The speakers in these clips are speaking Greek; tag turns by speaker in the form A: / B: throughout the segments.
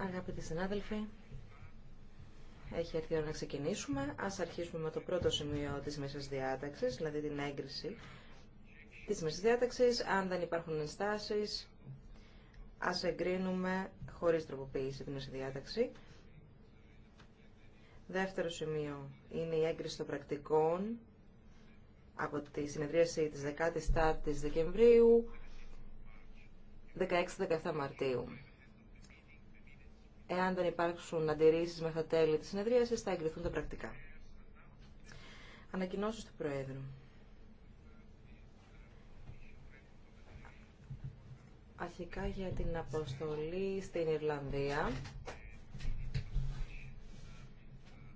A: Αγαπητοί συνάδελφοι, έχει έρθει η ώρα να ξεκινήσουμε. Ας αρχίσουμε με το πρώτο σημείο της μέσας διάταξης, δηλαδή την έγκριση της μέσας διάταξης. Αν δεν υπάρχουν ενστάσεις, ας εγκρίνουμε χωρίς τροποποίηση τη μέσα διάταξη. Δεύτερο σημείο είναι η έγκριση των πρακτικών από τη συνεδρίαση της 14ης Δεκεμβρίου 16-17 Μαρτίου. Εάν δεν υπάρξουν αντιρρήσεις με τα τέλη της συνεδρίασης, θα εγκριθούν τα πρακτικά. Ανακοινώσεις του Προέδρου. Αρχικά για την αποστολή στην Ιρλανδία.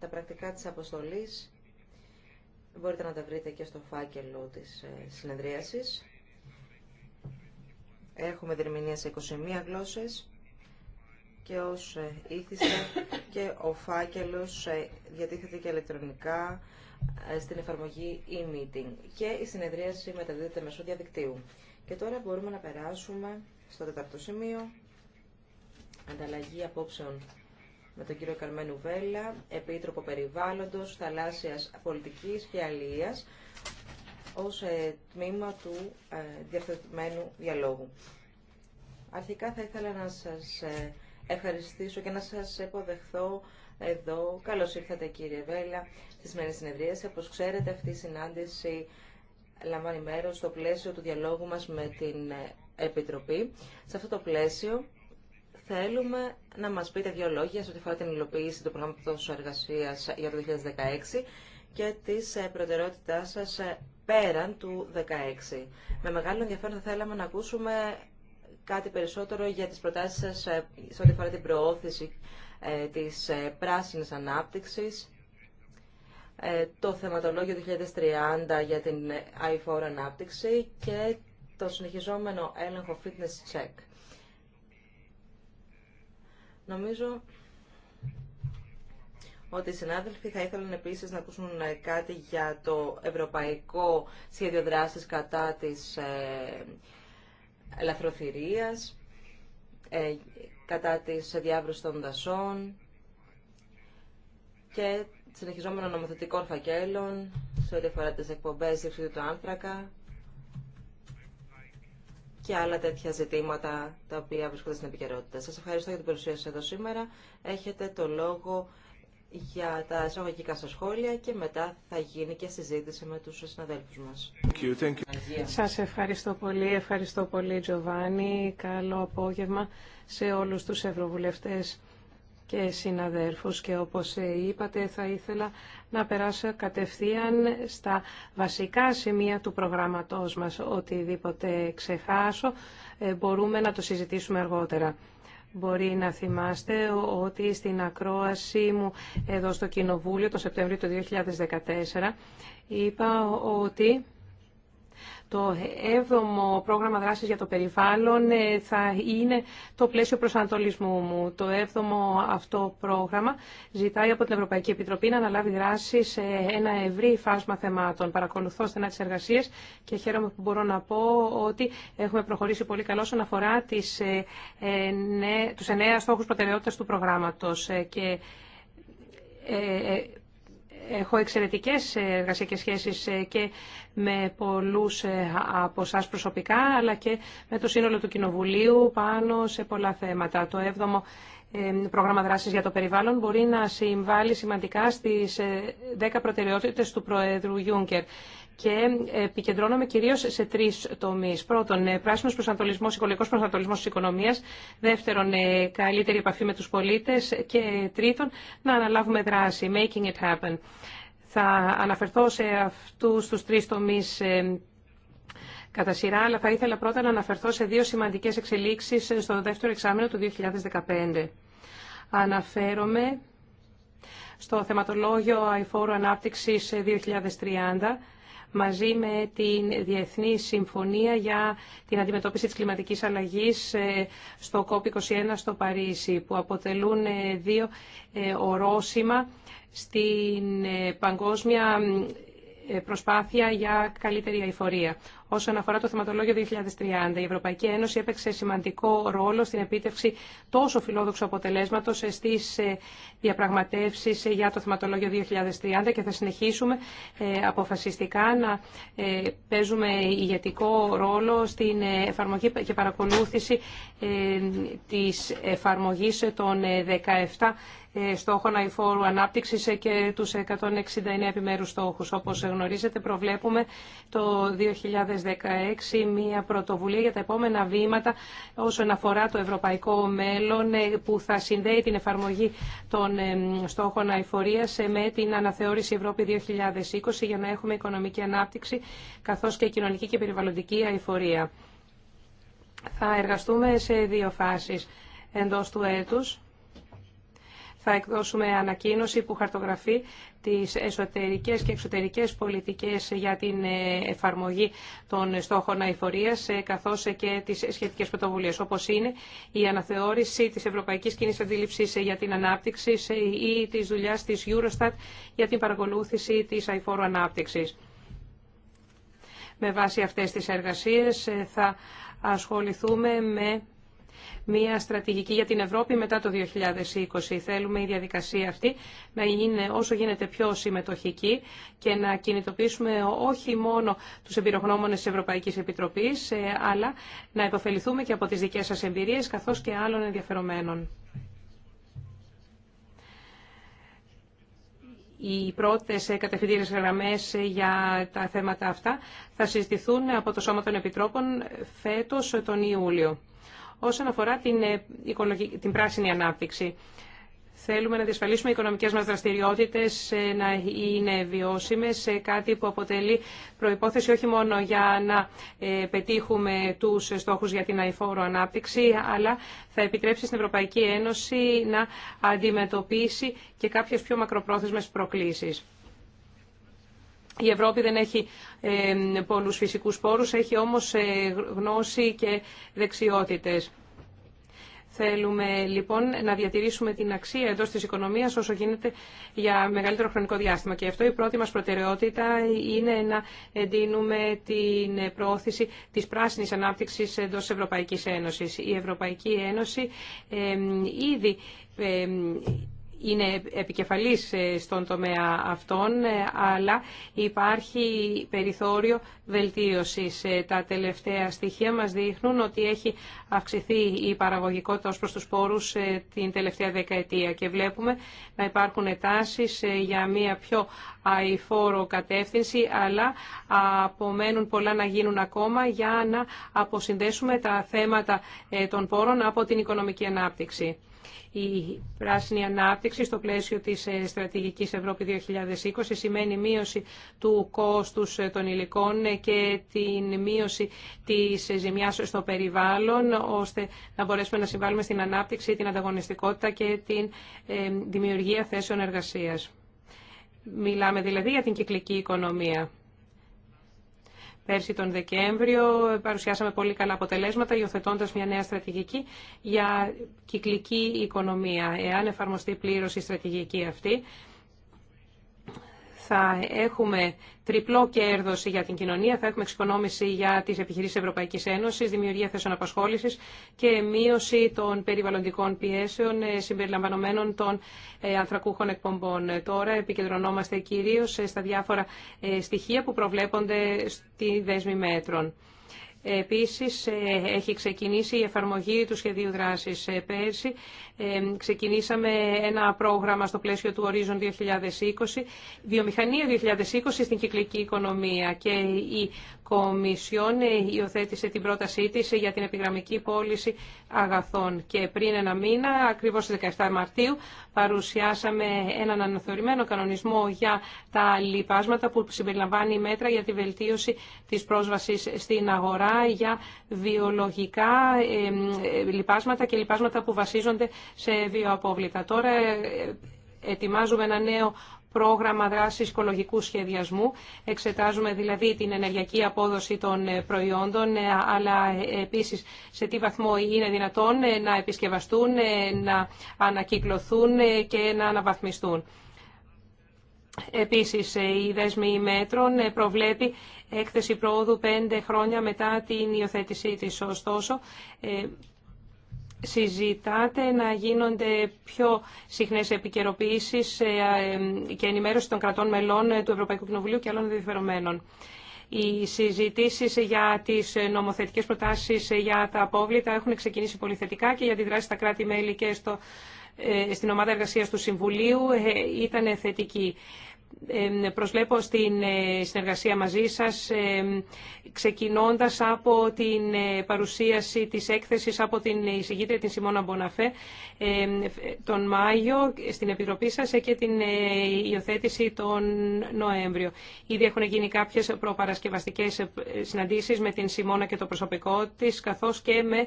A: Τα πρακτικά της αποστολής Μπορείτε να τα βρείτε και στο φάκελο της ε, συνεδρίασης. Έχουμε διερμηνία σε 21 γλώσσες και ως ε, ήθιστε και ο φάκελος ε, διατίθεται και ηλεκτρονικά στην εφαρμογή e-meeting και η συνεδρίαση μεταδίδεται μέσω διαδικτύου. Και τώρα μπορούμε να περάσουμε στο τέταρτο σημείο, ανταλλαγή απόψεων με τον κύριο Καρμένου Βέλλα, Επίτροπο Περιβάλλοντος, Θαλάσσιας Πολιτικής και Αλίας, ως ε, τμήμα του ε, διαθετημένου διαλόγου. Αρχικά θα ήθελα να σας ε, ευχαριστήσω και να σας υποδεχθώ εδώ. Καλώς ήρθατε κύριε Βέλλα στη σημερινή συνεδρίαση. Όπως ξέρετε αυτή η συνάντηση λαμβάνει μέρος στο πλαίσιο του διαλόγου μας με την Επιτροπή. Σε αυτό το πλαίσιο Θέλουμε να μας πείτε δύο λόγια σε ό,τι φορά την υλοποίηση του προγράμματος εργασίας για το 2016 και της ε, προτεραιότητά σας ε, πέραν του 2016. Με μεγάλο ενδιαφέρον θα θέλαμε να ακούσουμε κάτι περισσότερο για τις προτάσεις σας ε, σε ό,τι αφορά την προώθηση της πράσινης ανάπτυξης, το θεματολόγιο 2030 για την i4 ανάπτυξη και το συνεχιζόμενο έλεγχο fitness check. Νομίζω ότι οι συνάδελφοι θα ήθελαν επίσης να ακούσουν ε, κάτι για το ευρωπαϊκό σχέδιο δράσης κατά της ε, ελαφροθυρίας, ε, κατά της διάβρωσης των δασών και συνεχιζόμενων νομοθετικών φακέλων σε ό,τι αφορά τις εκπομπές του άνθρακα και άλλα τέτοια ζητήματα τα οποία βρίσκονται στην επικαιρότητα. Σας ευχαριστώ για την παρουσία σας εδώ σήμερα. Έχετε το λόγο για τα εισαγωγικά σας σχόλια και μετά θα γίνει και συζήτηση
B: με τους συναδέλφους μας. Thank Σας ευχαριστώ πολύ, ευχαριστώ πολύ Τζοβάνι. Καλό απόγευμα σε όλους τους ευρωβουλευτές και συναδέρφους και όπως είπατε θα ήθελα να περάσω κατευθείαν στα βασικά σημεία του προγράμματός μας. Οτιδήποτε ξεχάσω ε, μπορούμε να το συζητήσουμε αργότερα. Μπορεί να θυμάστε ότι στην ακρόασή μου εδώ στο Κοινοβούλιο το Σεπτέμβριο του 2014 είπα ότι το 7ο πρόγραμμα δράσης για το περιβάλλον ε, θα είναι το πλαίσιο προσανατολισμού μου. Το 7ο αυτό πρόγραμμα ζητάει από την Ευρωπαϊκή Επιτροπή να αναλάβει δράση σε ένα ευρύ φάσμα θεμάτων. Παρακολουθώ στενά τις εργασίες και χαίρομαι που μπορώ να πω ότι έχουμε προχωρήσει πολύ καλό όσον αφορά τις, ε, ε, τους εννέα στόχους προτεραιότητας του προγράμματος και Έχω εξαιρετικές ε, εργασιακές σχέσεις ε, και με πολλούς ε, από εσά προσωπικά, αλλά και με το σύνολο του Κοινοβουλίου πάνω σε πολλά θέματα. Το 7ο πρόγραμμα δράσης για το περιβάλλον μπορεί να συμβάλλει σημαντικά στις 10 προτεραιότητες του Προέδρου Γιούνκερ και επικεντρώνομαι κυρίω σε τρει τομεί. Πρώτον, ε, πράσινο προσανατολισμό, οικολογικό προσανατολισμό τη Οικονομία, Δεύτερον, ε, καλύτερη επαφή με του πολίτε. Και τρίτον, να αναλάβουμε δράση, making it happen. Θα αναφερθώ σε αυτού του τρει τομεί ε, κατά σειρά, αλλά θα ήθελα πρώτα να αναφερθώ σε δύο σημαντικέ εξελίξει στο δεύτερο εξάμεινο του 2015. Αναφέρομαι στο θεματολόγιο αηφόρου ανάπτυξης 2030, μαζί με την Διεθνή Συμφωνία για την Αντιμετώπιση της Κλιματικής Αλλαγής ε, στο COP21 στο Παρίσι, που αποτελούν ε, δύο ε, ορόσημα στην παγκόσμια προσπάθεια για καλύτερη αηφορία. Όσον αφορά το θεματολόγιο 2030, η Ευρωπαϊκή Ένωση έπαιξε σημαντικό ρόλο στην επίτευξη τόσο φιλόδοξου αποτελέσματο στι ε, διαπραγματεύσει ε, για το θεματολόγιο 2030 και θα συνεχίσουμε ε, αποφασιστικά να παίζουμε ηγετικό ρόλο στην εφαρμογή και παρακολούθηση τη εφαρμογή των 17 στόχων αηφόρου ανάπτυξης και τους 169 επιμέρους στόχους. Όπως γνωρίζετε, προβλέπουμε το 2016 μια πρωτοβουλία για τα επόμενα βήματα όσον αφορά το ευρωπαϊκό μέλλον ε, που θα συνδέει την εφαρμογή των ε, στόχων αηφορίας ε, με την αναθεώρηση Ευρώπη 2020 για να έχουμε οικονομική ανάπτυξη καθώς και κοινωνική και περιβαλλοντική αηφορία. Θα εργαστούμε σε δύο φάσεις εντός του έτους θα εκδώσουμε ανακοίνωση που χαρτογραφεί τις εσωτερικές και εξωτερικές πολιτικές για την ε, εφαρμογή των στόχων αηφορίας, ε, καθώς ε, και τις σχετικές πρωτοβουλίες, όπως είναι η αναθεώρηση της Ευρωπαϊκής Κοινή Αντίληψης για την Ανάπτυξη ή της δουλεια της Eurostat για την παρακολούθηση της αηφόρου ανάπτυξης. Με βάση αυτές τις εργασίες θα ασχοληθούμε με μια στρατηγική για την Ευρώπη μετά το 2020. Θέλουμε η διαδικασία αυτή να είναι όσο γίνεται πιο συμμετοχική και να κινητοποιήσουμε όχι μόνο τους εμπειρογνώμονε της Ευρωπαϊκής Επιτροπής, ε, αλλά να υποφεληθούμε και από τις δικές σας εμπειρίες, καθώς και άλλων ενδιαφερομένων. οι πρώτες ε, κατευθυντήρες γραμμές ε, για τα θέματα αυτά θα συζητηθούν από το Σώμα των Επιτρόπων φέτος τον Ιούλιο όσον αφορά την, ε, την πράσινη ανάπτυξη. Θέλουμε να διασφαλίσουμε οι οικονομικές μας δραστηριότητες ε, να είναι βιώσιμες, ε, κάτι που αποτελεί προϋπόθεση όχι μόνο για να πετύχουμε τους στόχους για την αηφόρο ανάπτυξη, αλλά θα επιτρέψει στην Ευρωπαϊκή Ένωση να αντιμετωπίσει και κάποιες πιο μακροπρόθεσμες προκλήσεις. Η Ευρώπη δεν έχει πολλούς φυσικούς πόρους, έχει όμως ε, γνώση και δεξιότητες. Θέλουμε λοιπόν να διατηρήσουμε την αξία εντός της οικονομίας όσο γίνεται για μεγαλύτερο χρονικό διάστημα. Και αυτό η πρώτη μας προτεραιότητα είναι να εντείνουμε την προώθηση της πράσινης ανάπτυξης εντός της Ευρωπαϊκή Ένωση. Η Ευρωπαϊκή Ένωση ήδη είναι επικεφαλής ε, στον τομέα αυτών, ε, αλλά υπάρχει περιθώριο βελτίωσης. Ε, τα τελευταία στοιχεία μας δείχνουν ότι έχει αυξηθεί η παραγωγικότητα ως προς τους πόρους την τελευταία δεκαετία και βλέπουμε να υπάρχουν τάσεις για μια πιο αηφόρο κατεύθυνση, αλλά απομένουν πολλά να γίνουν ακόμα για να αποσυνδέσουμε τα θέματα των πόρων από την οικονομική ανάπτυξη. Η πράσινη ανάπτυξη στο πλαίσιο της ε, στρατηγικής Ευρώπη 2020 σημαίνει μείωση του κόστους ε, των υλικών ε, και την μείωση της ζημιάς στο περιβάλλον, ώστε να μπορέσουμε να συμβάλλουμε στην ανάπτυξη, την ανταγωνιστικότητα και την δημιουργία θέσεων εργασίας. Μιλάμε δηλαδή για την κυκλική οικονομία. Πέρσι τον Δεκέμβριο παρουσιάσαμε πολύ καλά αποτελέσματα υιοθετώντα μια νέα στρατηγική για κυκλική οικονομία. Εάν εφαρμοστεί πλήρω η στρατηγική αυτή, θα έχουμε τριπλό κέρδο για την κοινωνία, θα έχουμε εξοικονόμηση για τι επιχειρήσει Ευρωπαϊκή Ένωση, δημιουργία θέσεων απασχόληση και μείωση των περιβαλλοντικών πιέσεων ε, συμπεριλαμβανομένων των ε, ανθρακούχων εκπομπών. Τώρα επικεντρωνόμαστε κυρίω ε, στα διάφορα στοιχεία που προβλέπονται στη δέσμη μέτρων. Επίσης, ε, έχει ξεκινήσει η εφαρμογή του σχεδίου δράσης ε, πέρσι. Ε, ξεκινήσαμε ένα πρόγραμμα στο πλαίσιο του Horizon 2020, βιομηχανία 2020 στην κυκλική οικονομία και η Κομισιόν υιοθέτησε την πρότασή τη για την επιγραμμική πώληση αγαθών και πριν ένα μήνα, ακριβώς στι 17 Μαρτίου, παρουσιάσαμε έναν αναθεωρημένο κανονισμό για τα λοιπάσματα που συμπεριλαμβάνει μέτρα για τη βελτίωση της πρόσβασης στην αγορά για βιολογικά ε, λοιπάσματα και λοιπάσματα που βασίζονται σε βιοαπόβλητα. Τώρα ε, ετοιμάζουμε ένα νέο πρόγραμμα δράσης οικολογικού σχεδιασμού. Εξετάζουμε δηλαδή την ενεργειακή απόδοση των ε, προϊόντων, ε, αλλά ε, επίσης σε τι βαθμό είναι δυνατόν να επισκευαστούν, να ανακυκλωθούν και να αναβαθμιστούν. Επίσης, η δέσμη μέτρων προβλέπει έκθεση πρόοδου πέντε χρόνια μετά την υιοθέτησή της. Ωστόσο, συζητάτε να γίνονται πιο συχνές επικαιροποιήσει ε, και ενημέρωση των κρατών μελών ε, του Ευρωπαϊκού Κοινοβουλίου και άλλων ενδιαφερομένων. Οι συζητήσεις για τις ε, νομοθετικές προτάσεις για τα απόβλητα έχουν ξεκινήσει πολύ θετικά και για τη δράση στα κράτη-μέλη και στο, στην ομάδα εργασίας του Συμβουλίου ήταν θετική. Προσλέπω στην ε, συνεργασία μαζί σας, ξεκινώντας από την ε, παρουσίαση της έκθεσης από την εισηγήτρια την Σιμώνα Μποναφέ τον Μάιο στην Επιτροπή σας ε, και την υιοθέτηση τον Νοέμβριο. Ήδη έχουν γίνει κάποιες προπαρασκευαστικές συναντήσεις με την Σιμώνα και το προσωπικό της, καθώς και με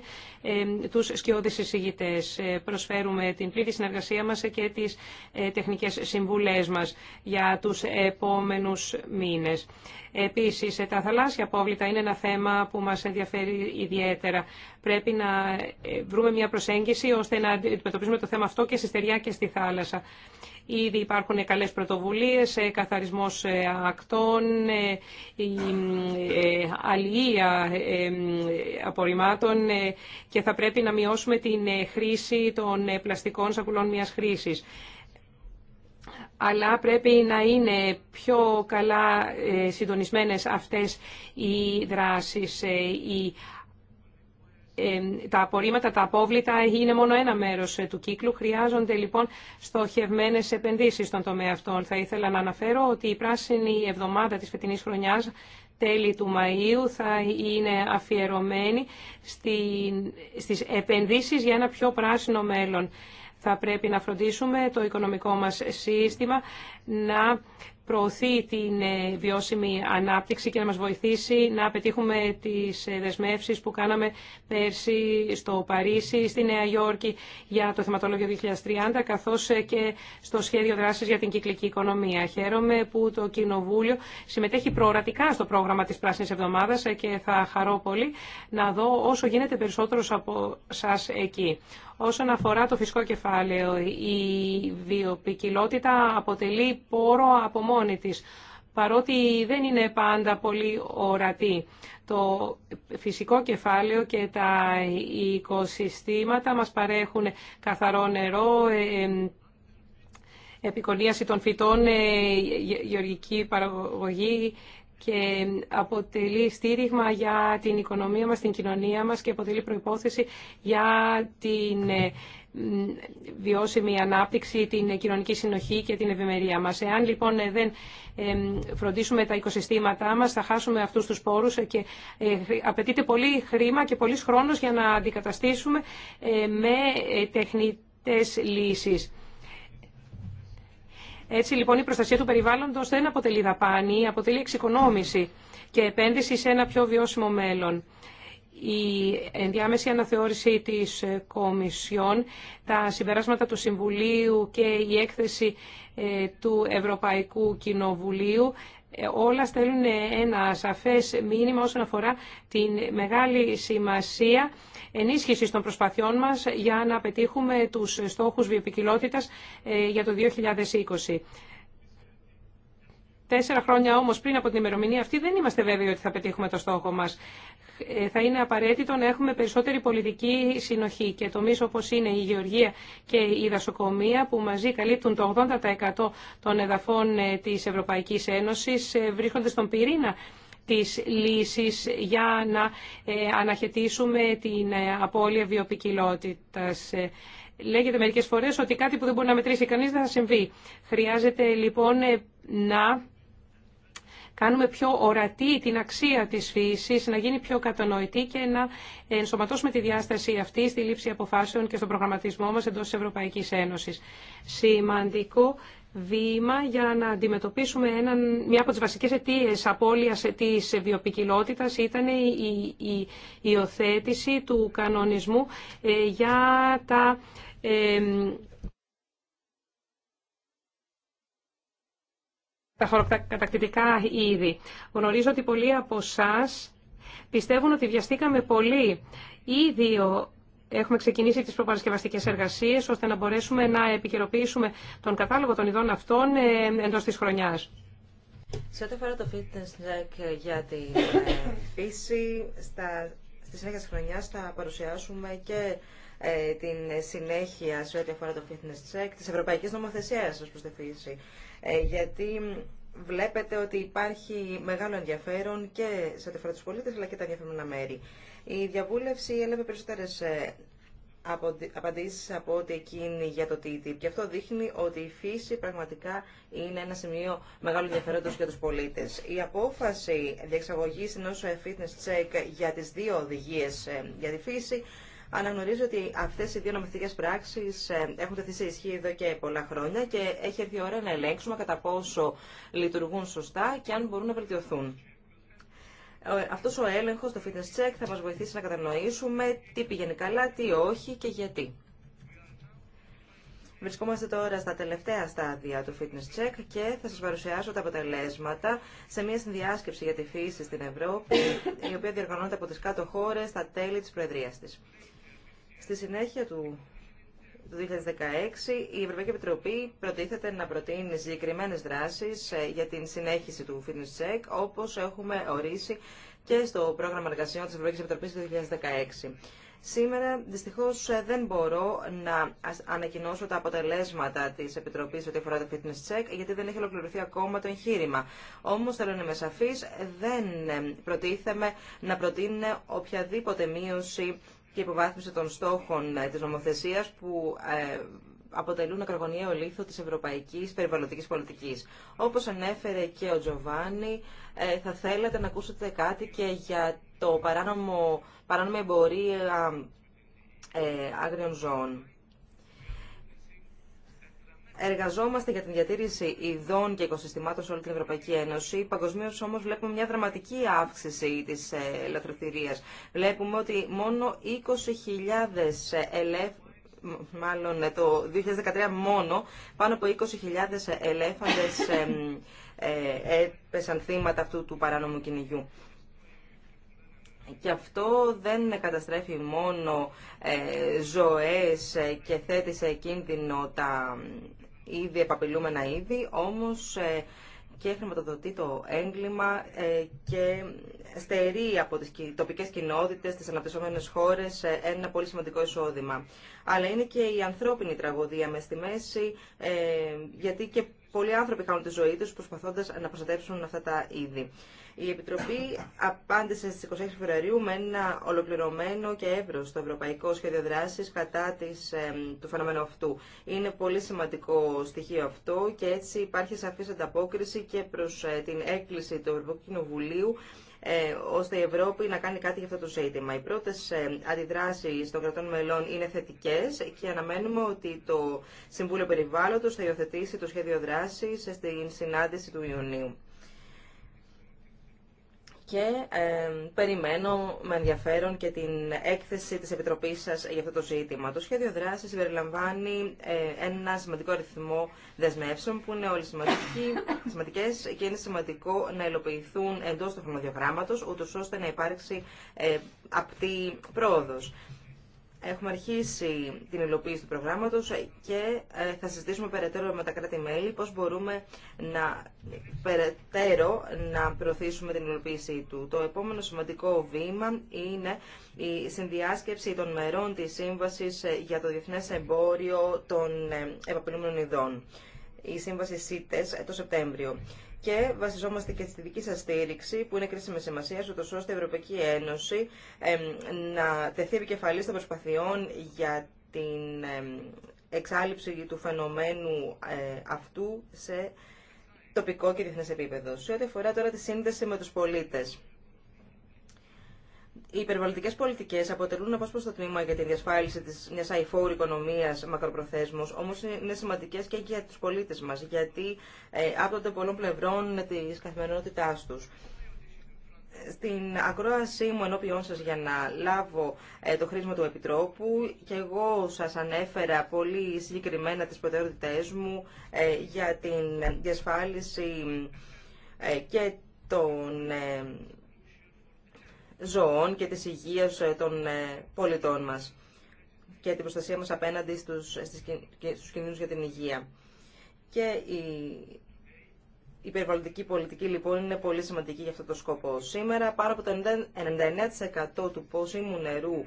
B: τους σκιώδεις εισηγητές. Προσφέρουμε την πλήρη συνεργασία μας και τις τεχνικές συμβουλές μας για τους επόμενους μήνες. Επίσης, τα θαλάσσια απόβλητα είναι ένα θέμα που μας ενδιαφέρει ιδιαίτερα. Πρέπει να ε, βρούμε μια προσέγγιση ώστε να αντιμετωπίσουμε το θέμα αυτό και στη στεριά και στη θάλασσα. Ήδη υπάρχουν καλές πρωτοβουλίες, ε, καθαρισμός ε, ακτών, αλληλεία απορριμμάτων και θα πρέπει να μειώσουμε την χρήση των πλαστικών σακουλών μιας χρήσης αλλά πρέπει να είναι πιο καλά ε, συντονισμένες αυτές οι δράσεις. Ε, οι, ε, τα απορρίμματα, τα απόβλητα είναι μόνο ένα μέρος του κύκλου. Χρειάζονται λοιπόν στοχευμένες επενδύσεις στον τομέα αυτών. Θα ήθελα να αναφέρω ότι η πράσινη εβδομάδα της φετινής χρονιάς τέλη του Μαΐου θα είναι αφιερωμένη στις επενδύσεις για ένα πιο πράσινο μέλλον θα πρέπει να φροντίσουμε το οικονομικό μας σύστημα να προωθεί την ε, βιώσιμη ανάπτυξη και να μας βοηθήσει να πετύχουμε τις ε, δεσμεύσεις που κάναμε πέρσι στο Παρίσι, στη Νέα Υόρκη για το θεματολόγιο 2030, καθώς ε, και στο σχέδιο δράσης για την κυκλική οικονομία. Χαίρομαι που το Κοινοβούλιο συμμετέχει προορατικά στο πρόγραμμα της Πράσινης Εβδομάδας και θα χαρώ πολύ να δω όσο γίνεται περισσότερος από σας εκεί. Όσον αφορά το φυσικό κεφάλαιο, η βιοπικιλότητα αποτελεί πόρο από μόνο παρότι δεν είναι πάντα πολύ ορατή. Το φυσικό κεφάλαιο και τα οικοσυστήματα μας παρέχουν καθαρό νερό, ε, ε, επικονίαση των φυτών, ε, γεωργική παραγωγή και αποτελεί στήριγμα για την οικονομία μας, την κοινωνία μας και αποτελεί προϋπόθεση για την βιώσιμη ανάπτυξη, την κοινωνική συνοχή και την ευημερία μας. Εάν λοιπόν ε, δεν φροντίσουμε τα οικοσυστήματά μας, θα χάσουμε αυτούς τους πόρους και ε, απαιτείται πολύ χρήμα και πολύς χρόνος για να αντικαταστήσουμε ε, με τεχνητές λύσεις. Έτσι λοιπόν η προστασία του περιβάλλοντος δεν αποτελεί δαπάνη, αποτελεί εξοικονόμηση και επένδυση σε ένα πιο βιώσιμο μέλλον η ενδιάμεση αναθεώρηση της ε, Κομισιόν, τα συμπεράσματα του Συμβουλίου και η έκθεση ε, του Ευρωπαϊκού Κοινοβουλίου ε, όλα στέλνουν ένα σαφές μήνυμα όσον αφορά την μεγάλη σημασία ενίσχυσης των προσπαθειών μας για να πετύχουμε τους στόχους βιοποικιλότητας για το 2020. Τέσσερα χρόνια όμως πριν από την ημερομηνία αυτή δεν είμαστε βέβαιοι ότι θα πετύχουμε το στόχο μας. Ε, θα είναι απαραίτητο να έχουμε περισσότερη πολιτική συνοχή και τομεί όπω είναι η γεωργία και η δασοκομεία που μαζί καλύπτουν το 80% των εδαφών ε, της Ευρωπαϊκής Ένωσης ε, βρίσκονται στον πυρήνα της λύσης για να αναχαιτήσουμε την απώλεια βιοπικιλότητας. Λέγεται μερικές φορές ότι κάτι που δεν μπορεί να μετρήσει κανείς δεν θα συμβεί. Χρειάζεται λοιπόν να κάνουμε πιο ορατή την αξία της φύσης, να γίνει πιο κατανοητή και να ενσωματώσουμε τη διάσταση αυτή στη λήψη αποφάσεων και στον προγραμματισμό μας εντός της Ευρωπαϊκής Ένωσης. Σημαντικό βήμα για να αντιμετωπίσουμε έναν, μια από τις βασικές αιτίες απώλειας της βιοπικιλότητας ήταν η, η, η υιοθέτηση του κανονισμού ε, για τα... Ε, τα χωροκατακτητικά είδη. Γνωρίζω ότι πολλοί από εσά πιστεύουν ότι βιαστήκαμε πολύ. Ήδη έχουμε ξεκινήσει τις προπαρασκευαστικές εργασίες ώστε να μπορέσουμε να επικαιροποιήσουμε τον κατάλογο των ειδών αυτών ε, εντός της χρονιάς.
A: Σε ό,τι αφορά το fitness check για τη ε, φύση, στα, στη συνέχεια της χρονιάς θα παρουσιάσουμε και ε, την συνέχεια σε ό,τι αφορά το fitness check της Ευρωπαϊκής Νομοθεσίας προ τη φύση. Ε, γιατί βλέπετε ότι υπάρχει μεγάλο ενδιαφέρον και σε ό,τι αφορά τους πολίτες αλλά και τα ενδιαφέροντα μέρη. Η διαβούλευση έλαβε περισσότερες ε, απαντήσεις από ό,τι εκείνη για το TTIP και αυτό δείχνει ότι η φύση πραγματικά είναι ένα σημείο μεγάλου ενδιαφέροντο για τους πολίτες. Η απόφαση διεξαγωγή ενό ε, fitness check για τι δύο οδηγίε για τη φύση Αναγνωρίζω ότι αυτέ οι δύο νομοθετικέ πράξει ε, έχουν τεθεί σε ισχύ εδώ και πολλά χρόνια και έχει έρθει η ώρα να ελέγξουμε κατά πόσο λειτουργούν σωστά και αν μπορούν να βελτιωθούν. Ε, Αυτό ο έλεγχο το fitness check, θα μα βοηθήσει να κατανοήσουμε τι πηγαίνει καλά, τι όχι και γιατί. Βρισκόμαστε τώρα στα τελευταία στάδια του fitness check και θα σας παρουσιάσω τα αποτελέσματα σε μια συνδιάσκεψη για τη φύση στην Ευρώπη, η οποία διοργανώνεται από τις κάτω χώρες στα τέλη της Προεδρίας της. Στη συνέχεια του 2016, η Ευρωπαϊκή Επιτροπή προτίθεται να προτείνει συγκεκριμένε δράσει ε, για την συνέχιση του fitness check, όπω έχουμε ορίσει και στο πρόγραμμα εργασιών τη Ευρωπαϊκή Επιτροπή του 2016. Σήμερα, δυστυχώ, ε, δεν μπορώ να ανακοινώσω τα αποτελέσματα τη Επιτροπή ό,τι αφορά το fitness check, γιατί δεν έχει ολοκληρωθεί ακόμα το εγχείρημα. Όμω, θέλω να είμαι σαφή, δεν ε, προτίθεμαι να προτείνουν οποιαδήποτε μείωση και υποβάθμιση των στόχων ε, της νομοθεσία που ε, αποτελούν ακρογωνιαίο λίθο της ευρωπαϊκής περιβαλλοντικής πολιτικής. Όπως ανέφερε και ο Τζοβάνι, ε, θα θέλατε να ακούσετε κάτι και για το παράνομο, εμπορία ε, άγριων ζώων. Εργαζόμαστε για την διατήρηση ειδών και οικοσυστημάτων σε όλη την Ευρωπαϊκή Ένωση. Παγκοσμίω όμω βλέπουμε μια δραματική αύξηση τη ελευθερία. Βλέπουμε ότι μόνο 20.000 ε, ελέφ... μάλλον ε, το 2013 μόνο, πάνω από 20.000 ε, ελέφαντες έπεσαν θύματα αυτού του παράνομου κυνηγιού. Και αυτό δεν καταστρέφει μόνο ζωές και θέτει σε κίνδυνο τα ήδη επαπειλούμενα είδη, όμως ε, και χρηματοδοτεί το έγκλημα ε, και στερεί από τις τοπικές κοινότητες, τις αναπτυσσόμενες χώρες ε, ένα πολύ σημαντικό εισόδημα. Αλλά είναι και η ανθρώπινη τραγωδία με στη μέση, γιατί και πολλοί άνθρωποι κάνουν τη ζωή τους προσπαθώντας να προστατεύσουν αυτά τα είδη. Η Επιτροπή απάντησε στις 26 Φεβρουαρίου με ένα ολοκληρωμένο και εύρωστο ευρωπαϊκό σχέδιο δράσης κατά της, του φαινομένου αυτού. Είναι πολύ σημαντικό στοιχείο αυτό και έτσι υπάρχει σαφή ανταπόκριση και προς ε, την έκκληση του Ευρωπαϊκού Κοινοβουλίου ε, ώστε η Ευρώπη να κάνει κάτι για αυτό το ζήτημα. Οι πρώτε ε, αντιδράσει των κρατών μελών είναι θετικέ και αναμένουμε ότι το Συμβούλιο Περιβάλλοντο θα υιοθετήσει το σχέδιο δράση στην συνάντηση του Ιουνίου και περιμένω με ενδιαφέρον και την έκθεση της Επιτροπής σας για αυτό το ζήτημα. Το σχέδιο δράσης περιλαμβάνει ε, ένα σημαντικό αριθμό δεσμεύσεων που είναι όλοι σημαντικές και είναι σημαντικό να υλοποιηθούν εντός του χρονοδιογράμματος, ούτως ώστε να υπάρξει ε, απτή πρόοδος. Έχουμε αρχίσει την υλοποίηση του προγράμματος και ε, θα συζητήσουμε περαιτέρω με τα κράτη-μέλη πώς μπορούμε να περαιτέρω να προωθήσουμε την υλοποίησή του. Το επόμενο σημαντικό βήμα είναι η συνδιάσκεψη των μερών της Σύμβασης ε, για το Διεθνές Εμπόριο των ε, Επαπειλούμενων Ειδών. Η Σύμβαση ΣΥΤΕΣ το Σεπτέμβριο και βασιζόμαστε και στη δική σας στήριξη που είναι κρίσιμη σημασία ούτως ώστε η Ευρωπαϊκή Ένωση να τεθεί επικεφαλής των προσπαθειών για την εξάλληψη του φαινομένου ε, αυτού σε τοπικό και διεθνές επίπεδο. Σε ό,τι αφορά τώρα τη σύνδεση με τους πολίτες. Οι υπερβαλλοντικέ πολιτικές αποτελούν απόσπαστο τμήμα για την διασφάλιση της μια αηφόρου οικονομίας μακροπροθέσμώ, όμως είναι σημαντικέ και για του πολίτε μας, γιατί ε, άπτονται πολλών πλευρών τη καθημερινότητάς τους. Στην ακρόασή μου ενώπιόν σας για να λάβω ε, το χρήσμα του Επιτρόπου και εγώ σας ανέφερα πολύ συγκεκριμένα τις προτεραιότητές μου ε, για την διασφάλιση ε, και των ζωών και της υγείας ε, των ε, πολιτών μας και την προστασία μας απέναντι στους, ε, στους κινδύνους για την υγεία. Και η περιβαλλοντική πολιτική λοιπόν είναι πολύ σημαντική για αυτό το σκοπό. Σήμερα πάρα από το 99% του πόσιμου νερού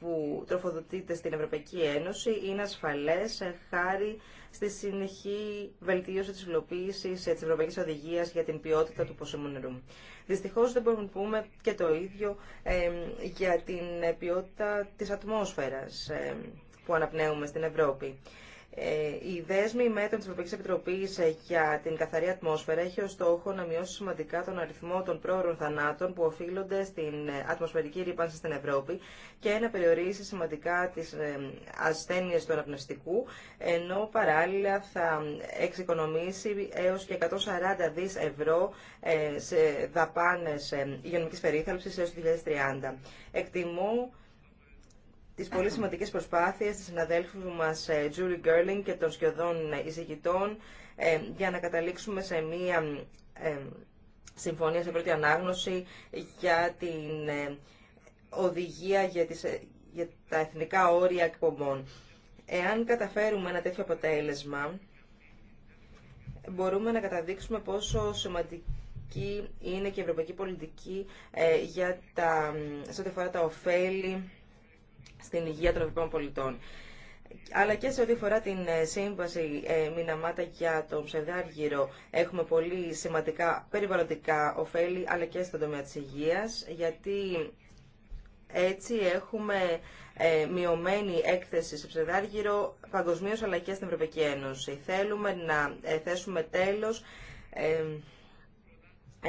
A: που τροφοδοτείται στην Ευρωπαϊκή Ένωση είναι ασφαλές χάρη στη συνεχή βελτίωση της υλοποίησης ε, τη Ευρωπαϊκή Οδηγία για την ποιότητα του πόσιμου νερού. Δυστυχώ δεν μπορούμε να πούμε και το ίδιο για την ποιότητα της ατμόσφαιρας που αναπνέουμε στην Ευρώπη. Ε, η δέσμη μέτρων της Ευρωπαϊκής Επιτροπής ε, για την καθαρή ατμόσφαιρα έχει ως στόχο να μειώσει σημαντικά τον αριθμό των πρόωρων θανάτων που οφείλονται στην ε, ατμοσφαιρική ρήπανση στην Ευρώπη και να περιορίσει σημαντικά τις ασθένειες του αναπνευστικού, ενώ παράλληλα θα εξοικονομήσει έως και 140 δις ευρώ σε δαπάνες υγειονομικής περίθαλψης έως το 2030. Εκτιμώ τις πολύ σημαντικές προσπάθειες της συναδέλφου μας ε, Julie Gerling και των σχεδόν ε, εισηγητών ε, για να καταλήξουμε σε μία συμφωνία σε πρώτη ανάγνωση για την οδηγία για, τις, για τα εθνικά όρια εκπομπών. Εάν καταφέρουμε ένα τέτοιο αποτέλεσμα, μπορούμε να καταδείξουμε πόσο σημαντική είναι και η ευρωπαϊκή πολιτική για τα, σε ό,τι αφορά τα ωφέλη στην υγεία των ευρωπαϊκών πολιτών. Αλλά και σε ό,τι αφορά την ε, σύμβαση ε, Μιναμάτα για το ψευδάργυρο έχουμε πολύ σημαντικά περιβαλλοντικά ωφέλη αλλά και στον τομέα της υγείας γιατί έτσι έχουμε ε, μειωμένη έκθεση σε ψευδάργυρο παγκοσμίω αλλά και στην Ευρωπαϊκή Ένωση. Θέλουμε να ε, θέσουμε τέλος ε,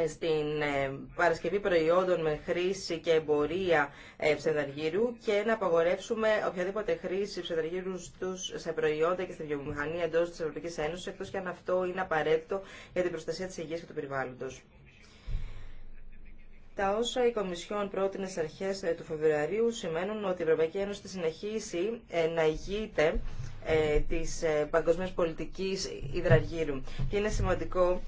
A: στην ε, παρασκευή προϊόντων με χρήση και εμπορία ε, ψευδαργύρου και να απαγορεύσουμε οποιαδήποτε χρήση ψευδαργύρου στους, σε προϊόντα και στη βιομηχανία εντό τη Ευρωπαϊκή Ένωση, εκτό και αν αυτό είναι απαραίτητο για την προστασία τη υγεία και του περιβάλλοντο. Τα όσα η Κομισιόν πρότεινε στι αρχέ ε, του Φεβρουαρίου σημαίνουν ότι η Ευρωπαϊκή Ένωση θα συνεχίσει να ηγείται τη παγκοσμία πολιτική υδραργύρου. Και είναι σημαντικό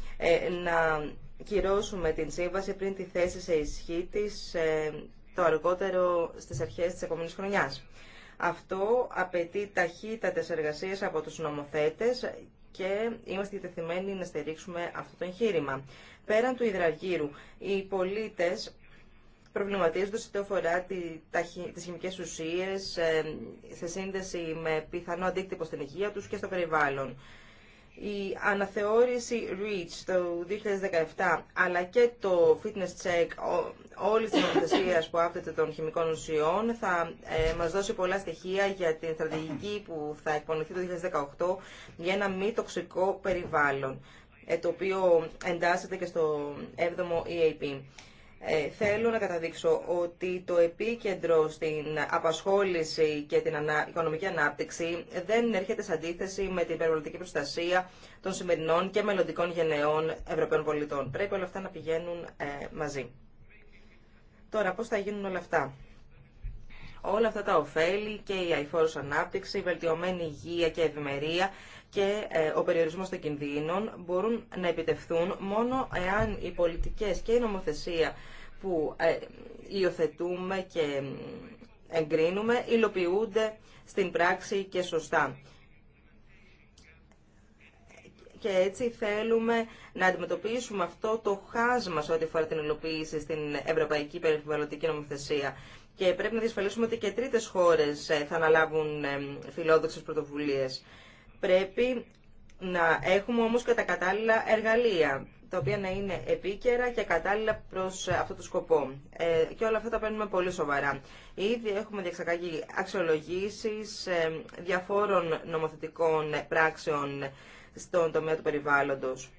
A: να κυρώσουμε την σύμβαση πριν τη θέση σε ισχύ ε, το αργότερο στις αρχές της επόμενης χρονιάς. Αυτό απαιτεί ταχύτατε εργασίες από τους νομοθέτες και είμαστε διατεθειμένοι να στηρίξουμε αυτό το εγχείρημα. Πέραν του υδραργύρου, οι πολίτες προβληματίζονται σε ό,τι αφορά τις χημικές ουσίες ε, σε σύνδεση με πιθανό αντίκτυπο στην υγεία τους και στο περιβάλλον η αναθεώρηση REACH το 2017 αλλά και το fitness check όλη τη νομοθεσία που άπτεται των χημικών ουσιών θα ε, μας δώσει πολλά στοιχεία για την στρατηγική που θα εκπονηθεί το 2018 για ένα μη τοξικό περιβάλλον ε, το οποίο εντάσσεται και στο 7ο EAP. Ε, θέλω να καταδείξω ότι το επίκεντρο στην απασχόληση και την οικονομική ανάπτυξη δεν έρχεται σε αντίθεση με την περιβαλλοντική προστασία των σημερινών και μελλοντικών γενεών Ευρωπαίων πολιτών. Πρέπει όλα αυτά να πηγαίνουν ε, μαζί. Τώρα, πώς θα γίνουν όλα αυτά. Όλα αυτά τα ωφέλη και η αηφόρος ανάπτυξη, η βελτιωμένη υγεία και ευημερία και ε, ο περιορισμό των κινδύνων μπορούν να επιτευχθούν μόνο εάν οι πολιτικές και η νομοθεσία που ε, υιοθετούμε και εγκρίνουμε υλοποιούνται στην πράξη και σωστά. Και έτσι θέλουμε να αντιμετωπίσουμε αυτό το χάσμα σε ό,τι αφορά την υλοποίηση στην Ευρωπαϊκή Περιβαλλοντική Νομοθεσία. Και πρέπει να διασφαλίσουμε ότι και τρίτες χώρες ε, θα αναλάβουν φιλόδοξες πρωτοβουλίες. Πρέπει να έχουμε όμως και τα κατάλληλα εργαλεία, τα οποία να είναι επίκαιρα και κατάλληλα προς αυτό το σκοπό. Ε, και όλα αυτά τα παίρνουμε πολύ σοβαρά. Ήδη έχουμε διεξακάγει αξιολογήσεις ε, διαφόρων νομοθετικών πράξεων στον τομέα του περιβάλλοντος.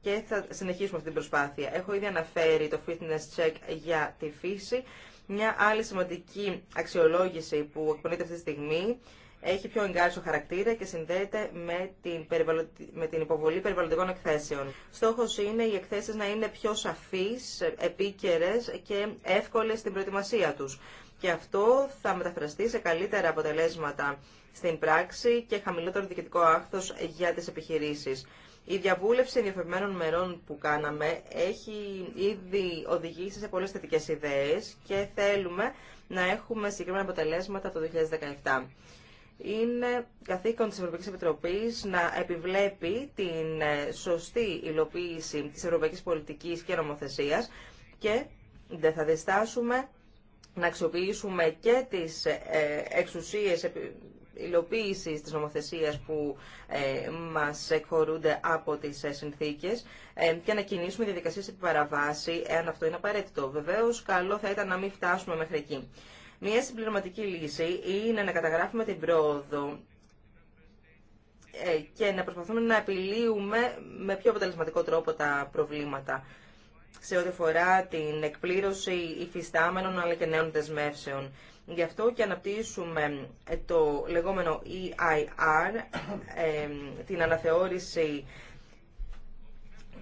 A: Και θα συνεχίσουμε αυτή την προσπάθεια. Έχω ήδη αναφέρει το fitness check για τη φύση. Μια άλλη σημαντική αξιολόγηση που εκπονείται αυτή τη στιγμή έχει πιο εγκάριστο χαρακτήρα και συνδέεται με την, με την υποβολή περιβαλλοντικών εκθέσεων. Στόχος είναι οι εκθέσεις να είναι πιο σαφείς, επίκαιρες και εύκολες στην προετοιμασία τους. Και αυτό θα μεταφραστεί σε καλύτερα αποτελέσματα στην πράξη και χαμηλότερο διοικητικό άκθος για τις επιχειρήσεις. Η διαβούλευση ενδιαφερμένων μερών που κάναμε έχει ήδη οδηγήσει σε πολλές θετικές ιδέες και θέλουμε να έχουμε συγκεκριμένα αποτελέσματα το 2017 είναι καθήκον της Ευρωπαϊκής Επιτροπής να επιβλέπει την ε, σωστή υλοποίηση της ευρωπαϊκής πολιτικής και νομοθεσίας και δεν θα διστάσουμε να αξιοποιήσουμε και τις ε, ε, εξουσίες υλοποίησης της νομοθεσίας που μας εκχωρούνται από τις συνθήκες και να κινήσουμε διαδικασίες επιπαραβάση, παραβάση, εάν αυτό είναι απαραίτητο. Βεβαίως, καλό θα ήταν να μην φτάσουμε μέχρι εκεί. Μία συμπληρωματική λύση είναι να καταγράφουμε την πρόοδο ε, και να προσπαθούμε να επιλύουμε με πιο αποτελεσματικό τρόπο τα προβλήματα σε ό,τι αφορά την εκπλήρωση υφιστάμενων αλλά και νέων δεσμεύσεων. Γι' αυτό και αναπτύσσουμε ε, το λεγόμενο EIR, ε, την αναθεώρηση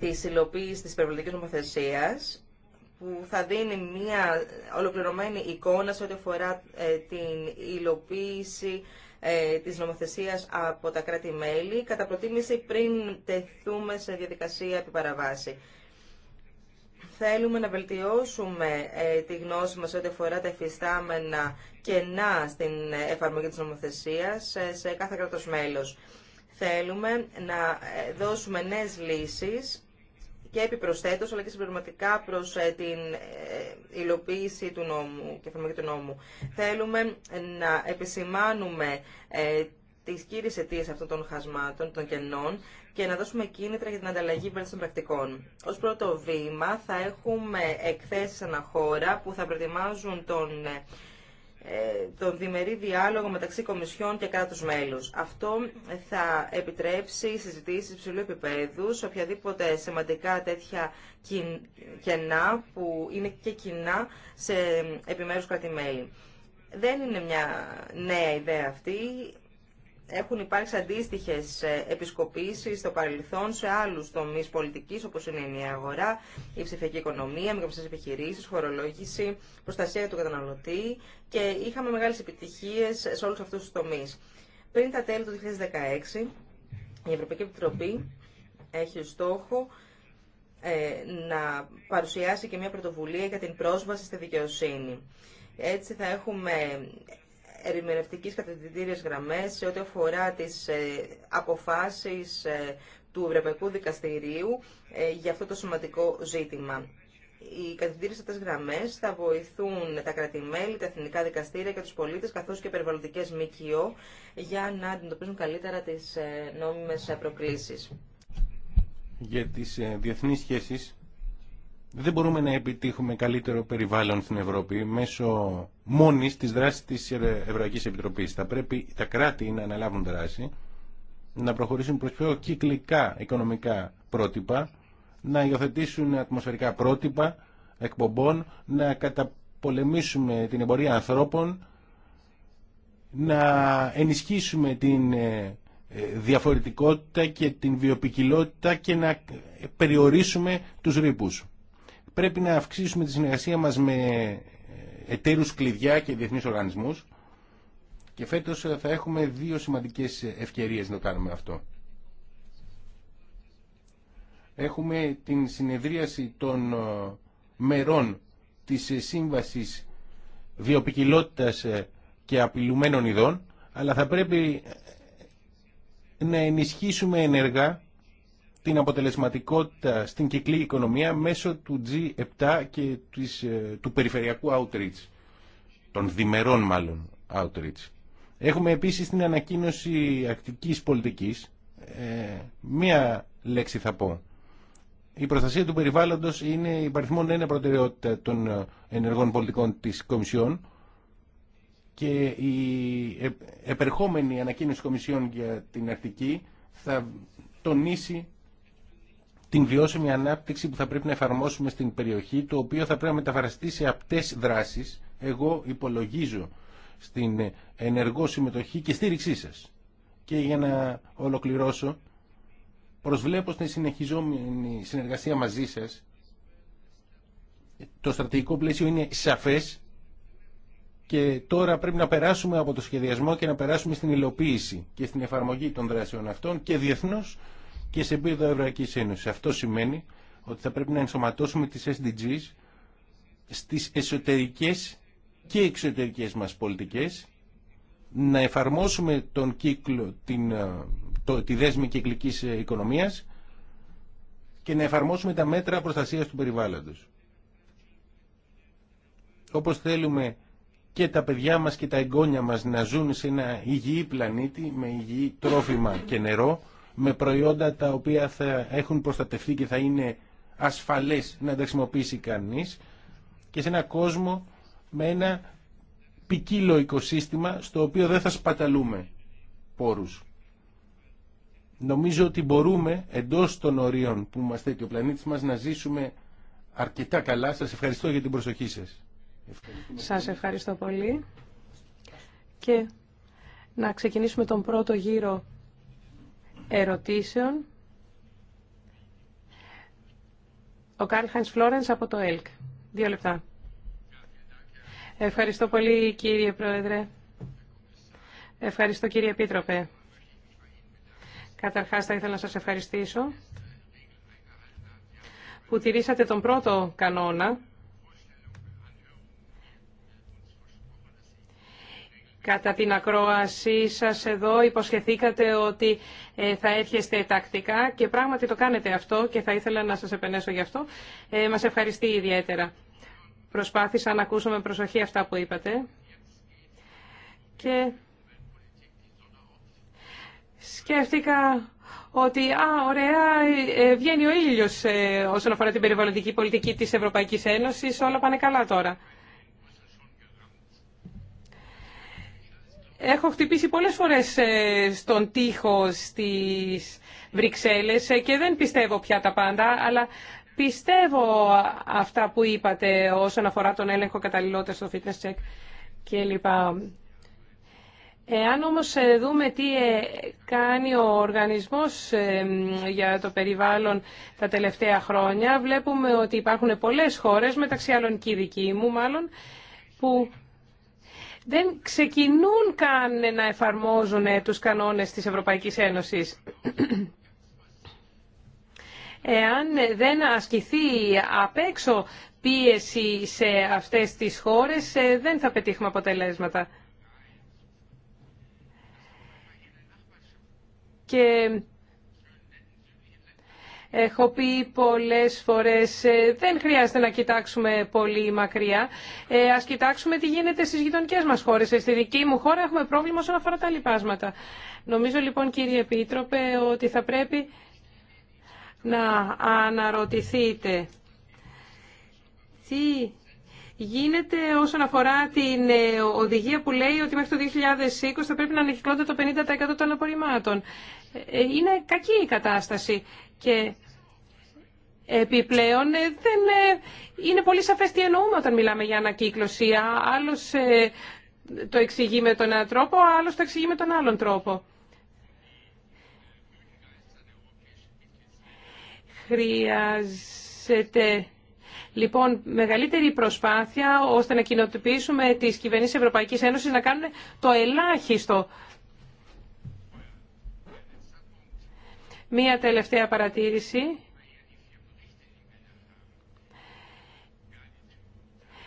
A: της υλοποίησης της περιβαλλοντικής νομοθεσίας, που θα δίνει μια ολοκληρωμένη εικόνα σε ό,τι αφορά ε, την υλοποίηση ε, της νομοθεσίας από τα κράτη-μέλη, κατά προτίμηση πριν τεθούμε σε διαδικασία επιπαραβάση. Θέλουμε να βελτιώσουμε ε, τη γνώση μας ό,τι αφορά τα εφιστάμενα κενά στην εφαρμογή της νομοθεσίας σε κάθε κράτος μέλος. Θέλουμε να δώσουμε νέες λύσεις και επιπροσθέτως αλλά και συμπληρωματικά προς ε, την ε, υλοποίηση του νόμου και εφαρμογή του νόμου. Θέλουμε να επισημάνουμε ε, τις κύριες αιτίε αυτών των χασμάτων, των κενών και να δώσουμε κίνητρα για την ανταλλαγή των πρακτικών. Ως πρώτο βήμα θα έχουμε εκθέσεις αναχώρα που θα προετοιμάζουν τον ε, τον διμερή διάλογο μεταξύ Κομισιών και κράτους μέλους. Αυτό θα επιτρέψει συζητήσεις ψηλού επίπεδου σε οποιαδήποτε σημαντικά τέτοια κενά που είναι και κοινά σε επιμέρους κράτη-μέλη. Δεν είναι μια νέα ιδέα αυτή έχουν υπάρξει αντίστοιχες ε, επισκοπήσεις στο παρελθόν σε άλλους τομείς πολιτικής, όπως είναι η νέα αγορά, η ψηφιακή οικονομία, μικρομεσαίες επιχειρήσεις, χορολόγηση, προστασία του καταναλωτή και είχαμε μεγάλες επιτυχίες σε όλους αυτούς τους τομείς. Πριν τα τέλη του 2016, η Ευρωπαϊκή Επιτροπή έχει στόχο ε, να παρουσιάσει και μια πρωτοβουλία για την πρόσβαση στη δικαιοσύνη. Έτσι θα έχουμε ερημερευτικής κατευθυντήριες γραμμές σε ό,τι αφορά τις ε, αποφάσεις ε, του Ευρωπαϊκού Δικαστηρίου ε, για αυτό το σημαντικό ζήτημα. Οι κατευθυντήριες αυτές γραμμές θα βοηθούν τα κρατημέλη, τα εθνικά δικαστήρια και τους πολίτες, καθώς και περιβαλλοντικές ΜΚΟ, για να αντιμετωπίζουν καλύτερα τις νόμιμες προκλήσεις.
C: Για τις διεθνείς σχέσεις, δεν μπορούμε να επιτύχουμε καλύτερο περιβάλλον στην Ευρώπη μέσω μόνης της δράσης της Ευρωπαϊκής Επιτροπής. Θα πρέπει τα κράτη να αναλάβουν δράση, να προχωρήσουν προς πιο κυκλικά οικονομικά πρότυπα, να υιοθετήσουν ατμοσφαιρικά πρότυπα εκπομπών, να καταπολεμήσουμε την εμπορία ανθρώπων, να ενισχύσουμε την ε, διαφορετικότητα και την βιοπικιλότητα και να περιορίσουμε τους ρήπους. Πρέπει να αυξήσουμε τη συνεργασία μας με ε, εταίρους κλειδιά και διεθνείς οργανισμούς και φέτος ε, θα έχουμε δύο σημαντικές ευκαιρίες να το κάνουμε αυτό. Έχουμε την συνεδρίαση των ε, μερών της Σύμβασης Βιοπικιλότητας και Απειλουμένων Ειδών αλλά θα πρέπει να ενισχύσουμε ενεργά την αποτελεσματικότητα στην κυκλή οικονομία μέσω του G7 και της, ε, του περιφερειακού outreach, των διμερών μάλλον outreach. Έχουμε επίσης την ανακοίνωση ακτικής πολιτικής, ε, μία λέξη θα πω. Η προστασία του περιβάλλοντος είναι η παριθμόν ένα προτεραιότητα των ε, ενεργών πολιτικών της Κομισιόν και η επερχόμενη ανακοίνωση Κομισιόν για την Αρκτική θα τονίσει την βιώσιμη ανάπτυξη που θα πρέπει να εφαρμόσουμε στην περιοχή, το οποίο θα πρέπει να μεταφραστεί σε απτές δράσεις. Εγώ υπολογίζω στην ε, ενεργό συμμετοχή και στήριξή σας. Και για να ολοκληρώσω, προσβλέπω στην συνεχιζόμενη συνεργασία μαζί σας. Το στρατηγικό πλαίσιο είναι σαφές και τώρα πρέπει να περάσουμε από το σχεδιασμό και να περάσουμε στην υλοποίηση και στην εφαρμογή των δράσεων αυτών και διεθνώς και σε επίπεδο Ευρωπαϊκή Ένωση. Αυτό σημαίνει ότι θα πρέπει να ενσωματώσουμε τις SDGs στις εσωτερικές και εξωτερικές μας πολιτικές, να εφαρμόσουμε τον κύκλο, την, ε, το, τη δέσμη κυκλικής ε, οικονομίας και να εφαρμόσουμε τα μέτρα προστασίας του περιβάλλοντος. Όπως θέλουμε και τα παιδιά μας και τα εγγόνια μας να ζουν σε ένα υγιή πλανήτη με υγιή τρόφιμα και νερό, με προϊόντα τα οποία θα έχουν προστατευτεί και θα είναι ασφαλές να τα χρησιμοποιήσει κανείς και σε ένα κόσμο με ένα ποικίλο οικοσύστημα στο οποίο δεν θα σπαταλούμε πόρους. Νομίζω ότι μπορούμε εντός των ορίων που μας θέτει ο πλανήτης μας να ζήσουμε αρκετά καλά. Σας ευχαριστώ για την προσοχή σας.
B: Σας ευχαριστώ πολύ. Και να ξεκινήσουμε τον πρώτο γύρο ερωτήσεων. Ο Καρλ Χάινς από το ΕΛΚ. Δύο λεπτά. Ευχαριστώ πολύ κύριε Πρόεδρε. Ευχαριστώ κύριε Επίτροπε. Καταρχάς θα ήθελα να σας ευχαριστήσω που τηρήσατε τον πρώτο κανόνα Κατά την ακρόασή σας εδώ υποσχεθήκατε ότι ε, θα έρχεστε τακτικά και πράγματι το κάνετε αυτό και θα ήθελα να σας επενέσω γι' αυτό. Ε, μας ευχαριστεί ιδιαίτερα. Προσπάθησα να ακούσω με προσοχή αυτά που είπατε. Και σκέφτηκα ότι α, ωραία, ε, βγαίνει ο ήλιος ε, όσον αφορά την περιβαλλοντική πολιτική της Ευρωπαϊκής Ένωσης, όλα πάνε καλά τώρα. Έχω χτυπήσει πολλές φορές ε, στον τοίχο στις Βρυξέλλες ε, και δεν πιστεύω πια τα πάντα, αλλά πιστεύω αυτά που είπατε όσον αφορά τον έλεγχο καταλληλότητας στο fitness check κλπ. Εάν όμως ε, δούμε τι κάνει ο οργανισμός για το περιβάλλον τα τελευταία χρόνια, βλέπουμε ότι υπάρχουν πολλές χώρες, μεταξύ άλλων και η δική μου μάλλον, που δεν ξεκινούν καν να εφαρμόζουν ε, τους κανόνες της Ευρωπαϊκής Ένωσης. Εάν δεν ασκηθεί απ' έξω πίεση σε αυτές τις χώρες, ε, δεν θα πετύχουμε αποτελέσματα. Και Έχω πει πολλές φορές ε, δεν χρειάζεται να κοιτάξουμε πολύ μακριά. Ε, ας κοιτάξουμε τι γίνεται στις γειτονικές μας χώρες. Ε, στη δική μου χώρα έχουμε πρόβλημα όσον αφορά τα λοιπάσματα. Νομίζω λοιπόν κύριε Επίτροπε ότι θα πρέπει να αναρωτηθείτε τι γίνεται όσον αφορά την ε, οδηγία που λέει ότι μέχρι το 2020 θα πρέπει να ανακυκλώνεται το 50% των απορριμμάτων. Ε, είναι κακή η κατάσταση και επιπλέον ε, δεν είναι πολύ σαφές τι εννοούμε όταν μιλάμε για ανακύκλωση. Άλλος το εξηγεί με τον ένα τρόπο, άλλος το εξηγεί με τον άλλον τρόπο. Χρειάζεται Λοιπόν, μεγαλύτερη προσπάθεια ώστε να κοινοτυπήσουμε τις κυβερνήσεις Ευρωπαϊκής Ένωσης να κάνουν το ελάχιστο. Μία τελευταία παρατήρηση.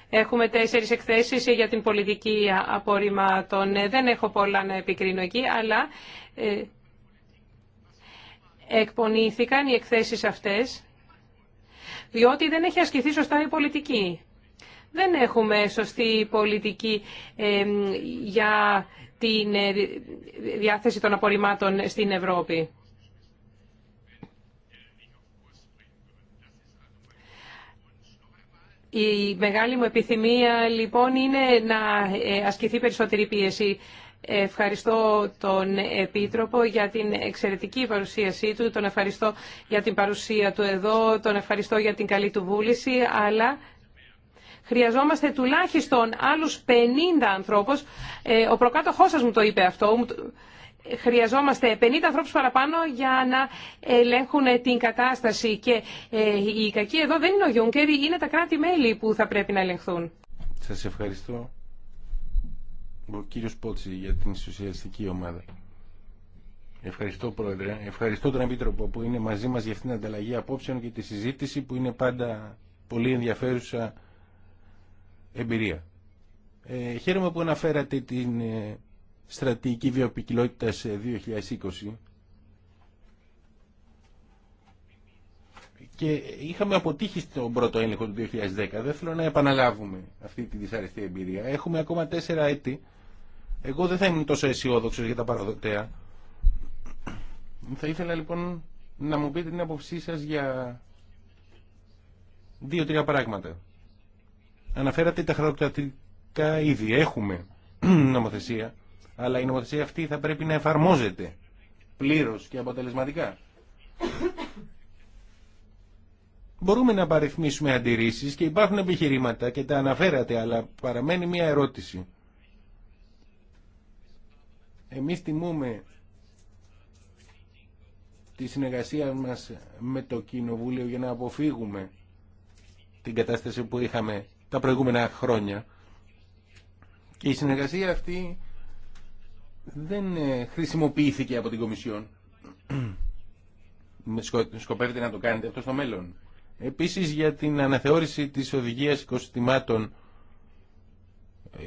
B: Έχουμε τέσσερις εκθέσεις για την πολιτική απορριμμάτων. Ε, δεν έχω πολλά να επικρίνω εκεί, αλλά ε, εκπονήθηκαν οι εκθέσεις αυτές διότι δεν έχει ασκηθεί σωστά η πολιτική. Δεν έχουμε σωστή πολιτική για τη ε, διάθεση των απορριμμάτων στην Ευρώπη. Η μεγάλη μου επιθυμία λοιπόν είναι να ε, ασκηθεί περισσότερη πίεση Ευχαριστώ τον Επίτροπο για την εξαιρετική παρουσίασή του, τον ευχαριστώ για την παρουσία του εδώ, τον ευχαριστώ για την καλή του βούληση, αλλά χρειαζόμαστε τουλάχιστον άλλους 50 ανθρώπους. Ε, ο προκάτοχός σας μου το είπε αυτό. Χρειαζόμαστε 50 ανθρώπους παραπάνω για να ελέγχουν την κατάσταση και η ε, κακή εδώ δεν είναι ο Γιούνκερ, είναι τα κράτη-μέλη που θα πρέπει να ελεγχθούν.
C: Σας ευχαριστώ. Ο κύριος Πότση για την Σοσιαλιστική Ομάδα. Ευχαριστώ Πρόεδρε. Ευχαριστώ τον Επίτροπο που είναι μαζί μας για αυτήν την ανταλλαγή απόψεων και τη συζήτηση που είναι πάντα πολύ ενδιαφέρουσα εμπειρία. Ε, χαίρομαι που αναφέρατε την ε, στρατηγική σε 2020 και είχαμε αποτύχει στον πρώτο έλεγχο του 2010. Δεν θέλω να επαναλάβουμε αυτή τη δυσαρεστή εμπειρία. Έχουμε ακόμα τέσσερα έτη εγώ δεν θα ήμουν τόσο αισιόδοξο για τα παραδοτέα. Θα ήθελα λοιπόν να μου πείτε την άποψή σα για δύο-τρία πράγματα. Αναφέρατε τα χαρακτηριστικά ήδη. Έχουμε νομοθεσία, αλλά η νομοθεσία αυτή θα πρέπει να εφαρμόζεται πλήρως και αποτελεσματικά. Μπορούμε να παριθμίσουμε αντιρρήσεις και υπάρχουν επιχειρήματα και τα αναφέρατε, αλλά παραμένει μια ερώτηση. Εμείς τιμούμε τη συνεργασία μας με το Κοινοβούλιο για να αποφύγουμε την κατάσταση που είχαμε τα προηγούμενα χρόνια. Και η συνεργασία αυτή δεν ε, χρησιμοποιήθηκε από την Κομισιόν. Σκοπεύετε να το κάνετε αυτό στο μέλλον. Επίσης για την αναθεώρηση της οδηγίας κοστιμάτων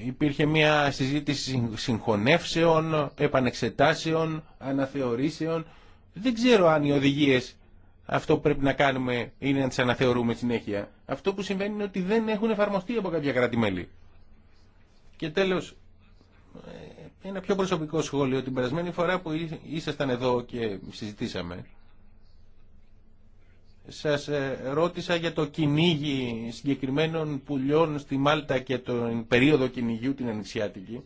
C: υπήρχε μια συζήτηση συγχωνεύσεων, επανεξετάσεων, αναθεωρήσεων. Δεν ξέρω αν οι οδηγίες αυτό που πρέπει να κάνουμε είναι να τις αναθεωρούμε συνέχεια. Αυτό που συμβαίνει είναι ότι δεν έχουν εφαρμοστεί από κάποια κράτη-μέλη. Και τέλος, ε, ένα πιο προσωπικό σχόλιο. Την περασμένη φορά που ήσασταν εδώ και συζητήσαμε, σας ε, ρώτησα για το κυνήγι συγκεκριμένων πουλιών στη Μάλτα και τον περίοδο κυνηγιού την Ανησιάτικη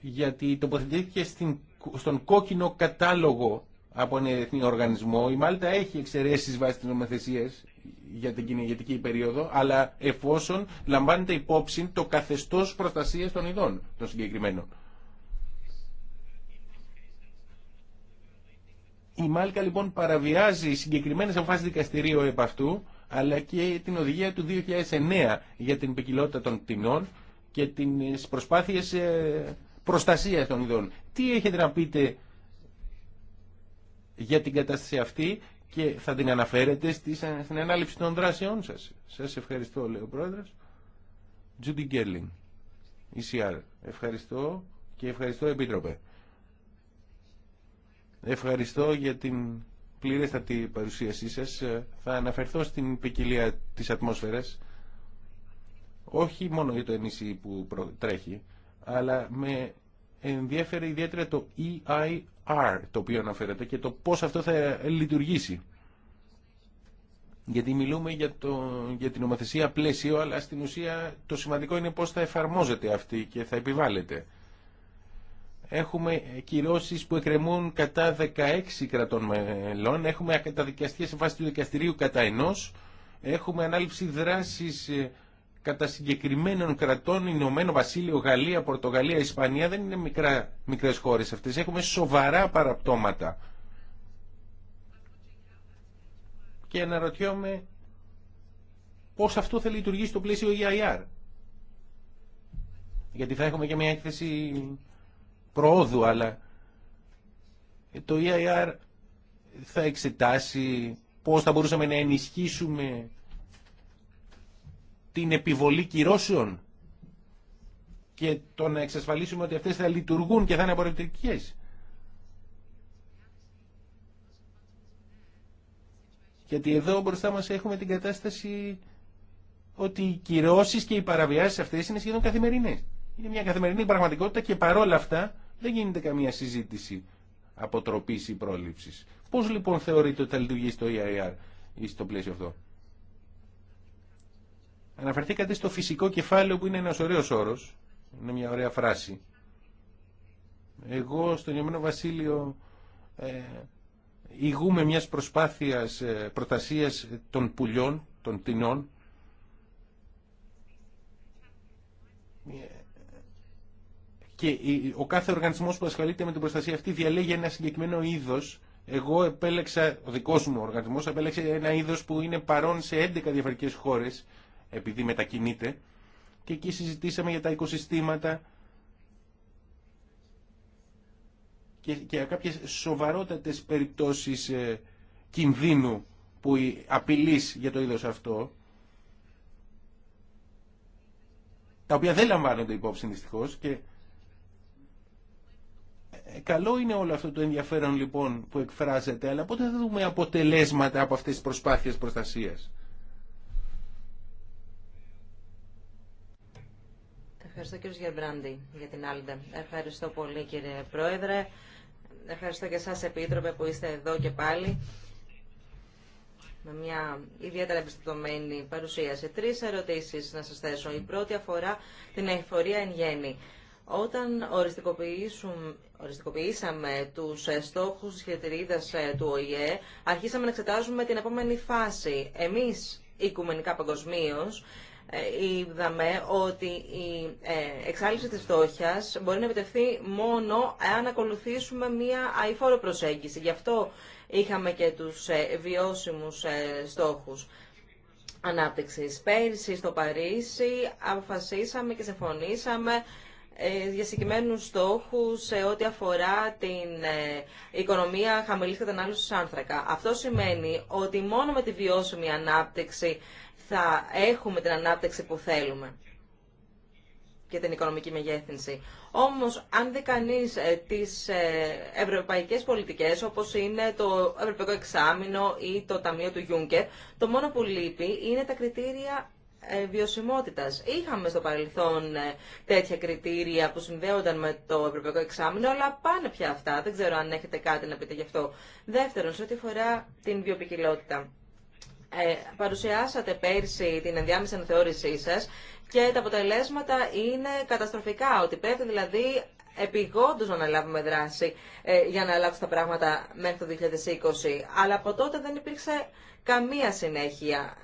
C: Γιατί τοποθετήθηκε στην, στον κόκκινο κατάλογο από ένα εθνικό οργανισμό. Η Μάλτα έχει εξαιρέσεις βάσει της νομοθεσίας για την κυνηγετική περίοδο, αλλά εφόσον λαμβάνεται υπόψη το καθεστώς προστασίας των ειδών των συγκεκριμένων. Η Μάλκα λοιπόν παραβιάζει συγκεκριμένες αποφάσεις δικαστηρίου επ' αυτού, αλλά και την οδηγία του 2009 για την ποικιλότητα των τιμών και τις προσπάθειες ε, προστασίας των ειδών. Τι έχετε να πείτε για την κατάσταση αυτή και θα την αναφέρετε στην ανάληψη των δράσεών σας. Σας ευχαριστώ, λέει ο Πρόεδρος. Τζούντι Γκέρλιν, Ευχαριστώ και ευχαριστώ, Επίτροπε. Ευχαριστώ για την πληρέστατη παρουσίασή σας. Θα αναφερθώ στην ποικιλία της ατμόσφαιρας, όχι μόνο για το ενίσχυ e που τρέχει, αλλά με ενδιαφέρει ιδιαίτερα το EIR, το οποίο αναφέρεται και το πώς αυτό θα λειτουργήσει. Γιατί μιλούμε για, το, για την ομοθεσία πλαίσιο, αλλά στην ουσία το σημαντικό είναι πώς θα εφαρμόζεται αυτή και θα επιβάλλεται. Έχουμε κυρώσει που εκκρεμούν κατά 16 κρατών μελών. Έχουμε καταδικαστικέ σε βάση του δικαστηρίου κατά ενό. Έχουμε ανάληψη δράση ε, κατά συγκεκριμένων κρατών, Ηνωμένο Βασίλειο, Γαλλία, Πορτογαλία, Ισπανία. Δεν είναι μικρά, μικρές χώρες αυτές. Έχουμε σοβαρά παραπτώματα. Και αναρωτιόμαι πώς αυτό θα λειτουργήσει στο πλαίσιο EIR. Γιατί θα έχουμε και μια έκθεση προόδου, αλλά το EIR θα εξετάσει πώς θα μπορούσαμε να ενισχύσουμε την επιβολή κυρώσεων και το να εξασφαλίσουμε ότι αυτές θα λειτουργούν και θα είναι απορρεπτικές. Γιατί εδώ μπροστά μας έχουμε την κατάσταση ότι οι κυρώσεις και οι παραβιάσεις αυτές είναι σχεδόν καθημερινές. Είναι μια καθημερινή πραγματικότητα και παρόλα αυτά δεν γίνεται καμία συζήτηση αποτροπή ή πρόληψης. Πώς λοιπόν θεωρείτε ότι θα λειτουργήσει το EIR ή στο πλαίσιο αυτό. Αναφερθήκατε στο φυσικό κεφάλαιο που είναι ένας ωραίος όρος. Είναι μια ωραία φράση. Εγώ στον Ηνωμένο Βασίλειο ε, ηγούμε μιας προσπάθειας ε, προτασίας των πουλιών, των τεινών. Ε, και ο κάθε οργανισμός που ασχολείται με την προστασία αυτή διαλέγει ένα συγκεκριμένο είδος. Εγώ επέλεξα, ο δικός μου οργανισμός επέλεξε ένα είδος που είναι παρόν σε 11 διαφορετικές χώρες επειδή μετακινείται και εκεί συζητήσαμε για τα οικοσυστήματα και, και κάποιες σοβαρότατες περιπτώσεις ε, κινδύνου που απειλείς για το είδος αυτό τα οποία δεν λαμβάνονται υπόψη δυστυχώ. και ε, καλό είναι όλο αυτό το ενδιαφέρον λοιπόν που εκφράζεται, αλλά πότε θα δούμε αποτελέσματα από αυτές τις προσπάθειες προστασίας.
A: Ευχαριστώ κύριε Γερμπράντη για την άλλη. Ευχαριστώ πολύ κύριε Πρόεδρε. Ευχαριστώ και εσάς Επίτροπε που είστε εδώ και πάλι με μια ιδιαίτερα εμπιστευτομένη παρουσίαση. Τρεις ερωτήσεις να σας θέσω. Η πρώτη αφορά την εφορία εν γέννη. Όταν οριστικοποιήσαμε τους ε, στόχους της ε, του ΟΗΕ, αρχίσαμε να εξετάζουμε την επόμενη φάση. Εμείς, οικουμενικά παγκοσμίω, ε, είδαμε ότι η εξάλληψη της φτώχειας μπορεί να επιτευχθεί μόνο αν ακολουθήσουμε μία αηφόρο προσέγγιση. Γι' αυτό είχαμε και τους βιώσιμους στόχους ανάπτυξης. Πέρυσι στο Παρίσι αποφασίσαμε και συμφωνήσαμε ε, για συγκεκριμένου στόχου σε ό,τι αφορά την ε, οικονομία χαμηλής κατανάλωσης άνθρακα. Αυτό σημαίνει ότι μόνο με τη βιώσιμη ανάπτυξη θα έχουμε την ανάπτυξη που θέλουμε και την οικονομική μεγέθυνση. Όμως, αν δει κανεί ε, τις ευρωπαϊκέ πολιτικές, όπω είναι το Ευρωπαϊκό Εξάμεινο ή το Ταμείο του Γιούνκερ, το μόνο που λείπει είναι τα κριτήρια ε, βιωσιμότητας. Είχαμε στο παρελθόν ε, τέτοια κριτήρια που συνδέονταν με το Ευρωπαϊκό Εξάμεινο, αλλά πάνε πια αυτά. Δεν ξέρω αν έχετε κάτι να πείτε γι' αυτό. Δεύτερον, σε ό,τι αφορά την βιοπικιλότητα. Ε, παρουσιάσατε πέρσι την ενδιάμεση αναθεώρησή σας και τα αποτελέσματα είναι καταστροφικά, ότι πρέπει δηλαδή επιγόντως να αναλάβουμε δράση ε, για να αλλάξουν τα πράγματα μέχρι το 2020. Αλλά από τότε δεν υπήρξε καμία συνέχεια.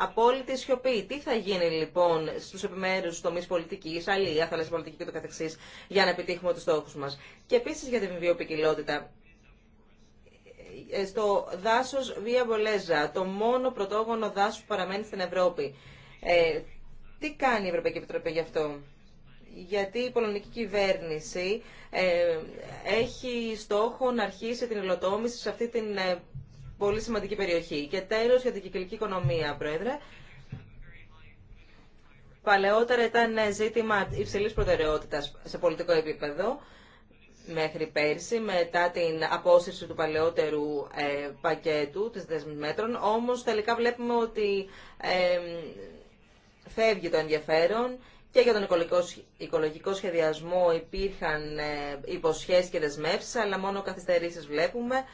A: Απόλυτη σιωπή. Τι θα γίνει λοιπόν στου επιμέρου τομεί πολιτική, αλληλεία, θαλάσσια πολιτική κ.ο.κ. για να επιτύχουμε του στόχου μα. Και επίση για την βιοποικιλότητα. Ε, στο δάσο Βία βολέζα, το μόνο πρωτόγωνο δάσο που παραμένει στην Ευρώπη. Ε, τι κάνει η Ευρωπαϊκή Επιτροπή γι' αυτό. Γιατί η πολωνική κυβέρνηση ε, έχει στόχο να αρχίσει την υλοτόμηση σε αυτή την ε, πολύ σημαντική περιοχή. Και τέλο για την κυκλική οικονομία, Πρόεδρε. Παλαιότερα ήταν ζήτημα υψηλή προτεραιότητας σε πολιτικό επίπεδο μέχρι πέρσι, μετά την απόσυρση του παλαιότερου ε, πακέτου της δεσμημέτρων. Όμως τελικά βλέπουμε ότι ε, φεύγει το ενδιαφέρον και για τον οικολογικό σχεδιασμό υπήρχαν ε, υποσχέσεις και δεσμεύσεις, αλλά μόνο καθυστερήσεις βλέπουμε.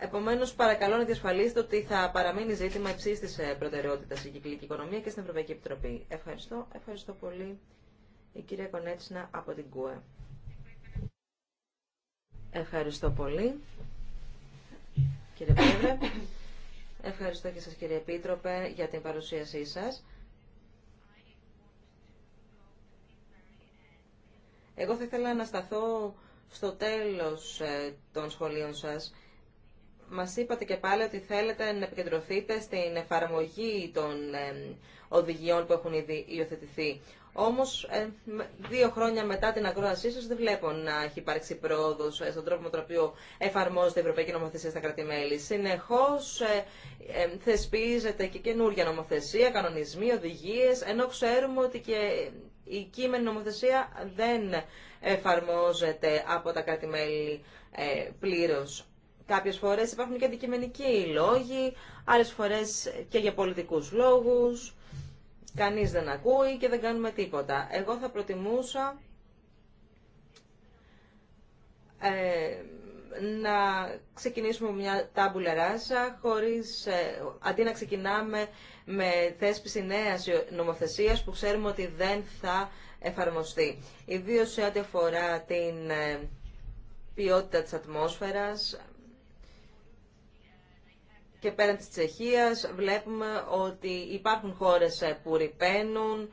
A: Επομένω, παρακαλώ να διασφαλίσετε ότι θα παραμείνει ζήτημα υψή τη ε, προτεραιότητα η κυκλική οικονομία και στην Ευρωπαϊκή Επιτροπή. Ευχαριστώ. Ευχαριστώ πολύ η κυρία Κονέτσινα από την ΚΟΕ. Ευχαριστώ πολύ. Κύριε Πρόεδρε, ευχαριστώ και σας κύριε Επίτροπε για την παρουσίασή σας. Εγώ θα ήθελα να σταθώ στο τέλος ε, των σχολείων σας μας είπατε και πάλι ότι θέλετε να επικεντρωθείτε στην εφαρμογή των οδηγιών που έχουν ήδη υιοθετηθεί. Όμως, δύο χρόνια μετά την ακρόασή σα δεν βλέπω να έχει υπάρξει πρόοδος ε, στον τρόπο με τον οποίο εφαρμόζεται η Ευρωπαϊκή Νομοθεσία στα κράτη-μέλη. Συνεχώς ε, θεσπίζεται και καινούργια νομοθεσία, κανονισμοί, οδηγίες, ενώ ξέρουμε ότι και η κείμενη νομοθεσία δεν εφαρμόζεται από τα κράτη-μέλη ε, πλήρως. Κάποιε φορές υπάρχουν και αντικειμενικοί λόγοι, άλλε φορές και για πολιτικούς λόγους. Κανείς δεν ακούει και δεν κάνουμε τίποτα. Εγώ θα προτιμούσα ε, να ξεκινήσουμε μια τάμπουλα ράσα, χωρίς, ε, αντί να ξεκινάμε με θέσπιση νέας νομοθεσίας που ξέρουμε ότι δεν θα εφαρμοστεί. Ιδίως σε ό,τι αφορά την ε, ποιότητα της ατμόσφαιρας, και πέραν της Τσεχίας βλέπουμε ότι υπάρχουν χώρες ε, που ρηπαίνουν,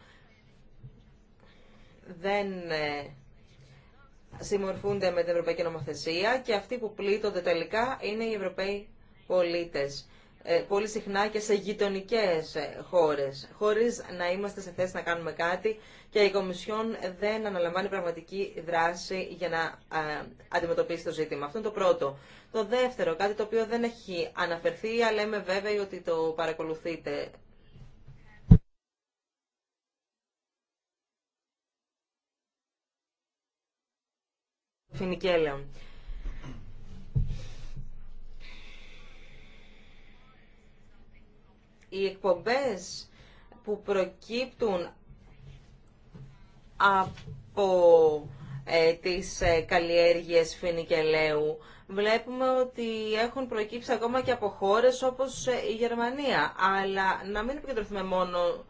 A: δεν ε, συμμορφούνται με την Ευρωπαϊκή Νομοθεσία και αυτοί που πλήττονται τελικά είναι οι Ευρωπαίοι πολίτες. Ε, πολύ συχνά και σε γειτονικέ ε, χώρες, χωρίς να είμαστε σε θέση να κάνουμε κάτι και η Κομισιόν δεν αναλαμβάνει πραγματική δράση για να ε, αντιμετωπίσει το ζήτημα. Αυτό είναι το πρώτο. Το δεύτερο, κάτι το οποίο δεν έχει αναφερθεί, αλλά είμαι βέβαιη ότι το παρακολουθείτε. οι εκπομπές που προκύπτουν από ε, τις ε, καλλιέργειες φινικελαίου βλέπουμε ότι έχουν προκύψει ακόμα και από χώρε όπως ε, η Γερμανία. Αλλά να μην επικεντρωθούμε μόνο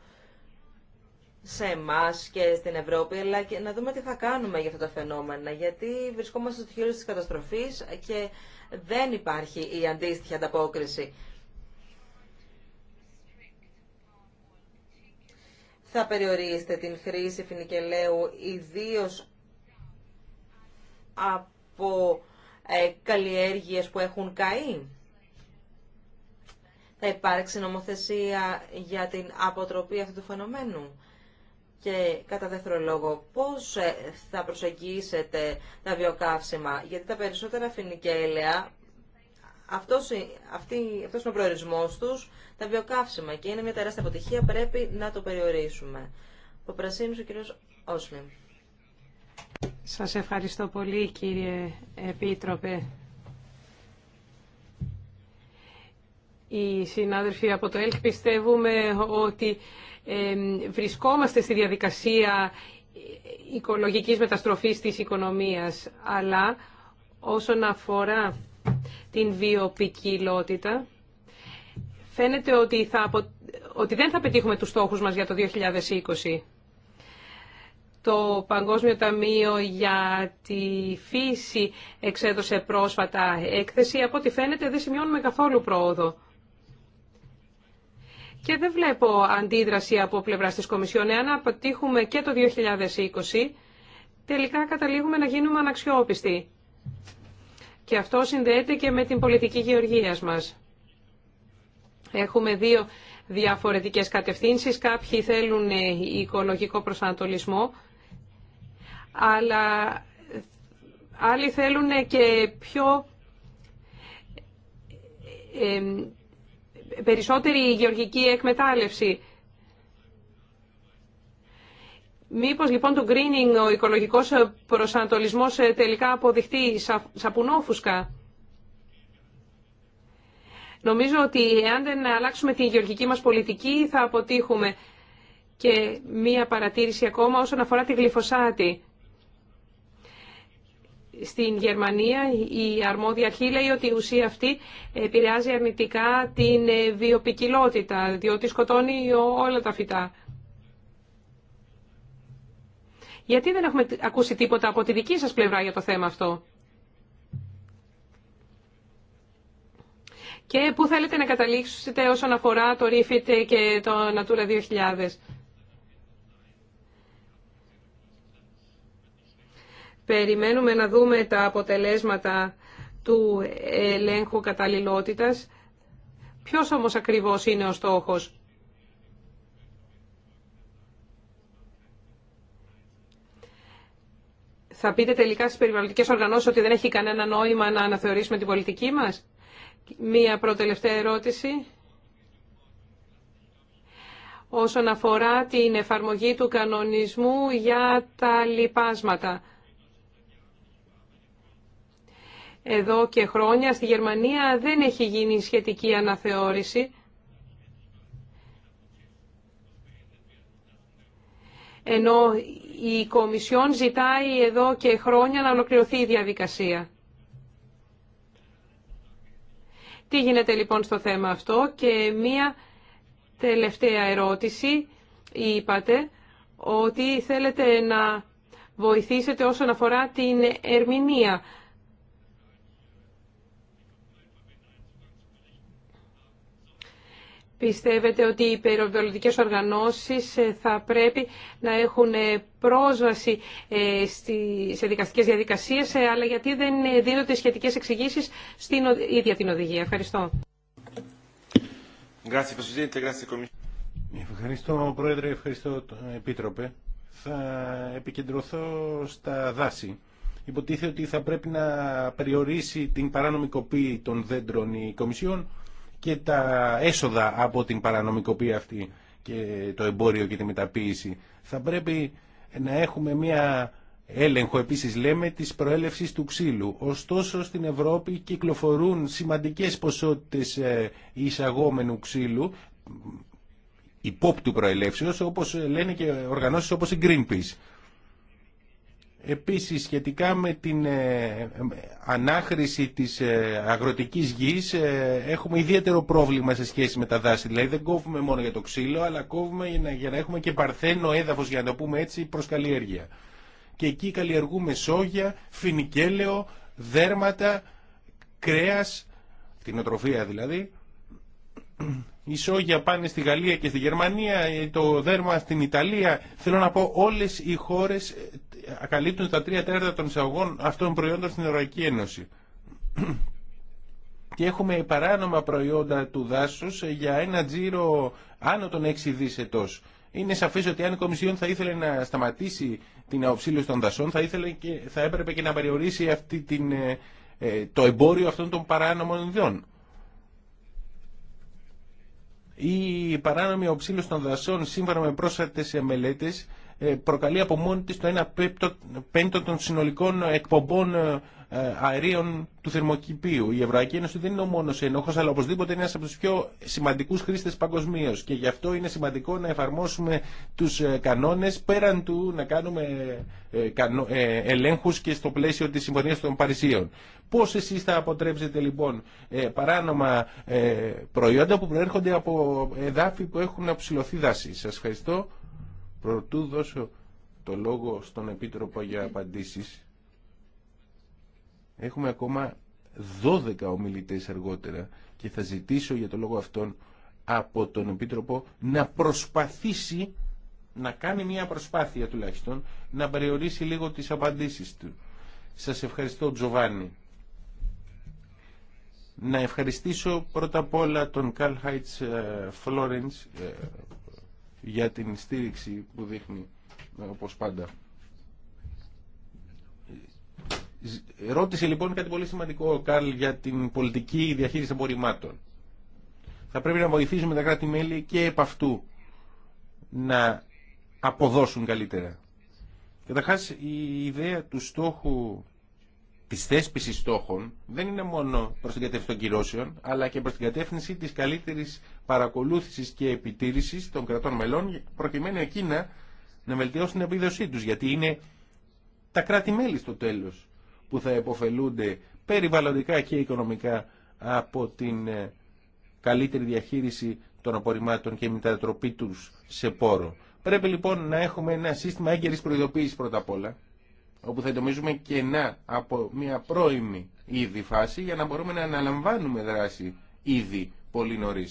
A: σε εμά και στην Ευρώπη, αλλά και να δούμε τι θα κάνουμε για αυτά τα φαινόμενα. Γιατί βρισκόμαστε στο χείρο της καταστροφής και δεν υπάρχει η αντίστοιχη ανταπόκριση. θα περιορίσετε την χρήση φινικελαίου ιδίως από ε, καλλιέργειες που έχουν καεί. Θα υπάρξει νομοθεσία για την αποτροπή αυτού του φαινομένου. Και κατά δεύτερο λόγο, πώς ε, θα προσεγγίσετε τα βιοκαύσιμα, γιατί τα περισσότερα φινικέλαια αυτός, αυτή, αυτός είναι ο προορισμός τους, τα βιοκαύσιμα και είναι μια τεράστια αποτυχία, πρέπει να το περιορίσουμε. Ο Πρασίνος ο κύριος Όσλιν.
B: Σας ευχαριστώ πολύ κύριε Επίτροπε. Οι συνάδελφοι από το ΕΛΚ πιστεύουμε ότι βρισκόμαστε στη διαδικασία οικολογικής μεταστροφής της οικονομίας, αλλά όσον αφορά την βιοπικιλότητα, φαίνεται ότι, θα απο... ότι δεν θα πετύχουμε τους στόχους μας για το 2020. Το Παγκόσμιο Ταμείο για τη Φύση εξέδωσε πρόσφατα έκθεση. Από ό,τι φαίνεται δεν σημειώνουμε καθόλου πρόοδο. Και δεν βλέπω αντίδραση από πλευρά της Κομισιόν. Εάν αποτύχουμε και το 2020, τελικά καταλήγουμε να γίνουμε αναξιόπιστοι. Και αυτό συνδέεται και με την πολιτική γεωργίας μας. Έχουμε δύο διαφορετικές κατευθύνσεις. Κάποιοι θέλουν ε, οικολογικό προσανατολισμό, αλλά άλλοι θέλουν ε, και πιο ε, ε, περισσότερη γεωργική εκμετάλλευση. Μήπως λοιπόν το greening, ο οικολογικός προσανατολισμός ε, τελικά αποδειχτεί σαπουνόφουσκα. Νομίζω ότι εάν δεν αλλάξουμε την γεωργική μας πολιτική θα αποτύχουμε. Και μία παρατήρηση ακόμα όσον αφορά τη γλυφοσάτη. Στην Γερμανία η αρμόδια αρχή λέει ότι η ουσία αυτή επηρεάζει αρνητικά την ε, βιοπικιλότητα, διότι σκοτώνει όλα τα φυτά. Γιατί δεν έχουμε ακούσει τίποτα από τη δική σας πλευρά για το θέμα αυτό. Και πού θέλετε να καταλήξετε όσον αφορά το Refit και το Natura 2000. Περιμένουμε να δούμε τα αποτελέσματα του ελέγχου καταλληλότητας. Ποιος όμως ακριβώς είναι ο στόχος. Θα πείτε τελικά στι περιβαλλοντικέ οργανώσει ότι δεν έχει κανένα νόημα να αναθεωρήσουμε την πολιτική μας. Μία προτελευταία ερώτηση. Όσον αφορά την εφαρμογή του κανονισμού για τα λοιπάσματα. Εδώ και χρόνια στη Γερμανία δεν έχει γίνει σχετική αναθεώρηση. Ενώ η Κομισιόν ζητάει εδώ και χρόνια να ολοκληρωθεί η διαδικασία. Τι γίνεται λοιπόν στο θέμα αυτό και μία τελευταία ερώτηση. Είπατε ότι θέλετε να βοηθήσετε όσον αφορά την ερμηνεία Πιστεύετε ότι οι περιβαλλοντικές οργανώσεις ε, θα πρέπει να έχουν ε, πρόσβαση ε, σε δικαστικές διαδικασίες, αλλά γιατί δεν δίνονται σχετικές εξηγήσεις στην ίδια την οδηγία. Ευχαριστώ.
C: Ευχαριστώ, Πρόεδρε, ευχαριστώ, Επίτροπε. Θα επικεντρωθώ στα δάση. Υποτίθεται ότι θα πρέπει να περιορίσει την παράνομη κοπή των δέντρων η Κομισιόν και τα έσοδα από την παρανομικοποίηση αυτή και το εμπόριο και τη μεταποίηση. Θα πρέπει να έχουμε μια έλεγχο επίσης λέμε της προέλευσης του ξύλου. Ωστόσο στην Ευρώπη κυκλοφορούν σημαντικές ποσότητες ε, εισαγόμενου ξύλου υπόπτου προελεύσεως όπως λένε και οργανώσεις όπως η Greenpeace. Επίσης σχετικά με την ε, ανάχρηση της ε, αγροτικής γης ε, έχουμε ιδιαίτερο πρόβλημα σε σχέση με τα δάση. Δηλαδή δεν κόβουμε μόνο για το ξύλο αλλά κόβουμε για να έχουμε και παρθένο έδαφος για να το πούμε έτσι προς καλλιέργεια. Και εκεί καλλιεργούμε σόγια, φινικέλαιο, δέρματα, κρέας, την δηλαδή οι σόγια πάνε στη Γαλλία και στη Γερμανία, το δέρμα στην Ιταλία. Θέλω να πω όλε οι χώρε ε, καλύπτουν τα τρία τέταρτα των εισαγωγών αυτών προϊόντων στην Ευρωπαϊκή Ένωση. Και έχουμε παράνομα προϊόντα του δάσου ε, για ένα τζίρο άνω των 6 δι ετό. Είναι σαφέ ότι αν η Κομισιόν θα ήθελε να σταματήσει την αοψήλωση των δασών, θα, ήθελε και, θα έπρεπε και να περιορίσει αυτή την, ε, το εμπόριο αυτών των παράνομων ιδιών. Η παράνομη οψήλωση των δασών σύμφωνα με πρόσφατε μελέτε, ε, προκαλεί από μόνη της το 1 πέμπτο των συνολικών εκπομπών ε, ε, αερίων του θερμοκηπίου. Η Ευρωπαϊκή Ένωση δεν είναι ο μόνο ενόχο, αλλά οπωσδήποτε είναι ένα από του πιο σημαντικού χρήστε παγκοσμίω. Και γι' αυτό είναι σημαντικό να εφαρμόσουμε του ε, κανόνε πέραν του να κάνουμε ε, ελέγχου και στο πλαίσιο τη Συμφωνία των Παρισίων. Πώ εσεί θα αποτρέψετε λοιπόν παράνομα προϊόντα που προέρχονται από εδάφη που έχουν αψηλωθεί δάση. Σα ευχαριστώ. Προτού δώσω το λόγο στον Επίτροπο για απαντήσει. Έχουμε ακόμα 12 ομιλητές αργότερα και θα ζητήσω για το λόγο αυτόν από τον Επίτροπο να προσπαθήσει να κάνει μια προσπάθεια τουλάχιστον να περιορίσει λίγο τις απαντήσεις του. Σας ευχαριστώ Τζοβάνι. Να ευχαριστήσω πρώτα απ' όλα τον Καρλ Χάιτς ε, Φλόρενς ε, για την στήριξη που δείχνει όπως πάντα. Ρώτησε λοιπόν κάτι πολύ σημαντικό ο Καρλ για την πολιτική διαχείριση εμπορημάτων. Θα πρέπει να βοηθήσουμε τα κράτη-μέλη και επ' αυτού να αποδώσουν καλύτερα. Καταρχά η ιδέα του στόχου τη θέσπιση στόχων δεν είναι μόνο προ την κατεύθυνση των κυρώσεων αλλά και προ την κατεύθυνση τη καλύτερη παρακολούθηση και επιτήρηση των κρατών μελών προκειμένου εκείνα να βελτιώσουν την επίδοσή του, γιατί είναι τα κράτη-μέλη στο τέλο που θα επωφελούνται περιβαλλοντικά και οικονομικά από την ε, καλύτερη διαχείριση των απορριμμάτων και μετατροπή τους σε πόρο. Πρέπει λοιπόν να έχουμε ένα σύστημα έγκαιρης προειδοποίησης πρώτα απ' όλα, όπου θα εντομίζουμε κενά από μια πρώιμη ήδη φάση για να μπορούμε να αναλαμβάνουμε δράση ήδη πολύ νωρί.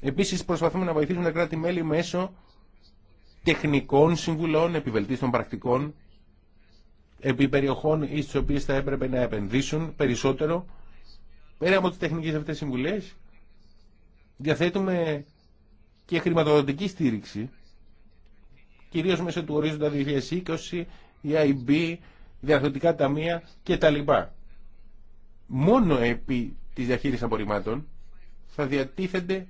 C: Επίσης προσπαθούμε να βοηθήσουμε τα κράτη-μέλη μέσω τεχνικών συμβουλών, επιβελτίστων πρακτικών επί περιοχών ή στις οποίες θα έπρεπε να επενδύσουν περισσότερο. Πέρα από τις τεχνικές αυτές συμβουλές, διαθέτουμε και χρηματοδοτική στήριξη, κυρίως μέσω του ορίζοντα 2020, η IB, διαθετικά ταμεία κτλ. Μόνο επί της διαχείρισης απορριμμάτων θα διατίθενται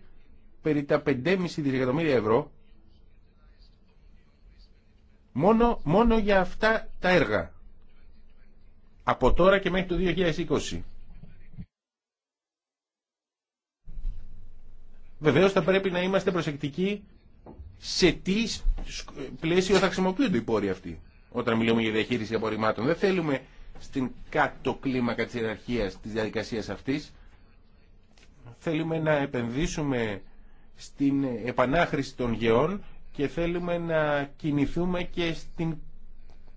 C: περί τα 5,5 δισεκατομμύρια ευρώ μόνο, μόνο για αυτά τα έργα από τώρα και μέχρι το 2020. Βεβαίως θα πρέπει να είμαστε προσεκτικοί σε τι πλαίσιο θα χρησιμοποιούνται οι πόροι αυτοί. Όταν μιλούμε για διαχείριση απορριμμάτων δεν θέλουμε στην κάτω κλίμακα της ιεραρχίας της διαδικασίας αυτής θέλουμε να επενδύσουμε στην επανάχρηση των γεών και θέλουμε να κινηθούμε και στην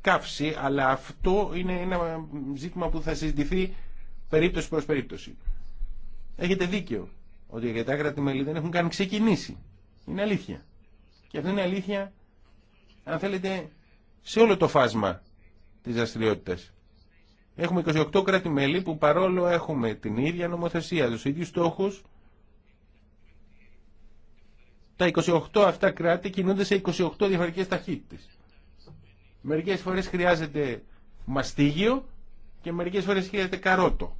C: καύση, αλλά αυτό είναι ένα ζήτημα που θα συζητηθεί περίπτωση προς περίπτωση. Έχετε δίκιο ότι για τα κράτη-μέλη δεν έχουν καν ξεκινήσει. Είναι αλήθεια. Και αυτό είναι αλήθεια, αν θέλετε, σε όλο το φάσμα της δραστηριότητα. Έχουμε 28 κράτη-μέλη που παρόλο έχουμε την ίδια νομοθεσία, τους ίδιους στόχους, τα 28 αυτά κράτη κινούνται σε 28 διαφορετικές ταχύτητες. Μερικές φορές χρειάζεται μαστίγιο και μερικές φορές χρειάζεται καρότο.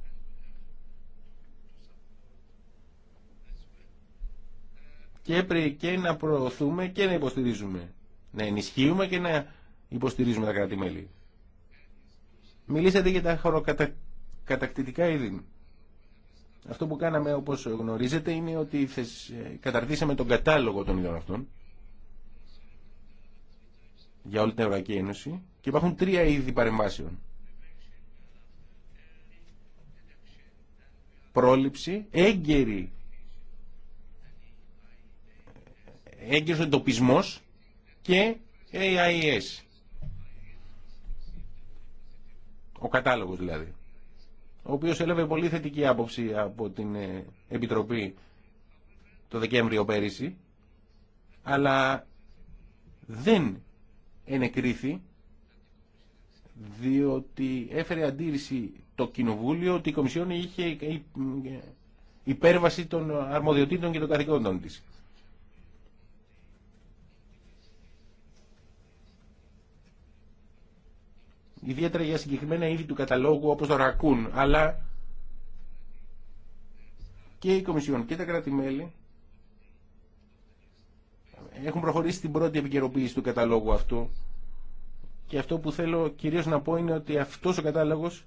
C: Και έπρεπε και να προωθούμε και να υποστηρίζουμε. Να ενισχύουμε και να υποστηρίζουμε τα κράτη-μέλη. Μιλήσατε για τα χωροκατακτητικά είδη. Αυτό που κάναμε όπως γνωρίζετε είναι ότι καταρτήσαμε τον κατάλογο των ειδών αυτών για όλη την Ευρωπαϊκή Ένωση και υπάρχουν τρία είδη παρεμβάσεων. Πρόληψη, έγκαιρη, έγκαιρος εντοπισμός και AIS. Ο κατάλογος δηλαδή. Ο οποίος έλαβε πολύ θετική άποψη από την ε, Επιτροπή το Δεκέμβριο πέρυσι αλλά δεν ενεκρίθη διότι έφερε αντίρρηση το Κοινοβούλιο ότι η Κομισιόν είχε υπέρβαση των αρμοδιοτήτων και των καθηκόντων της. Ιδιαίτερα για συγκεκριμένα είδη του καταλόγου όπως το ρακούν, αλλά και η Κομισιόν και τα κράτη-μέλη έχουν προχωρήσει την πρώτη επικαιροποίηση του καταλόγου αυτού. Και αυτό που θέλω κυρίως να πω είναι ότι αυτός ο κατάλογος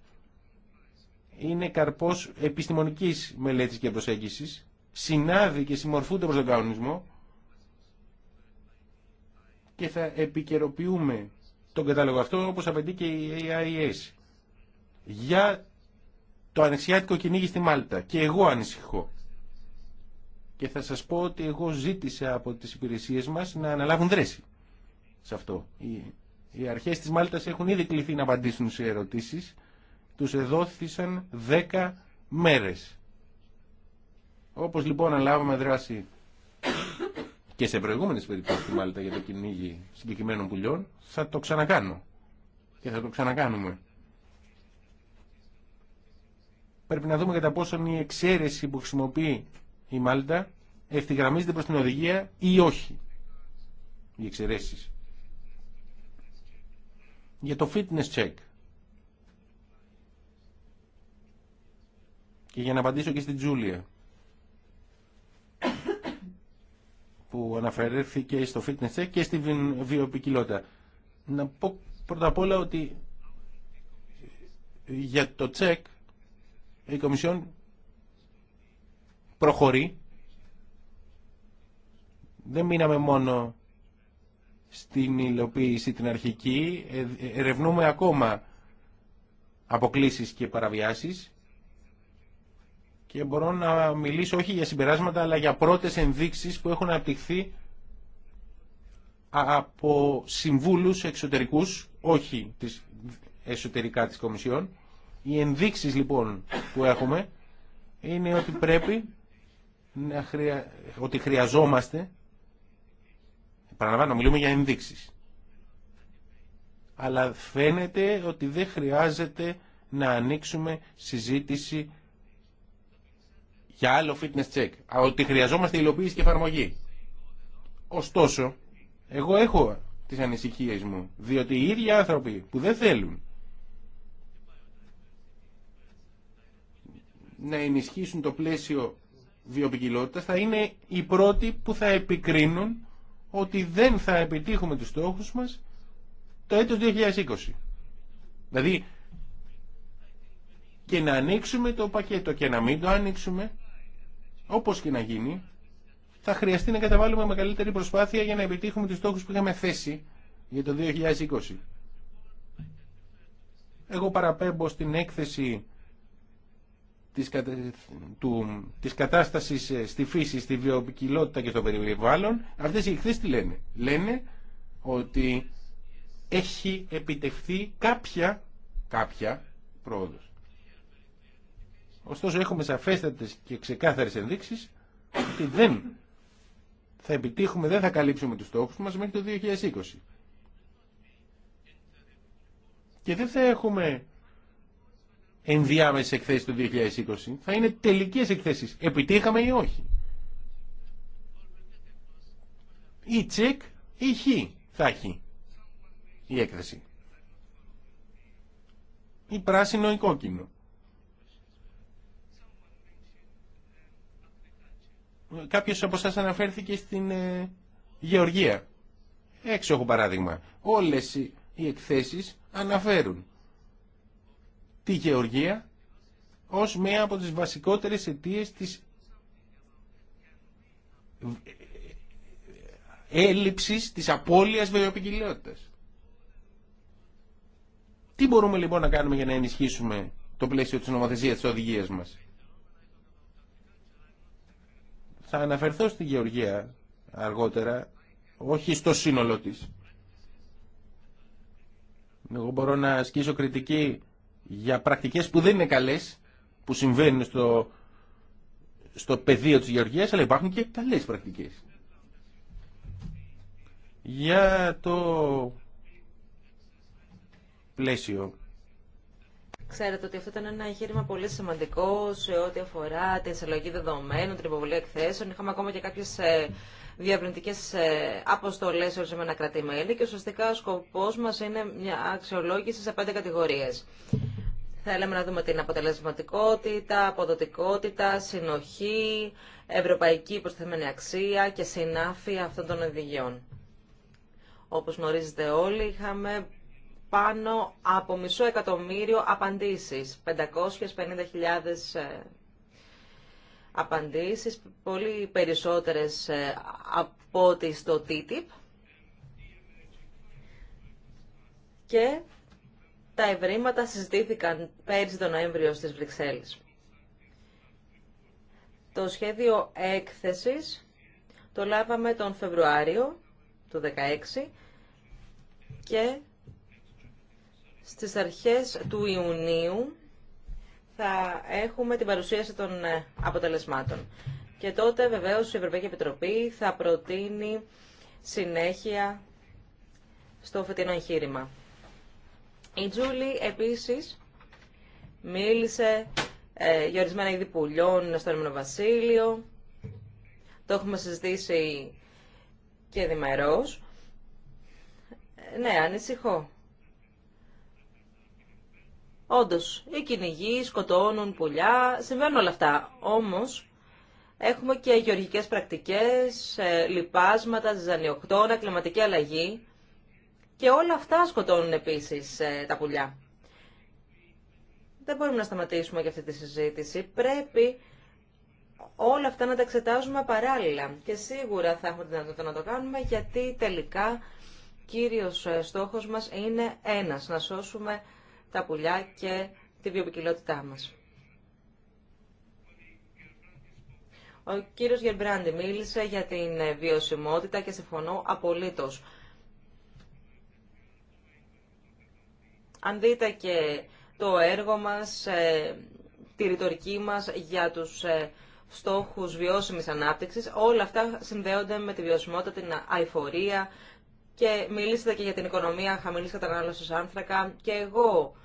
C: είναι καρπός επιστημονικής μελέτης και προσέγγισης, συνάδει και συμμορφούνται προς τον κανονισμό και θα επικαιροποιούμε τον κατάλογο αυτό όπως απαιτεί και η AIS για το ανεξιάτικο κυνήγι στη Μάλτα. Και εγώ ανησυχώ. Και θα σας πω ότι εγώ ζήτησα από τις υπηρεσίες μας να αναλάβουν δρέση σε αυτό. Οι αρχές της Μάλτας έχουν ήδη κληθεί να απαντήσουν σε ερωτήσεις. Τους εδόθησαν 10 μέρες. Όπως λοιπόν αναλάβαμε δράση και σε προηγούμενες περιπτώσεις στη Μάλτα για το κυνήγι συγκεκριμένων πουλιών, θα το ξανακάνω. Και θα το ξανακάνουμε. Πρέπει να δούμε κατά πόσον η εξαίρεση που χρησιμοποιεί η Μάλτα ευθυγραμμίζεται προς την οδηγία ή όχι. Οι εξαιρέσεις. Για το fitness check. Και για να απαντήσω και στην Τζούλια που αναφέρθηκε στο fitness check και στη βιοπικιλότητα. Να πω πρώτα απ' όλα ότι για το check η Κομισιόν προχωρεί. Δεν μείναμε μόνο στην υλοποίηση την αρχική, ε, ερευνούμε ακόμα αποκλήσεις και παραβιάσεις και μπορώ να μιλήσω όχι για συμπεράσματα αλλά για πρώτες ενδείξεις που έχουν απτυχθεί από συμβούλους εξωτερικούς, όχι της, εσωτερικά της Κομισιόν. Οι ενδείξεις λοιπόν που έχουμε είναι ότι πρέπει να χρεια... ότι χρειαζόμαστε παραλαμβάνω μιλούμε για ενδείξεις αλλά φαίνεται ότι δεν χρειάζεται να ανοίξουμε συζήτηση για άλλο fitness check ότι χρειαζόμαστε υλοποίηση και εφαρμογή ωστόσο εγώ έχω τις ανησυχίες μου διότι οι ίδιοι άνθρωποι που δεν θέλουν να ενισχύσουν το πλαίσιο βιοπικιλότητα θα είναι οι πρώτοι που θα επικρίνουν ότι δεν θα επιτύχουμε τους στόχους μας το έτος 2020. Δηλαδή και να ανοίξουμε το πακέτο και να μην το ανοίξουμε όπως και να γίνει θα χρειαστεί να καταβάλουμε μεγαλύτερη προσπάθεια για να επιτύχουμε τους στόχους που είχαμε θέσει για το 2020. Εγώ παραπέμπω στην έκθεση της, του, της κατάστασης ε, στη φύση, στη βιοποικιλότητα και στο περιβάλλον, αυτές οι εκθέσεις τι λένε. Λένε ότι έχει επιτευχθεί κάποια, κάποια πρόοδος. Ωστόσο έχουμε σαφέστατες και ξεκάθαρες ενδείξεις ότι δεν θα επιτύχουμε, δεν θα καλύψουμε τους στόχους μας μέχρι το 2020. Και δεν θα έχουμε Ενδιάμεσε εκθέσεις του 2020, θα είναι τελικές εκθέσεις. Επιτύχαμε ή όχι. Ή τσεκ ή χ θα έχει η έκθεση. Ή πράσινο ή κόκκινο. Κάποιος από εσάς αναφέρθηκε στην ε, Γεωργία. Έξω έχω παράδειγμα. Όλες οι εκθέσεις αναφέρουν τη γεωργία ως μία από τις βασικότερες αιτίες της έλλειψης της απώλειας βιοποικιλότητας. Τι μπορούμε λοιπόν να κάνουμε για να ενισχύσουμε το πλαίσιο της νομοθεσίας της οδηγίας μας. Θα αναφερθώ στη Γεωργία αργότερα, όχι στο σύνολο της. Εγώ μπορώ να ασκήσω κριτική για πρακτικές που δεν είναι καλές, που συμβαίνουν στο, στο πεδίο της γεωργίας, αλλά υπάρχουν και καλές πρακτικές. Για το πλαίσιο.
A: Ξέρετε ότι αυτό ήταν ένα εγχείρημα πολύ σημαντικό σε ό,τι αφορά την συλλογή δεδομένων, την υποβολή εκθέσεων. Είχαμε ακόμα και κάποιες ε, διαβρυντικέ ε, αποστολέ σε ορισμένα κρατημέλη και ουσιαστικά ο σκοπό μα είναι μια αξιολόγηση σε πέντε κατηγορίε. Θέλαμε να δούμε την αποτελεσματικότητα, αποδοτικότητα, συνοχή, ευρωπαϊκή προσθεμένη αξία και συνάφεια αυτών των οδηγιών. Όπως γνωρίζετε όλοι, είχαμε πάνω από μισό εκατομμύριο απαντήσεις, 550.000 απαντήσεις, πολύ περισσότερες ε, από ό,τι στο TTIP. Και τα ευρήματα συζητήθηκαν πέρσι τον Νοέμβριο στις Βρυξέλλες. Το σχέδιο έκθεσης το λάβαμε τον Φεβρουάριο του 2016 και στις αρχές του Ιουνίου θα έχουμε την παρουσίαση των ε, αποτελεσμάτων. Και τότε βεβαίως η Ευρωπαϊκή Επιτροπή θα προτείνει συνέχεια στο φετινό εγχείρημα. Η Τζούλη επίσης μίλησε ε, για ορισμένα είδη πουλιών στο Ερμηνο Βασίλειο. Το έχουμε συζητήσει και Ε, Ναι, ανησυχώ. Όντω, οι κυνηγοί σκοτώνουν πουλιά, συμβαίνουν όλα αυτά. Όμω, έχουμε και γεωργικέ πρακτικέ, ε, λοιπάσματα, ζανιοκτόνα, κλιματική αλλαγή. Και όλα αυτά σκοτώνουν επίση ε, τα πουλιά. Δεν μπορούμε να σταματήσουμε για αυτή τη συζήτηση. Πρέπει όλα αυτά να τα εξετάζουμε παράλληλα. Και σίγουρα θα έχουμε δυνατότητα να το κάνουμε, γιατί τελικά κύριος ε, στόχος μας είναι ένας, να σώσουμε τα πουλιά και τη βιοποικιλότητά μας. Ο κύριος Γερμπράντη μίλησε για την βιωσιμότητα και συμφωνώ απολύτως. Αν δείτε και το έργο μας, ε, τη ρητορική μας για τους ε, στόχους βιώσιμης ανάπτυξης, όλα αυτά συνδέονται με τη βιωσιμότητα, την αηφορία, και μιλήσατε και για την οικονομία χαμηλής κατανάλωσης άνθρακα και εγώ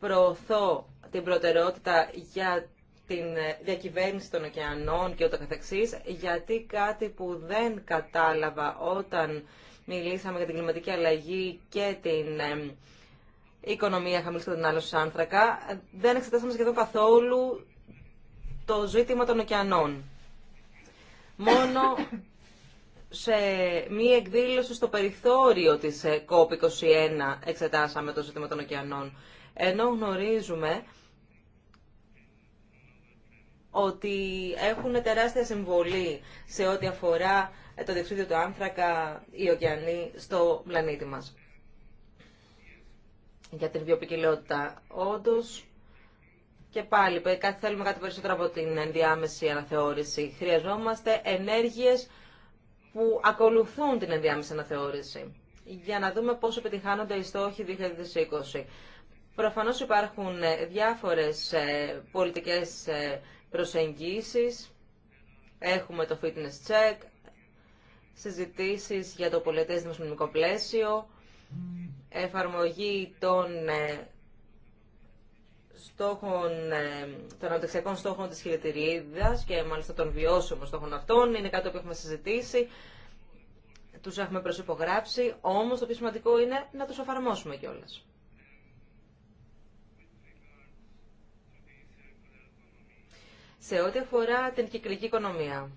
A: προωθώ την προτεραιότητα για την ε, διακυβέρνηση των ωκεανών και ούτω καθεξής, γιατί κάτι που δεν κατάλαβα όταν μιλήσαμε για την κλιματική αλλαγή και την ε, οικονομία χαμηλής κατανάλωσης άνθρακα, δεν εξετάσαμε σχεδόν καθόλου το ζήτημα των ωκεανών. Μόνο σε μία εκδήλωση στο περιθώριο της COP21 ε, εξετάσαμε το ζήτημα των ωκεανών. Ενώ γνωρίζουμε ότι έχουν τεράστια συμβολή σε ό,τι αφορά ε, το διεξίδιο του άνθρακα οι ωκεανοί στο πλανήτη μας. Για την βιοπικιλότητα, όντως, και πάλι θέλουμε κάτι περισσότερο από την ενδιάμεση αναθεώρηση. Χρειαζόμαστε ενέργειες που ακολουθούν την ενδιάμεση αναθεώρηση για να δούμε πόσο επιτυχάνονται οι στόχοι 2020. Προφανώς υπάρχουν ε, διάφορες ε, πολιτικές ε, προσεγγίσεις. Έχουμε το fitness check, συζητήσεις για το πολιτές δημοσιονομικό πλαίσιο, εφαρμογή των στόχων, ε, των αναπτυξιακών στόχων της χειρετηρίδας και μάλιστα των βιώσιμων στόχων αυτών. Είναι κάτι που έχουμε συζητήσει, τους έχουμε προσυπογράψει, όμως το πιο σημαντικό είναι να τους εφαρμόσουμε κιόλα. Σε ό,τι αφορά την κυκλική οικονομία,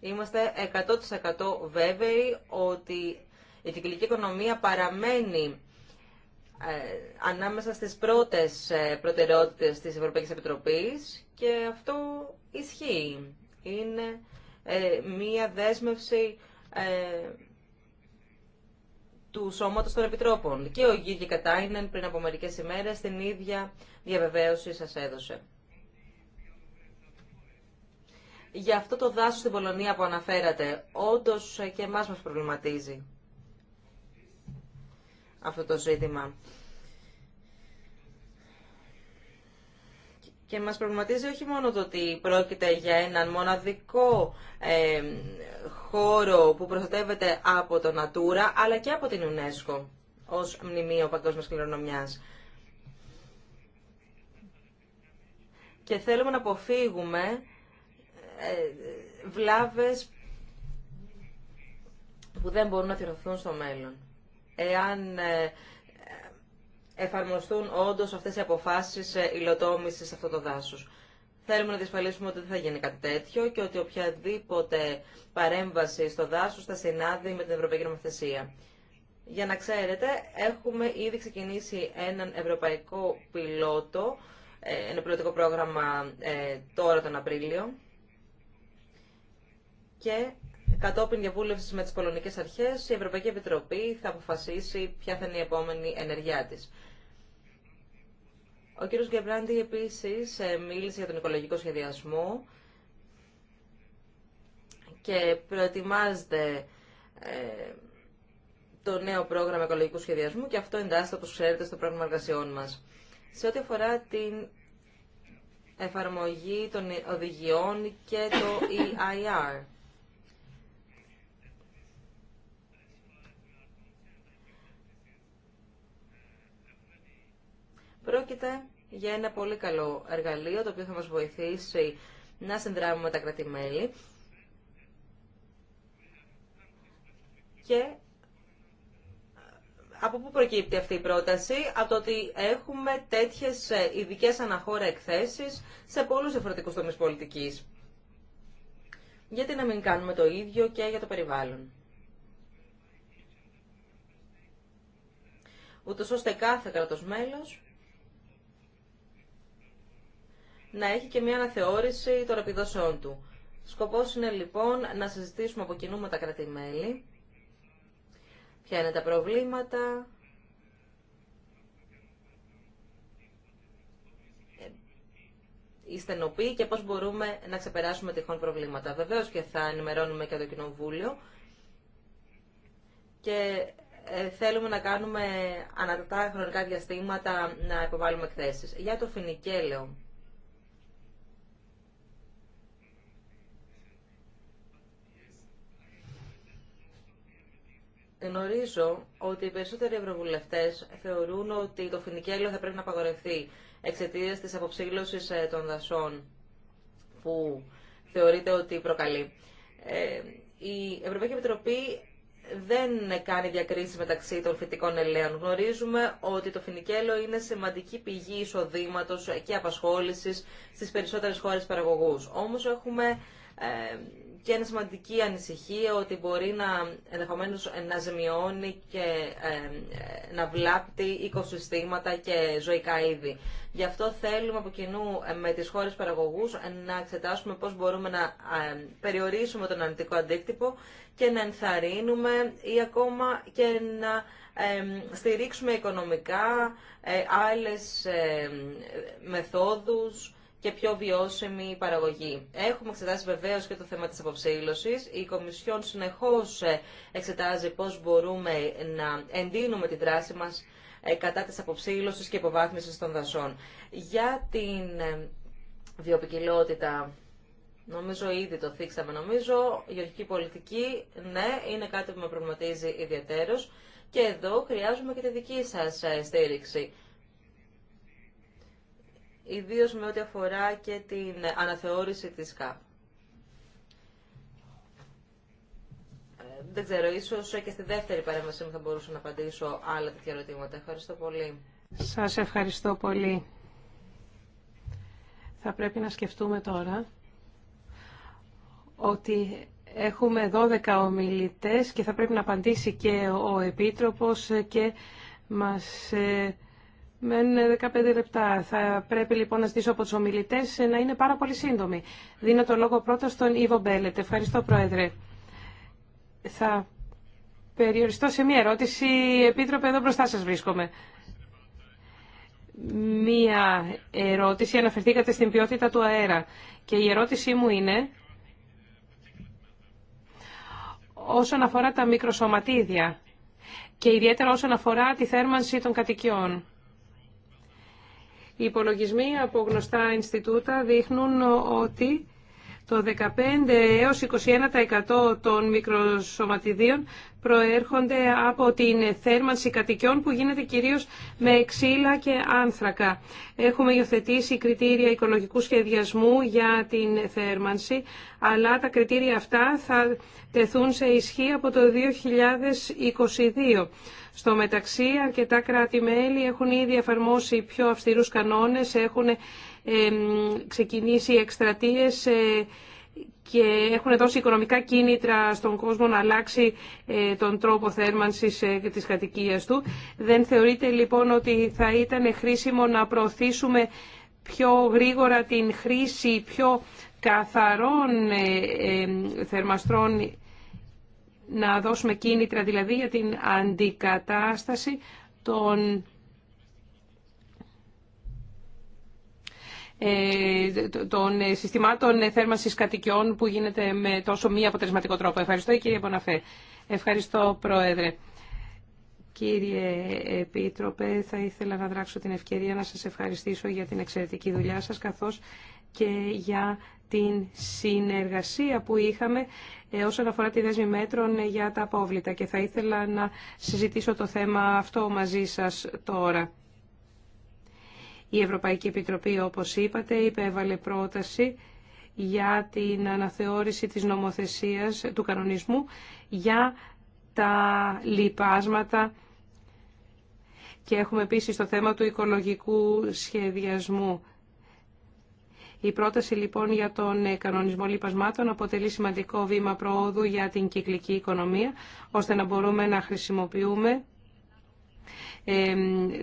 A: είμαστε 100% βέβαιοι ότι η κυκλική οικονομία παραμένει ε, ανάμεσα στις πρώτες ε, προτεραιότητες της Ευρωπαϊκής Επιτροπής και αυτό ισχύει. Είναι ε, μία δέσμευση του Σώματος των Επιτρόπων. Και ο Γίγκη Κατάινεν πριν από μερικές ημέρες την ίδια διαβεβαίωση σας έδωσε. Για αυτό το δάσος στην Πολωνία που αναφέρατε, όντως και εμάς μας προβληματίζει αυτό το ζήτημα. Και μας προβληματίζει όχι μόνο το ότι πρόκειται για έναν μοναδικό ε, χώρο που προστατεύεται από το Natura, αλλά και από την UNESCO ως μνημείο παγκόσμιας κληρονομιάς. Και θέλουμε να αποφύγουμε ε, βλάβες που δεν μπορούν να θυρωθούν στο μέλλον εάν ε, εφαρμοστούν όντως αυτές οι αποφάσεις ε, υλοτόμησης σε αυτό το δάσος. Θέλουμε να διασφαλίσουμε ότι δεν θα γίνει κάτι τέτοιο και ότι οποιαδήποτε παρέμβαση στο δάσος θα συνάδει με την Ευρωπαϊκή Νομοθεσία. Για να ξέρετε, έχουμε ήδη ξεκινήσει έναν ευρωπαϊκό πιλότο, ε, ένα πιλωτικό πρόγραμμα τώρα τον Απρίλιο και Κατόπιν διαβούλευση με τι πολωνικέ αρχέ, η Ευρωπαϊκή Επιτροπή θα αποφασίσει ποια θα είναι η επόμενη ενεργειά τη. Ο κύριος Γκεμπράντη επίσης ε, μίλησε για τον οικολογικό σχεδιασμό και προετοιμάζεται ε, το νέο πρόγραμμα οικολογικού σχεδιασμού και αυτό εντάσσεται, όπω ξέρετε, στο πρόγραμμα εργασιών μα. Σε ό,τι αφορά την εφαρμογή των οδηγιών και το EIR. Πρόκειται για ένα πολύ καλό εργαλείο το οποίο θα μας βοηθήσει να συνδράμουμε τα κρατημέλη και από πού προκύπτει αυτή η πρόταση, από το ότι έχουμε τέτοιες ε, ειδικέ αναχώρα εκθέσεις σε πολλούς διαφορετικούς τομείς πολιτικής. Γιατί να μην κάνουμε το ίδιο και για το περιβάλλον. Ούτως ώστε κάθε κράτος μέλος να έχει και μια αναθεώρηση των επιδόσεών του. Σκοπός είναι λοιπόν να συζητήσουμε από κοινού με τα κρατημέλη ποια είναι τα προβλήματα, η ε, στενοπή και πώς μπορούμε να ξεπεράσουμε τυχόν προβλήματα. Βεβαίως και θα ενημερώνουμε και το Κοινοβούλιο και ε, θέλουμε να κάνουμε ανατατά χρονικά διαστήματα να υποβάλουμε εκθέσεις. Για το φινικέλαιο. Γνωρίζω ότι οι περισσότεροι ευρωβουλευτέ θεωρούν ότι το φινικέλιο θα πρέπει να απαγορευτεί εξαιτία τη αποψήλωση ε, των δασών που θεωρείται ότι προκαλεί. Ε, η Ευρωπαϊκή Επιτροπή δεν κάνει διακρίσει μεταξύ των φυτικών ελαίων. Γνωρίζουμε ότι το φινικέλαιο είναι σημαντική πηγή εισοδήματο και απασχόληση στι περισσότερε χώρε παραγωγού. Όμω έχουμε ε, και είναι σημαντική ανησυχία ότι μπορεί να ενδεχομένω να ζημιώνει και ε, να βλάπτει οικοσυστήματα και ζωικά είδη. Γι' αυτό θέλουμε από κοινού ε, με τις χώρες παραγωγούς να εξετάσουμε πώς μπορούμε να ε, περιορίσουμε τον αρνητικό αντίκτυπο και να ενθαρρύνουμε ή ακόμα και να στηρίξουμε οικονομικά άλλες μεθόδους και πιο βιώσιμη παραγωγή. Έχουμε εξετάσει βεβαίω και το θέμα τη αποψήλωση. Η Κομισιόν συνεχώ ε, εξετάζει πώ μπορούμε να εντείνουμε τη δράση μα ε, κατά τη αποψήλωση και υποβάθμιση των δασών. Για την ε, βιοπικιλότητα, νομίζω ήδη το θίξαμε νομίζω, η γεωργική πολιτική, ναι, είναι κάτι που με προβληματίζει ιδιαίτερος και εδώ χρειάζομαι και τη δική σας στήριξη. Ιδίω με ό,τι αφορά και την αναθεώρηση της ΚΑΠ. Ε, δεν ξέρω, ίσω και στη δεύτερη παρέμβασή μου θα μπορούσα να απαντήσω άλλα τέτοια ερωτήματα. Ευχαριστώ πολύ.
B: Σας ευχαριστώ πολύ. Θα πρέπει να σκεφτούμε τώρα ότι έχουμε 12 ομιλητές και θα πρέπει να απαντήσει και ο Επίτροπος και μας ε, Μένουν 15 λεπτά. Θα πρέπει λοιπόν να στήσω από του ομιλητέ να είναι πάρα πολύ σύντομοι. Δίνω το λόγο πρώτα στον Ιβο Μπέλετ. Ευχαριστώ, Πρόεδρε. Θα περιοριστώ σε μία ερώτηση. Επίτροπε, εδώ μπροστά σα βρίσκομαι. Μία ερώτηση. Αναφερθήκατε στην ποιότητα του αέρα. Και η ερώτησή μου είναι όσον αφορά τα μικροσωματίδια και ιδιαίτερα όσον αφορά τη θέρμανση των κατοικιών. Οι υπολογισμοί από γνωστά Ινστιτούτα δείχνουν ότι το 15 έως 21% των μικροσωματιδίων προέρχονται από την θέρμανση κατοικιών που γίνεται κυρίως με ξύλα και άνθρακα. Έχουμε υιοθετήσει κριτήρια οικολογικού σχεδιασμού για την θέρμανση, αλλά τα κριτήρια αυτά θα τεθούν σε ισχύ από το 2022. Στο μεταξύ, αρκετά κράτη-μέλη έχουν ήδη εφαρμόσει πιο αυστηρούς κανόνες, έχουν ξεκινήσει εκστρατείες ε, και έχουν δώσει οικονομικά κίνητρα στον κόσμο να αλλάξει ε, τον τρόπο θέρμανσης ε, της κατοικίας του. Δεν θεωρείτε λοιπόν ότι θα ήταν χρήσιμο να προωθήσουμε πιο γρήγορα την χρήση πιο καθαρών θερμαστρών να δώσουμε κίνητρα δηλαδή για την αντικατάσταση των ε, των συστημάτων θέρμανσης κατοικιών που γίνεται με τόσο μη αποτελεσματικό τρόπο. Ευχαριστώ κύριε Ποναφέ. Ευχαριστώ Πρόεδρε. Κύριε Επίτροπε, θα ήθελα να δράξω την ευκαιρία να σας ευχαριστήσω για την εξαιρετική δουλειά σας, καθώς και για την συνεργασία που είχαμε ε, όσον αφορά τη δέσμη μέτρων για τα απόβλητα και θα ήθελα να συζητήσω το θέμα αυτό μαζί σας τώρα. Η Ευρωπαϊκή Επιτροπή, όπως είπατε, υπέβαλε πρόταση για την αναθεώρηση της νομοθεσίας του κανονισμού για τα λοιπάσματα και έχουμε επίσης το θέμα του οικολογικού σχεδιασμού. Η πρόταση λοιπόν για τον ε, κανονισμό λοιπασμάτων αποτελεί σημαντικό βήμα προόδου για την κυκλική οικονομία, ώστε να μπορούμε να χρησιμοποιούμε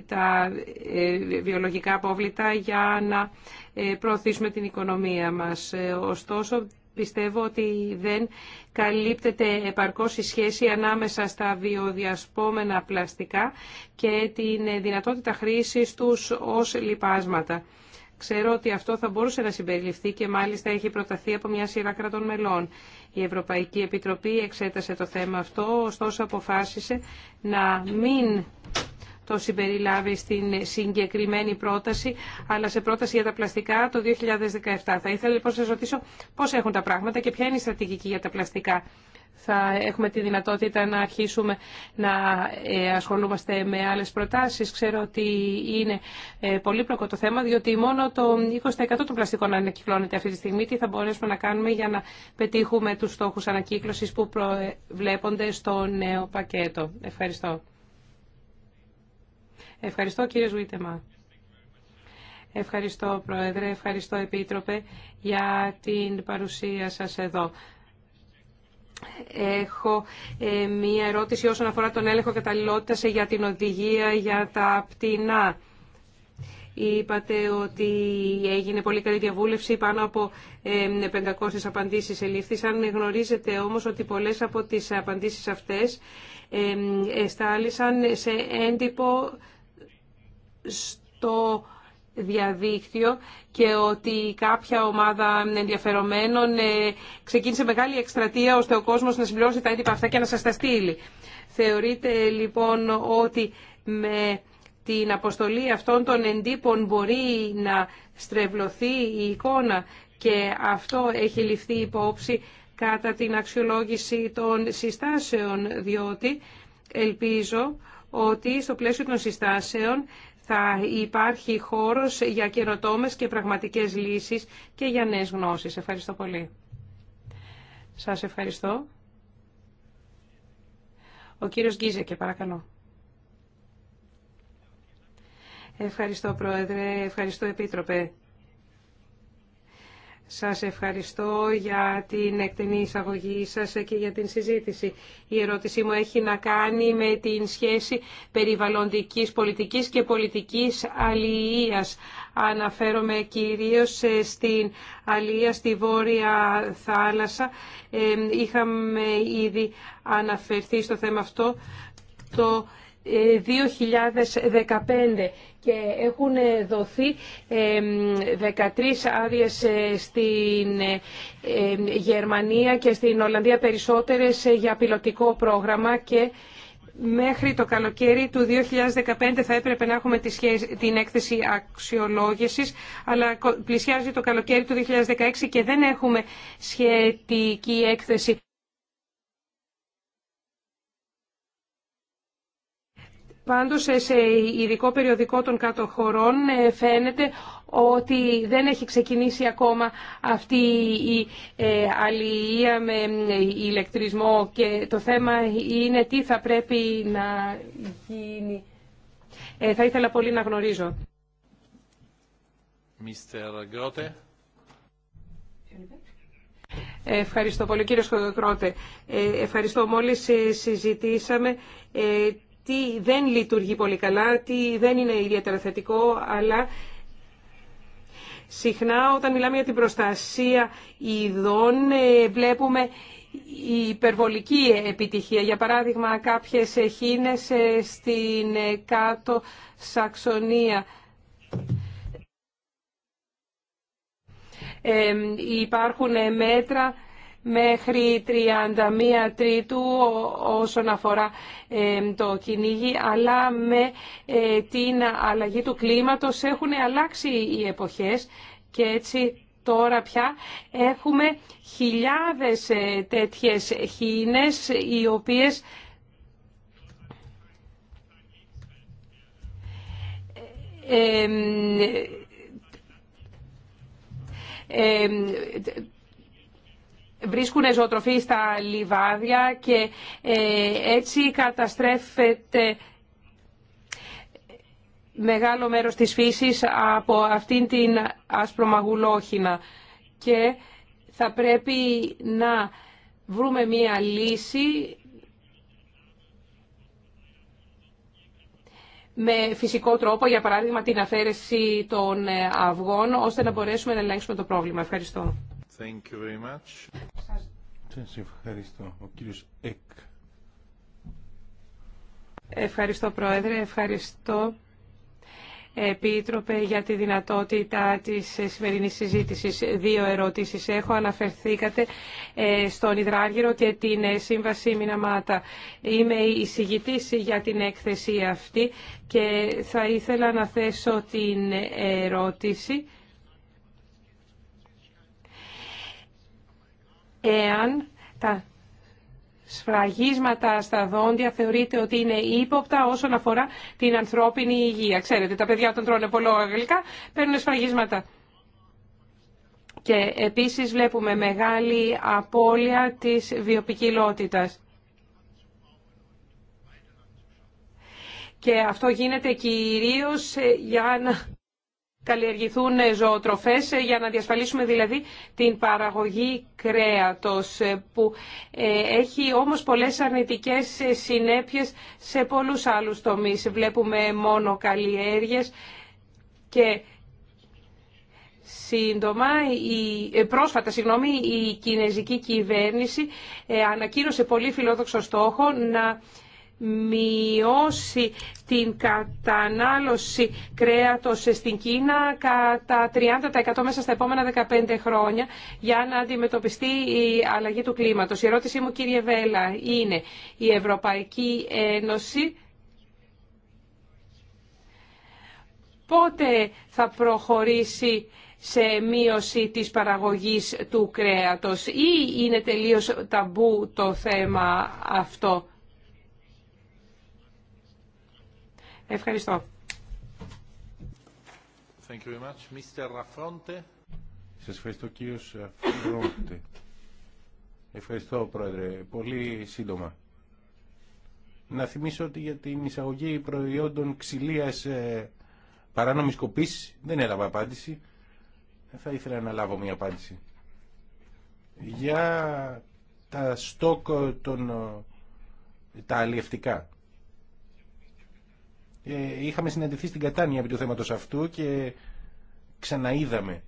B: τα ε, βιολογικά απόβλητα για να ε, προωθήσουμε την οικονομία μας. Ωστόσο, πιστεύω ότι δεν καλύπτεται επαρκώς η σχέση ανάμεσα στα βιοδιασπόμενα πλαστικά και την δυνατότητα χρήσης τους ως λιπάσματα. Ξέρω ότι αυτό θα μπορούσε να συμπεριληφθεί και μάλιστα έχει προταθεί από μια σειρά κρατών μελών. Η Ευρωπαϊκή Επιτροπή εξέτασε το θέμα αυτό, ωστόσο αποφάσισε να μην το συμπεριλάβει στην συγκεκριμένη πρόταση, αλλά σε πρόταση για τα πλαστικά το 2017. Θα ήθελα λοιπόν να σας ρωτήσω πώς έχουν τα πράγματα και ποια είναι η στρατηγική για τα πλαστικά θα έχουμε τη δυνατότητα να αρχίσουμε να ε, ασχολούμαστε με άλλες προτάσεις. Ξέρω ότι είναι ε, πολύπλοκο το θέμα, διότι μόνο το 20% των πλαστικών ανακυκλώνεται αυτή τη στιγμή. Τι θα μπορέσουμε να κάνουμε για να πετύχουμε τους στόχους ανακύκλωσης που προβλέπονται στο νέο πακέτο. Ευχαριστώ. Ευχαριστώ κύριε Ζουίτεμα. Ευχαριστώ Πρόεδρε, ευχαριστώ Επίτροπε για την παρουσία σας εδώ. Έχω ε, μία ερώτηση όσον αφορά τον έλεγχο καταλληλότητας για την οδηγία για τα πτηνά. Είπατε ότι έγινε πολύ καλή διαβούλευση, πάνω από 500 ε, απαντήσεις ελήφθησαν. Γνωρίζετε όμως ότι πολλές από τις απαντήσεις αυτές ε, εστάλησαν σε έντυπο στο διαδίκτυο και ότι κάποια ομάδα ενδιαφερομένων ε, ξεκίνησε μεγάλη εκστρατεία ώστε ο κόσμος να συμπληρώσει τα έντυπα αυτά και να σας τα στείλει. Θεωρείτε λοιπόν ότι με την αποστολή αυτών των εντύπων μπορεί να στρεβλωθεί η εικόνα και αυτό έχει ληφθεί υπόψη κατά την αξιολόγηση των συστάσεων, διότι ελπίζω ότι στο πλαίσιο των συστάσεων θα υπάρχει χώρος για καινοτόμες και πραγματικές λύσεις και για νέες γνώσεις. Ευχαριστώ πολύ. Σας ευχαριστώ. Ο κύριος Γκίζεκε, παρακαλώ. Ευχαριστώ, Πρόεδρε. Ευχαριστώ, Επίτροπε. Σας ευχαριστώ για την εκτενή εισαγωγή σας και για την συζήτηση. Η ερώτησή μου έχει να κάνει με την σχέση περιβαλλοντικής πολιτικής και πολιτικής αλληλείας. Αναφέρομαι κυρίως ε, στην αλληλεία στη Βόρεια Θάλασσα. Ε, είχαμε ήδη αναφερθεί στο θέμα αυτό. Το 2015 και έχουν δοθεί 13 άδειες ε, στην ε, Γερμανία και στην Ολλανδία περισσότερες ε, για πιλωτικό πρόγραμμα και μέχρι το καλοκαίρι του 2015 θα έπρεπε να έχουμε την έκθεση αξιολόγησης, αλλά πλησιάζει το καλοκαίρι του 2016 και δεν έχουμε σχετική έκθεση Πάντως ε, σε ειδικό περιοδικό των κάτω χωρών ε, φαίνεται ότι δεν έχει ξεκινήσει ακόμα αυτή η ε, αλληλεία με ηλεκτρισμό και το θέμα είναι τι θα πρέπει να γίνει. Ε, θα ήθελα πολύ να γνωρίζω.
C: Mr.
B: Ευχαριστώ πολύ κύριε Σκοτοκρότε. ευχαριστώ. Μόλις συζητήσαμε τι δεν λειτουργεί πολύ καλά, τι δεν είναι ιδιαίτερα θετικό, αλλά συχνά όταν μιλάμε για την προστασία ειδών ε, βλέπουμε υπερβολική επιτυχία. Για παράδειγμα κάποιες χήνες ε, στην ε, κάτω Σαξονία. υπάρχουν μέτρα μέχρι 31 Τρίτου όσον αφορά το κυνήγι, αλλά με ε, την αλλαγή του κλίματος έχουν αλλάξει οι εποχές και έτσι τώρα πια έχουμε χιλιάδες ε, τέτοιες χήνες οι οποίες ε, βρίσκουν ζωοτροφή στα λιβάδια και ε, έτσι καταστρέφεται μεγάλο μέρος της φύσης από αυτήν την ασπρομαγουλόχυνα. Και θα πρέπει να βρούμε μία λύση με φυσικό τρόπο, για παράδειγμα την αφαίρεση των αυγών, ώστε να μπορέσουμε να ελέγξουμε το πρόβλημα. Ευχαριστώ
C: ευχαριστώ.
B: Ευχαριστώ Πρόεδρε, ευχαριστώ Επίτροπε για τη δυνατότητα της σημερινής συζήτησης. Δύο ερωτήσεις έχω. Αναφερθήκατε ε, στον Ιδράργυρο και την ε, Σύμβαση Μιναμάτα. Είμαι η συγητής για την έκθεση αυτή και θα ήθελα να θέσω την ε, ερώτηση εάν τα σφραγίσματα στα δόντια θεωρείται ότι είναι ύποπτα όσον αφορά την ανθρώπινη υγεία. Ξέρετε, τα παιδιά όταν τρώνε πολλό γλυκά παίρνουν σφραγίσματα. Και επίσης βλέπουμε μεγάλη απώλεια της βιοπικιλότητας. Και αυτό γίνεται κυρίως για να καλλιεργηθούν ε, ζωοτροφές ε, για να διασφαλίσουμε δηλαδή την παραγωγή κρέατος ε, που έχει όμως πολλές αρνητικές συνέπειες σε πολλούς άλλους τομείς. Βλέπουμε μόνο καλλιέργειες και Σύντομα, πρόσφατα συγγνώμη, η κινέζικη κυβέρνηση ανακοίνωσε πολύ φιλόδοξο στόχο να μειώσει την κατανάλωση κρέατος στην Κίνα κατά 30% μέσα στα επόμενα 15 χρόνια για να αντιμετωπιστεί η αλλαγή του κλίματος. Η ερώτησή μου κύριε Βέλα είναι η Ευρωπαϊκή Ένωση πότε θα προχωρήσει σε μείωση της παραγωγής του κρέατος ή είναι τελείως ταμπού το θέμα αυτό. Ευχαριστώ.
C: Thank you very much. Mr. Σας ευχαριστώ κύριος Φρόντε. Ευχαριστώ πρόεδρε. Πολύ σύντομα. Να θυμίσω ότι για την εισαγωγή προϊόντων ξυλίας ε, παράνομης κοπής δεν έλαβα απάντηση. Θα ήθελα να λάβω μια απάντηση. Για τα στόκ ε, των ε, τα αλλιευτικά. Ε, είχαμε συναντηθεί στην Κατάνια επί του θέματος αυτού και ξαναείδαμε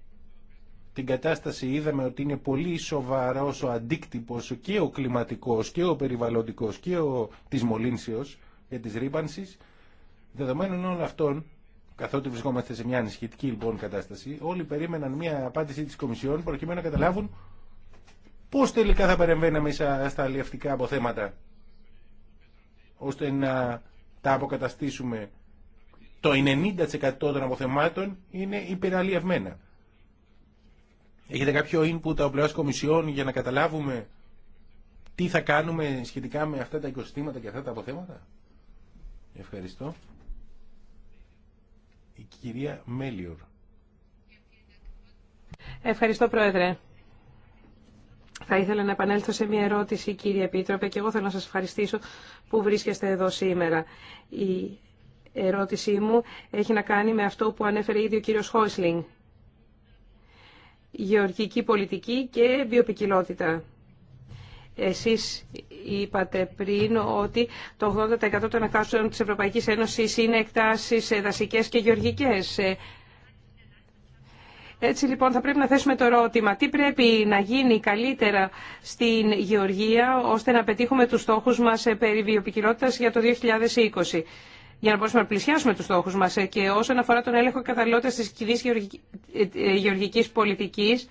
C: την κατάσταση είδαμε ότι είναι πολύ σοβαρός ο αντίκτυπος και ο κλιματικός και ο περιβαλλοντικός και ο της μολύνσεως και της ρήπανσης. Δεδομένων όλων αυτών, καθότι βρισκόμαστε σε μια ανισχυτική λοιπόν κατάσταση, όλοι περίμεναν μια απάντηση της Κομισιόν προκειμένου να καταλάβουν πώς τελικά θα παρεμβαίναμε στα αλληλευτικά αποθέματα ώστε να τα αποκαταστήσουμε το 90% των αποθεμάτων είναι υπεραλλιευμένα. Έχετε κάποιο input από πλευράς κομισιών για να καταλάβουμε τι θα κάνουμε σχετικά με αυτά τα οικοσυστήματα και αυτά τα αποθέματα. Ευχαριστώ. Η κυρία Μέλιορ.
B: Ευχαριστώ, Πρόεδρε. Θα ήθελα να επανέλθω σε μια ερώτηση, κύριε Επίτροπε, και εγώ θέλω να σας ευχαριστήσω που βρίσκεστε εδώ σήμερα. Η ερώτησή μου έχει να κάνει με αυτό που ανέφερε ήδη ο κύριος Χόισλινγκ. Γεωργική πολιτική και βιοπικιλότητα. Εσείς είπατε πριν ότι το 80% των εκτάσεων της Ευρωπαϊκής Ένωσης είναι εκτάσεις δασικές και γεωργικές. Έτσι λοιπόν θα πρέπει να θέσουμε το ερώτημα τι πρέπει να γίνει καλύτερα στην γεωργία ώστε να πετύχουμε τους στόχους μας ε, περί βιοπικιλότητας για το 2020 για να μπορούμε να πλησιάσουμε τους στόχους μας ε, και όσον αφορά τον έλεγχο καταλληλότητας της κοινή ε, γεωργικής πολιτικής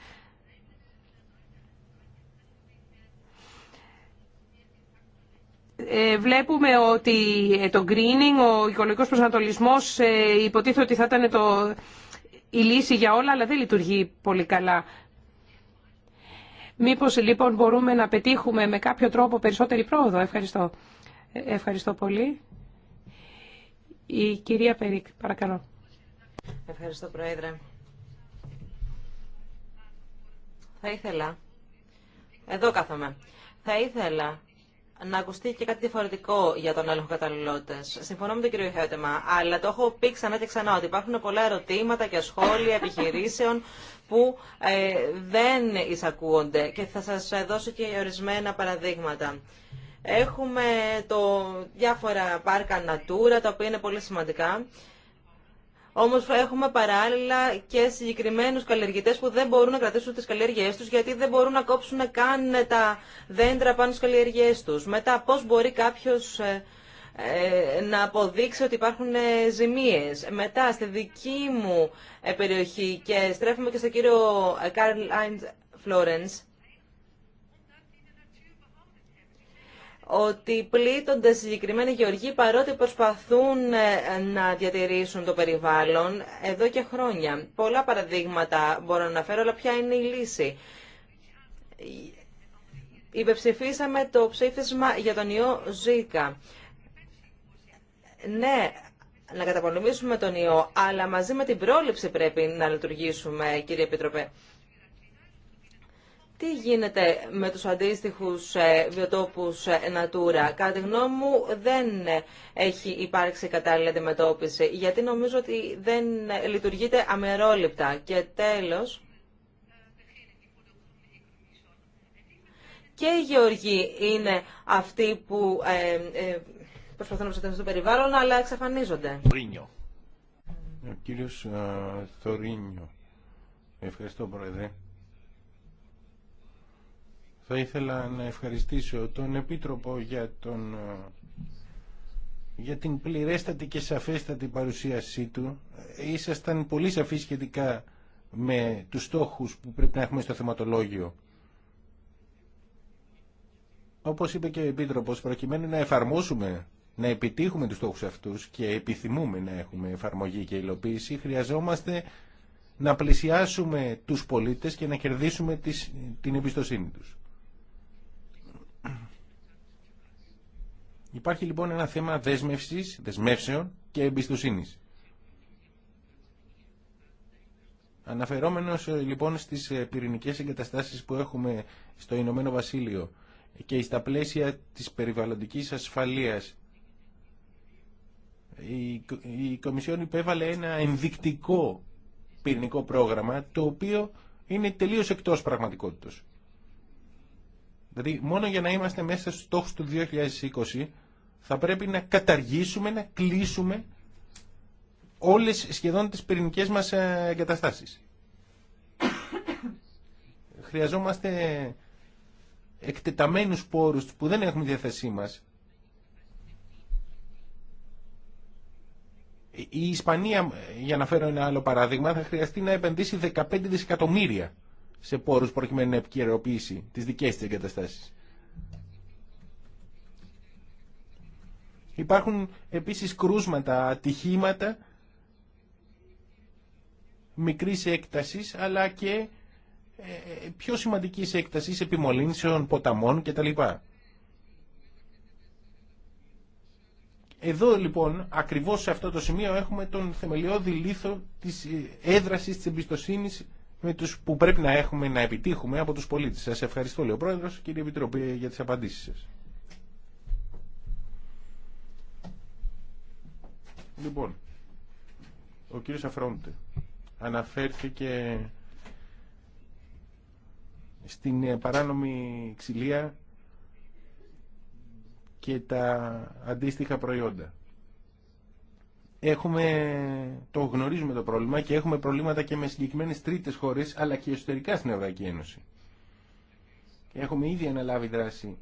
B: βλέπουμε ότι το greening, ο οικολογικός προσανατολισμός υποτίθεται ότι θα ήταν το η λύση για όλα, αλλά δεν λειτουργεί πολύ καλά. Μήπως λοιπόν μπορούμε να πετύχουμε με κάποιο τρόπο περισσότερη πρόοδο. Ευχαριστώ. Ευχαριστώ πολύ. Η κυρία Περίκ, παρακαλώ.
A: Ευχαριστώ, Πρόεδρε. Θα ήθελα... Εδώ κάθομαι. Θα ήθελα να ακουστεί και κάτι διαφορετικό για τον έλεγχο καταλληλότητα. Συμφωνώ με τον κύριο Χέτεμα, αλλά το έχω πει ξανά και ξανά ότι υπάρχουν πολλά ερωτήματα και σχόλια επιχειρήσεων που ε, δεν εισακούονται και θα σας δώσω και ορισμένα παραδείγματα. Έχουμε το διάφορα πάρκα Natura, τα οποία είναι πολύ σημαντικά Όμω έχουμε παράλληλα και συγκεκριμένου καλλιεργητέ που δεν μπορούν να κρατήσουν τις καλλιέργειέ τους γιατί δεν μπορούν να κόψουν καν τα δέντρα πάνω στι καλλιεργίες του. Μετά πώς μπορεί κάποιος ε, ε, να αποδείξει ότι υπάρχουν ε, ζημίες. Μετά στη δική μου περιοχή και στρέφουμε και στον κύριο Καρλ Άιντ Φλόρενς, ότι πλήττονται συγκεκριμένοι γεωργοί παρότι προσπαθούν ε, να διατηρήσουν το περιβάλλον εδώ και χρόνια. Πολλά παραδείγματα μπορώ να φέρω, αλλά ποια είναι η λύση. Υπεψηφίσαμε το ψήφισμα για τον ιό Ζήκα. Ναι, να καταπολεμήσουμε τον ιό, αλλά μαζί με την πρόληψη πρέπει να λειτουργήσουμε, κύριε Επιτροπέ. Τι γίνεται με τους αντίστοιχους ε, βιοτόπους ε, Natura. Κατά τη γνώμη δεν έχει υπάρξει κατάλληλη αντιμετώπιση, γιατί νομίζω ότι δεν λειτουργείται αμερόληπτα. Και τέλος, και οι γεωργοί είναι αυτοί που ε, προσπαθούν να προστατεύσουν στο περιβάλλον, αλλά εξαφανίζονται. Ο
C: κύριος Θορίνιο. Ευχαριστώ, Πρόεδρε. Θα ήθελα να ευχαριστήσω τον Επίτροπο για, τον, για την πληρέστατη και σαφέστατη παρουσίασή του. Ήσασταν πολύ σαφή σχετικά με τους στόχους που πρέπει να έχουμε στο θεματολόγιο. Όπως είπε και ο Επίτροπος, προκειμένου να εφαρμόσουμε, να επιτύχουμε τους στόχους αυτούς και επιθυμούμε να έχουμε εφαρμογή και υλοποίηση, χρειαζόμαστε να πλησιάσουμε τους πολίτες και να κερδίσουμε την εμπιστοσύνη τους. Υπάρχει λοιπόν ένα θέμα δέσμευσης, δεσμεύσεων και εμπιστοσύνης. Αναφερόμενος ε, λοιπόν στις ε, πυρηνικές εγκαταστάσεις που έχουμε στο Ηνωμένο Βασίλειο και στα πλαίσια της περιβαλλοντικής ασφαλείας η Κομισιόν υπέβαλε ένα ενδεικτικό πυρηνικό πρόγραμμα το οποίο είναι τελείως εκτός πραγματικότητας. Δηλαδή μόνο για να είμαστε μέσα στους στόχους του 2020 θα πρέπει να καταργήσουμε, να κλείσουμε όλες σχεδόν τις πυρηνικές μας ε, εγκαταστάσεις. Χρειαζόμαστε εκτεταμένους πόρους που δεν έχουμε διαθεσή μας. Η Ισπανία, για να φέρω ένα άλλο παράδειγμα, θα χρειαστεί να επενδύσει 15 δισεκατομμύρια σε πόρους προκειμένου να επικαιροποιήσει τις δικέ τη εγκαταστάσει. Υπάρχουν επίσης κρούσματα, ατυχήματα μικρής έκτασης αλλά και ε, ε, πιο σημαντικής έκτασης επιμολύνσεων, ποταμών κτλ. Εδώ λοιπόν, ακριβώς σε αυτό το σημείο έχουμε τον θεμελιώδη λίθο της ε, έδρασης της εμπιστοσύνης με τους που πρέπει να έχουμε να επιτύχουμε από τους πολίτες. Σας ευχαριστώ, λέει ο Πρόεδρος, κύριε Επιτροπή, για τις απαντήσεις σας. Λοιπόν, ο κύριος Αφρόντε αναφέρθηκε στην ε, παράνομη ξυλία και τα αντίστοιχα προϊόντα έχουμε, το γνωρίζουμε το πρόβλημα και έχουμε προβλήματα και με συγκεκριμένε τρίτες χώρε αλλά και εσωτερικά στην Ευρωπαϊκή Ένωση. Έχουμε ήδη αναλάβει δράση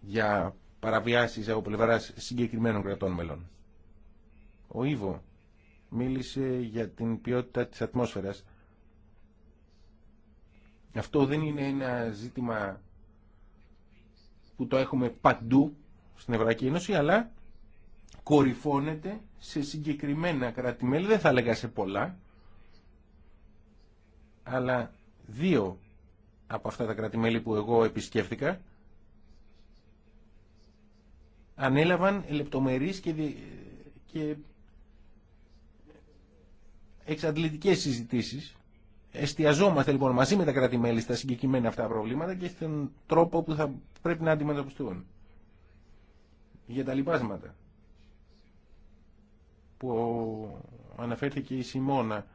C: για παραβιάσεις από πλευρά συγκεκριμένων κρατών μελών. Ο Ήβο μίλησε για την ποιότητα της ατμόσφαιρας. Αυτό δεν είναι ένα ζήτημα που το έχουμε παντού στην Ευρωπαϊκή Ένωση, αλλά κορυφώνεται σε συγκεκριμενα κρατημέλη δεν θα έλεγα σε πολλά, αλλά δύο από αυτά τα κρατημέλη που εγώ επισκέφθηκα ανέλαβαν λεπτομερείς και, και εξαντλητικές συζητήσεις. Εστιαζόμαστε λοιπόν μαζί με τα κρατημέλη στα συγκεκριμένα αυτά προβλήματα και στον τρόπο που θα πρέπει να αντιμετωπιστούν για τα λοιπάσματα που αναφέρθηκε η Σιμώνα,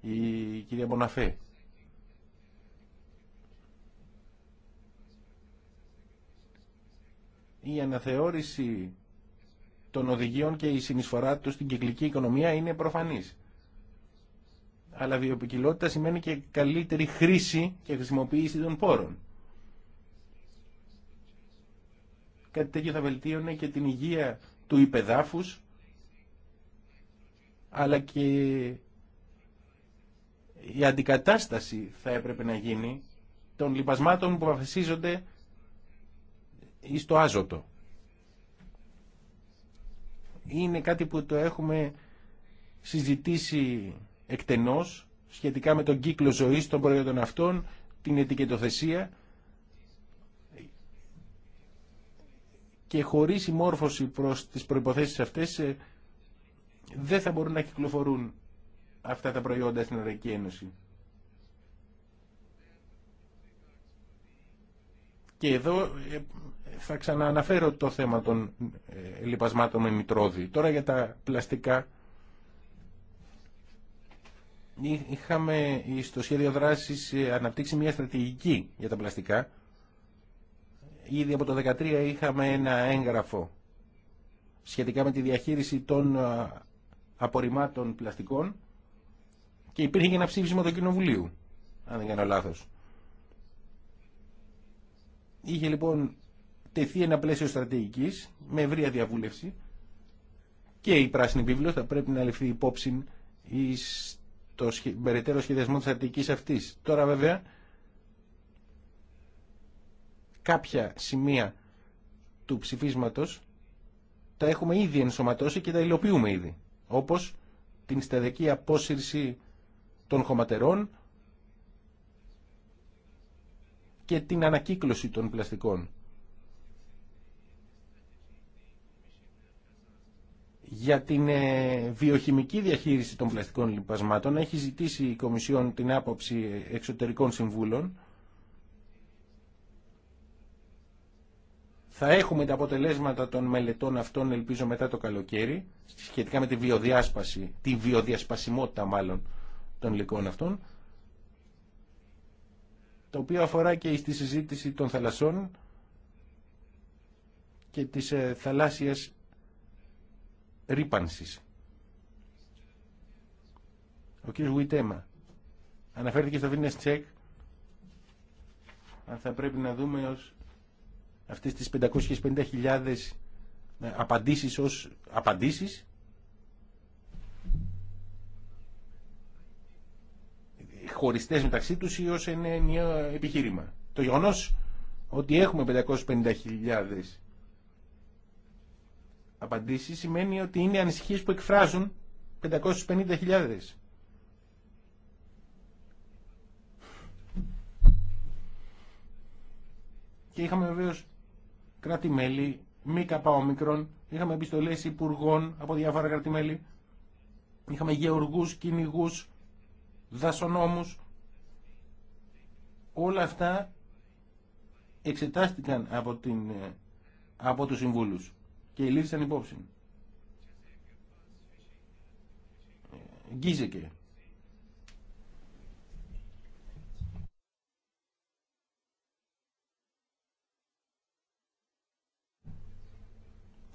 C: η κυρία Μποναφέ. Η αναθεώρηση των οδηγιών και η συνεισφορά του στην κυκλική οικονομία είναι προφανής. Αλλά βιοποικιλότητα σημαίνει και καλύτερη χρήση και χρησιμοποίηση των πόρων. Κάτι τέτοιο θα βελτίωνε και την υγεία του υπεδάφους αλλά και η αντικατάσταση θα έπρεπε να γίνει των λοιπασμάτων που εις στο άζωτο. Είναι κάτι που το έχουμε συζητήσει εκτενώς σχετικά με τον κύκλο ζωής των προϊόντων αυτών, την ετικετοθεσία και χωρίς η μόρφωση προς τις προϋποθέσεις αυτές ε, δεν θα μπορούν να κυκλοφορούν αυτά τα προϊόντα στην Ευρωπαϊκή Ένωση. Και εδώ ε, θα ξανααναφέρω το θέμα των ε, λιπασμάτων με μητρώδη. Τώρα για τα πλαστικά. Είχαμε στο σχέδιο δράσης ε, αναπτύξει μια στρατηγική για τα πλαστικά. Ήδη από το 2013 είχαμε ένα έγγραφο σχετικά με τη διαχείριση των απορριμμάτων πλαστικών και υπήρχε και ένα ψήφισμα του Κοινοβουλίου, αν δεν κάνω λάθος. Είχε λοιπόν τεθεί ένα πλαίσιο στρατηγικής με ευρία διαβούλευση και η πράσινη βίβλο θα πρέπει να ληφθεί υπόψη στο περαιτέρω σχεδιασμό της στρατηγικής αυτής. Τώρα βέβαια κάποια σημεία του ψηφίσματος τα έχουμε ήδη ενσωματώσει και τα υλοποιούμε ήδη όπως την σταδιακή απόσυρση των χωματερών και την ανακύκλωση των πλαστικών. Για την ε, βιοχημική διαχείριση των πλαστικών λιπασμάτων έχει ζητήσει η Κομισιόν την άποψη ε, εξωτερικών συμβούλων Θα έχουμε τα αποτελέσματα των μελετών αυτών, ελπίζω, μετά το καλοκαίρι, σχετικά με τη βιοδιάσπαση, τη βιοδιασπασιμότητα μάλλον των υλικών αυτών, το οποίο αφορά και στη συζήτηση των θαλασσών και της ε, θαλάσσιας ρήπανσης. Ο κ. Γουιτέμα αναφέρθηκε στο Βίνες Τσέκ, αν θα πρέπει να δούμε ως αυτές τις 550.000 ε, απαντήσεις ως απαντήσεις χωριστές μεταξύ τους ή ως ένα ενιαίο επιχείρημα. Το γεγονός ότι έχουμε 550.000 απαντήσεις σημαίνει ότι είναι ανησυχίες που εκφράζουν 550.000. Και είχαμε βεβαίως κράτη-μέλη, μη όμικρον, ειχαμε είχαμε επιστολές υπουργών από διάφορα κράτη-μέλη, είχαμε γεωργούς, κυνηγού, δασονόμους. Όλα αυτά εξετάστηκαν από, την, ε, από τους συμβούλους και λύθησαν υπόψη. Ε, Γκίζεκε.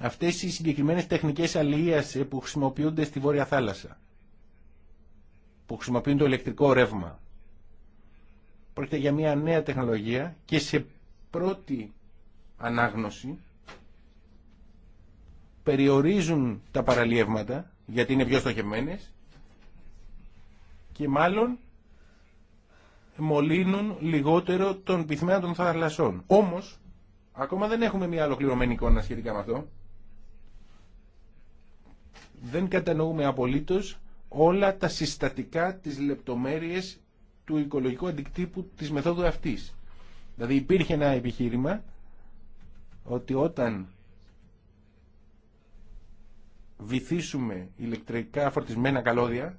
C: αυτές οι συγκεκριμένες τεχνικές αλληλείας ε, που χρησιμοποιούνται στη Βόρεια Θάλασσα, που χρησιμοποιούν το ηλεκτρικό ρεύμα. Πρόκειται για μια νέα τεχνολογία και σε πρώτη ανάγνωση περιορίζουν τα παραλίευματα γιατί είναι πιο στοχευμένες και μάλλον μολύνουν λιγότερο τον πυθμένα των θαλασσών. Όμως, ακόμα δεν έχουμε μια ολοκληρωμένη εικόνα σχετικά με αυτό δεν κατανοούμε απολύτως όλα τα συστατικά, της λεπτομέρειες του οικολογικού αντικτύπου της μεθόδου αυτής. Δηλαδή υπήρχε ένα επιχείρημα ότι όταν βυθίσουμε ηλεκτρικά φορτισμένα καλώδια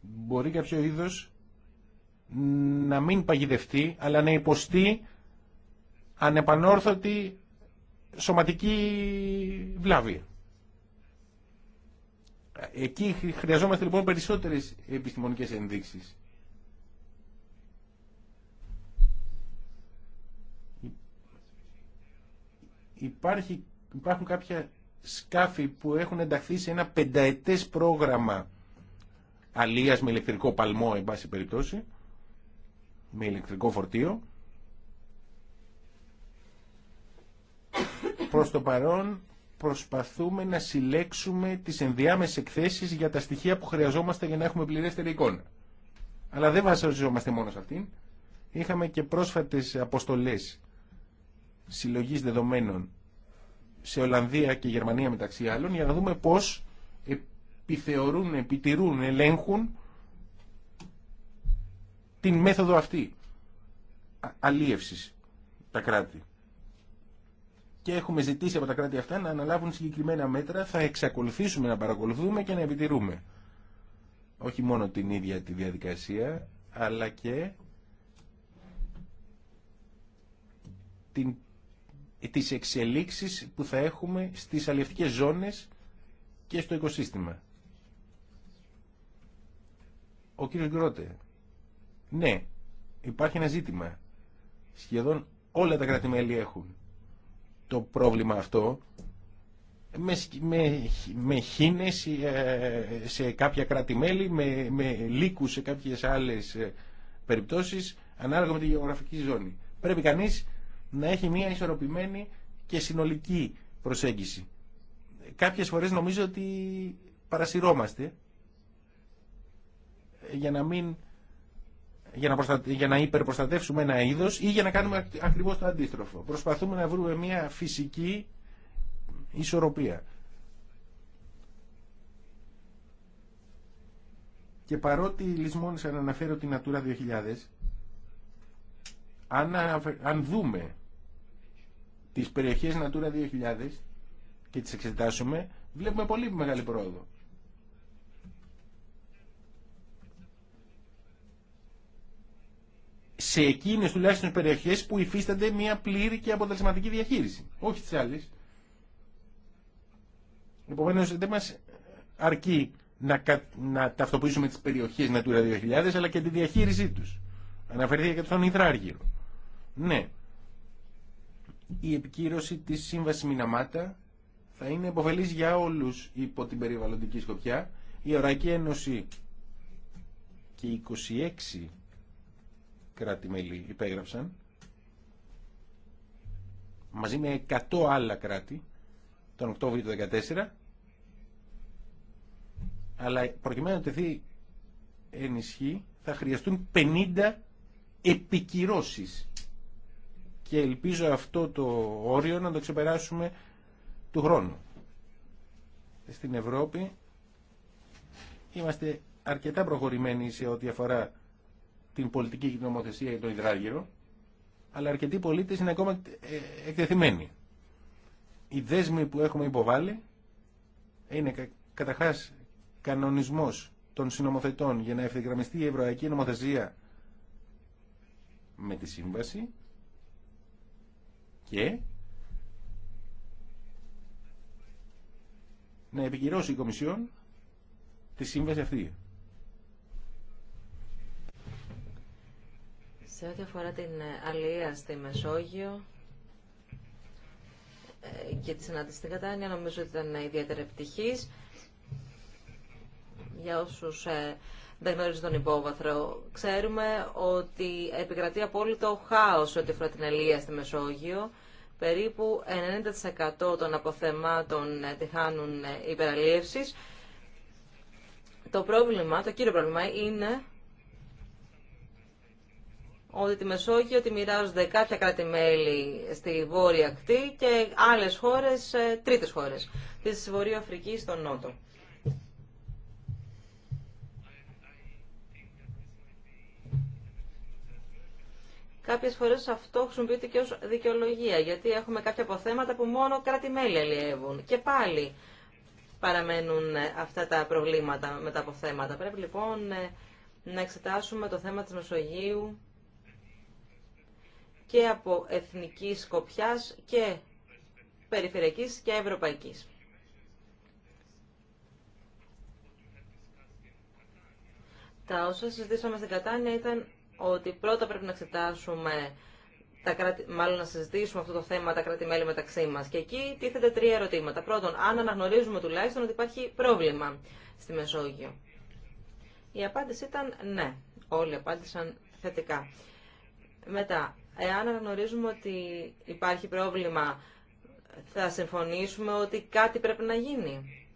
C: μπορεί κάποιο είδος να μην παγιδευτεί αλλά να υποστεί ανεπανόρθωτη σωματική βλάβη. Εκεί χρειαζόμαστε λοιπόν περισσότερες επιστημονικές ενδείξεις. Υπάρχει, υπάρχουν κάποια σκάφη που έχουν ενταχθεί σε ένα πενταετές πρόγραμμα αλίας με ηλεκτρικό παλμό, εν πάση περιπτώσει, με ηλεκτρικό φορτίο, Προς το παρόν προσπαθούμε να συλλέξουμε τις ενδιάμεσες εκθέσεις για τα στοιχεία που χρειαζόμαστε για να έχουμε πληρέστερη εικόνα. Αλλά δεν βασιζόμαστε μόνο σε αυτήν. Είχαμε και πρόσφατες αποστολές συλλογής δεδομένων σε Ολλανδία και Γερμανία μεταξύ άλλων για να δούμε πώς επιθεωρούν, επιτηρούν, ελέγχουν την μέθοδο αυτή αλίευσης τα κράτη και έχουμε ζητήσει από τα κράτη αυτά να αναλάβουν συγκεκριμένα μέτρα, θα εξακολουθήσουμε να παρακολουθούμε και να επιτηρούμε. Όχι μόνο την ίδια τη διαδικασία, αλλά και την, τις εξελίξεις που θα έχουμε στις αλληλευτικές ζώνες και στο οικοσύστημα. Ο κύριος Γκρότε, ναι, υπάρχει ένα ζήτημα. Σχεδόν όλα τα κράτη-μέλη έχουν το πρόβλημα αυτό με, με, με χήνες ε, σε κάποια κράτη-μέλη, με, με λύκους σε κάποιες άλλες ε, περιπτώσεις, ανάλογα με τη γεωγραφική ζώνη. Πρέπει κανείς να έχει μια ισορροπημένη και συνολική προσέγγιση. Κάποιες φορές νομίζω ότι παρασυρώμαστε ε, για να μην για να, προστα... για να υπερπροστατεύσουμε ένα είδος ή για να κάνουμε ακριβώς το αντίστροφο. Προσπαθούμε να βρούμε μια φυσική ισορροπία. Και παρότι λησμόνησα να αναφέρω την Natura 2000, αν, αν δούμε τις περιοχές Natura 2000 και τις εξετάσουμε, βλέπουμε πολύ μεγάλη πρόοδο. σε εκείνε τουλάχιστον περιοχέ που υφίστανται μια πλήρη και αποτελεσματική διαχείριση. Όχι τι άλλε. Επομένω δεν μα αρκεί να, κα... να ταυτοποιήσουμε τι περιοχές Natura 2000 αλλά και τη διαχείρισή του. Αναφερθεί και στον Ιδράργυρο. Ναι. Η επικύρωση τη σύμβαση Μιναμάτα θα είναι υποφελή για όλου υπό την περιβαλλοντική σκοπιά. Η Ευρωπαϊκή Ένωση και 26 κράτη-μέλη υπέγραψαν μαζί με 100 άλλα κράτη τον Οκτώβριο του 2014 αλλά προκειμένου να τεθεί ενισχύ θα χρειαστούν 50 επικυρώσεις και ελπίζω αυτό το όριο να το ξεπεράσουμε του χρόνου. Στην Ευρώπη είμαστε αρκετά προχωρημένοι σε ό,τι αφορά την πολιτική νομοθεσία για τον υδράργυρο, αλλά αρκετοί πολίτες είναι ακόμα ε, εκτεθειμένοι. Οι δέσμοι που έχουμε υποβάλει είναι καταρχάς κανονισμός των συνομοθετών για να ευθυγραμμιστεί η ευρωπαϊκή νομοθεσία με τη σύμβαση και να επικυρώσει η Κομισιόν τη σύμβαση αυτή.
A: Σε ό,τι αφορά την αλληλεία στη Μεσόγειο ε, και τη συνάντηση στην Κατάνια, νομίζω ότι ήταν ιδιαίτερα επιτυχή. Για όσους ε, δεν γνωρίζουν τον υπόβαθρο, ξέρουμε ότι επικρατεί απόλυτο χάος ό,τι αφορά την αλληλεία στη Μεσόγειο. Περίπου 90% των αποθεμάτων ε, τυχάνουν υπεραλίευση. Το πρόβλημα, το κύριο πρόβλημα είναι ότι τη Μεσόγειο τη μοιράζονται κάποια κράτη-μέλη στη Βόρεια Ακτή και άλλες χώρες, ε, τρίτες χώρες, της Βορειοαφρικής στον Νότο. Κάποιε φορέ αυτό χρησιμοποιείται και ω δικαιολογία, γιατί έχουμε κάποια αποθέματα που μόνο κράτη-μέλη αλλιεύουν. Και πάλι παραμένουν ε, αυτά τα προβλήματα με τα αποθέματα. Πρέπει λοιπόν ε, να εξετάσουμε το θέμα της Μεσογείου και από εθνική σκοπιάς και περιφερειακή και ευρωπαϊκής. Τα όσα συζητήσαμε στην Κατάνια ήταν ότι πρώτα πρέπει να εξετάσουμε τα κράτη, μάλλον να συζητήσουμε αυτό το θέμα τα κράτη-μέλη μεταξύ μα. Και εκεί τίθενται τρία ερωτήματα. Πρώτον, αν αναγνωρίζουμε τουλάχιστον ότι υπάρχει πρόβλημα στη Μεσόγειο. Η απάντηση ήταν ναι. Όλοι απάντησαν θετικά. Μετά, Εάν αναγνωρίζουμε ότι υπάρχει πρόβλημα, θα συμφωνήσουμε ότι κάτι πρέπει να γίνει.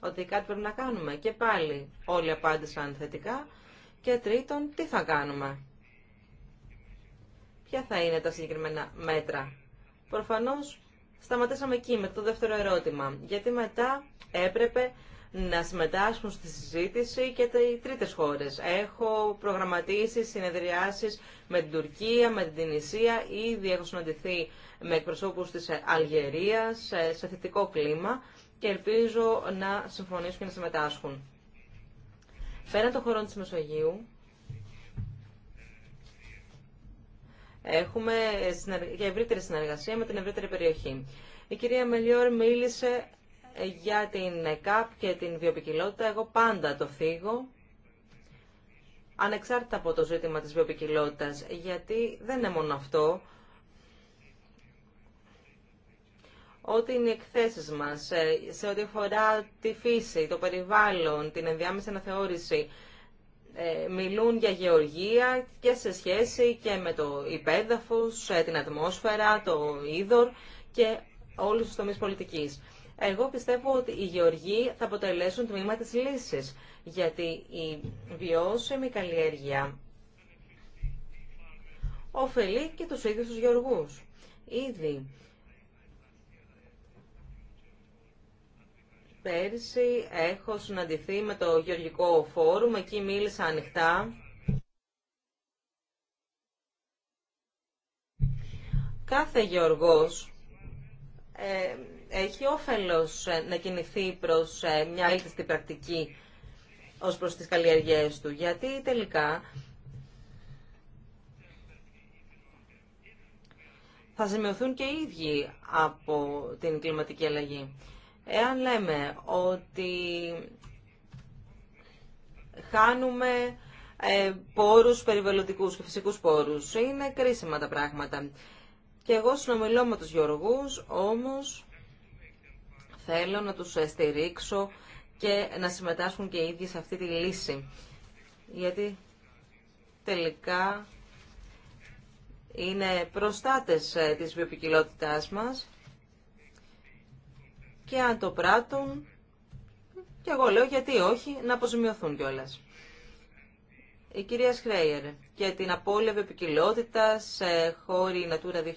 A: Ότι κάτι πρέπει να κάνουμε. Και πάλι όλοι απάντησαν θετικά. Και τρίτον, τι θα κάνουμε. Ποια θα είναι τα συγκεκριμένα μέτρα. Προφανώς σταματήσαμε εκεί με το δεύτερο ερώτημα. Γιατί μετά έπρεπε να συμμετάσχουν στη συζήτηση και οι τρίτες χώρες. Έχω προγραμματίσει συνεδριάσεις με την Τουρκία, με την Τινησία, ήδη έχω συναντηθεί με εκπροσώπους της Αλγερίας σε θετικό κλίμα και ελπίζω να συμφωνήσουν και να συμμετάσχουν. Πέραν των χωρών της Μεσογείου, έχουμε και ευρύτερη συνεργασία με την ευρύτερη περιοχή. Η κυρία Μελιόρ μίλησε για την ΕΚΑΠ και την βιοπικιλότητα, εγώ πάντα το θίγω, ανεξάρτητα από το ζήτημα της βιοπικιλότητας, γιατί δεν είναι μόνο αυτό. Ό,τι είναι οι εκθέσεις μας, ε, σε ό,τι αφορά τη φύση, το περιβάλλον, την ενδιάμεση αναθεώρηση, ε, μιλούν για γεωργία και σε σχέση και με το υπέδαφος, ε, την ατμόσφαιρα, το είδωρ και όλους τους τομείς πολιτικής. Εγώ πιστεύω ότι οι γεωργοί θα αποτελέσουν τμήμα της λύσης, γιατί η βιώσιμη καλλιέργεια ωφελεί και τους ίδιους τους γεωργούς. Ήδη πέρσι έχω συναντηθεί με το Γεωργικό Φόρουμ, εκεί μίλησα ανοιχτά. Κάθε γεωργός ε, έχει όφελος ε, να κινηθεί προς ε, μια αλήθιστη πρακτική ως προς τις καλλιεργίες του. Γιατί τελικά θα σημειωθούν και οι ίδιοι από την κλιματική αλλαγή. Εάν λέμε ότι χάνουμε ε, πόρους περιβαλλοντικούς και φυσικούς πόρους, είναι κρίσιμα τα πράγματα. Και εγώ συνομιλώ με τους γεωργούς, όμως θέλω να τους στηρίξω και να συμμετάσχουν και οι ίδιοι σε αυτή τη λύση. Γιατί τελικά είναι προστάτες ε, της βιοπικιλότητάς μας και αν το πράττουν, και εγώ λέω γιατί όχι, να αποζημιωθούν κιόλα. Η κυρία Σχρέιερ και την απώλεια βιοποικιλότητας σε χώροι Natura 2000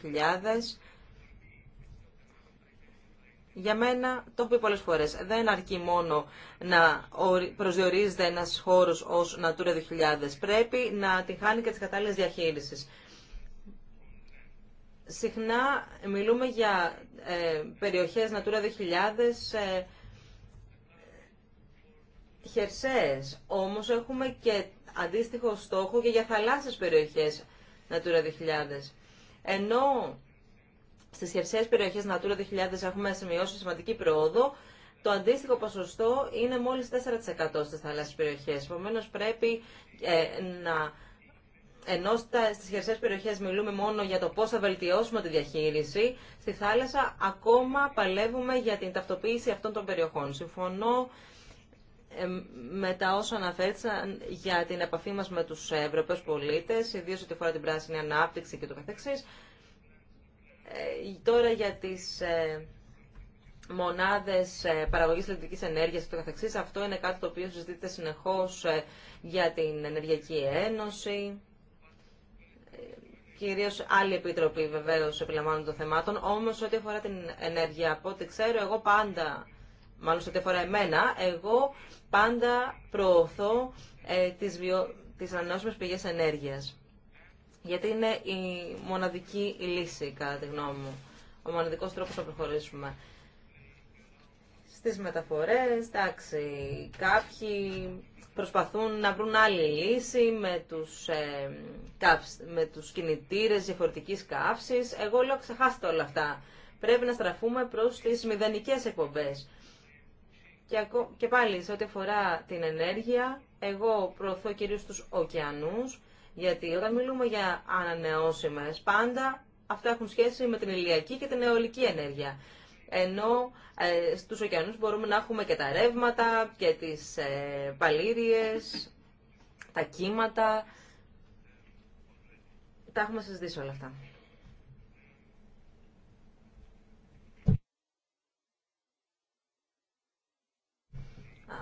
A: για μένα, το έχω πει πολλές φορές, δεν αρκεί μόνο να προσδιορίζεται ένας χώρος ως Natura 2000. Πρέπει να τη χάνει και τις κατάλληλες διαχείρισης. Συχνά μιλούμε για ε, περιοχές Natura 2000 ε, χερσαίες. Όμως έχουμε και αντίστοιχο στόχο και για θαλάσσιες περιοχές Natura 2000. Ενώ Στι χερσαίε περιοχέ Natura 2000 έχουμε σημειώσει σημαντική πρόοδο. Το αντίστοιχο ποσοστό είναι μόλι 4% στι θαλάσσιες περιοχέ. Επομένω, πρέπει ε, να... Ενώ στι χερσαίε περιοχέ μιλούμε μόνο για το πώ θα βελτιώσουμε τη διαχείριση, στη θάλασσα ακόμα παλεύουμε για την ταυτοποίηση αυτών των περιοχών. Συμφωνώ ε, με τα όσα αναφέρθησαν για την επαφή μας με τους Ευρωπαίους πολίτες, ιδίως ότι φορά την πράσινη ανάπτυξη και το καθεξής. Ε, τώρα για τις ε, μονάδες ε, παραγωγής ηλεκτρικής ενέργειας και το καθεξής, αυτό είναι κάτι το οποίο συζητείται συνεχώς για την Ενεργειακή Ένωση. Κυρίως άλλοι επίτροποι βεβαίως επιλαμβάνουν των θεμάτων, όμως ό,τι αφορά την ενέργεια, από ό,τι ξέρω εγώ πάντα, μάλλον σε ό,τι αφορά εμένα, εγώ πάντα προωθώ ε, τις, βιο... τις ανανεώσιμες πηγές ενέργειας γιατί είναι η μοναδική λύση, κατά τη γνώμη μου. Ο μοναδικός τρόπος να προχωρήσουμε. Στις μεταφορές, εντάξει, κάποιοι προσπαθούν να βρουν άλλη λύση με τους, ε, με τους κινητήρες διαφορετική καύσης. Εγώ λέω ξεχάστε όλα αυτά. Πρέπει να στραφούμε προς τις μηδενικέ εκπομπέ. Και, και πάλι, σε ό,τι αφορά την ενέργεια, εγώ προωθώ κυρίω του ωκεανού. Γιατί όταν μιλούμε για ανανεώσιμες, πάντα αυτά έχουν σχέση με την ηλιακή και την αιωλική ενέργεια. Ενώ ε, στους ωκεανούς μπορούμε να έχουμε και τα ρεύματα και τις ε, τα κύματα. Τα έχουμε συζητήσει όλα αυτά.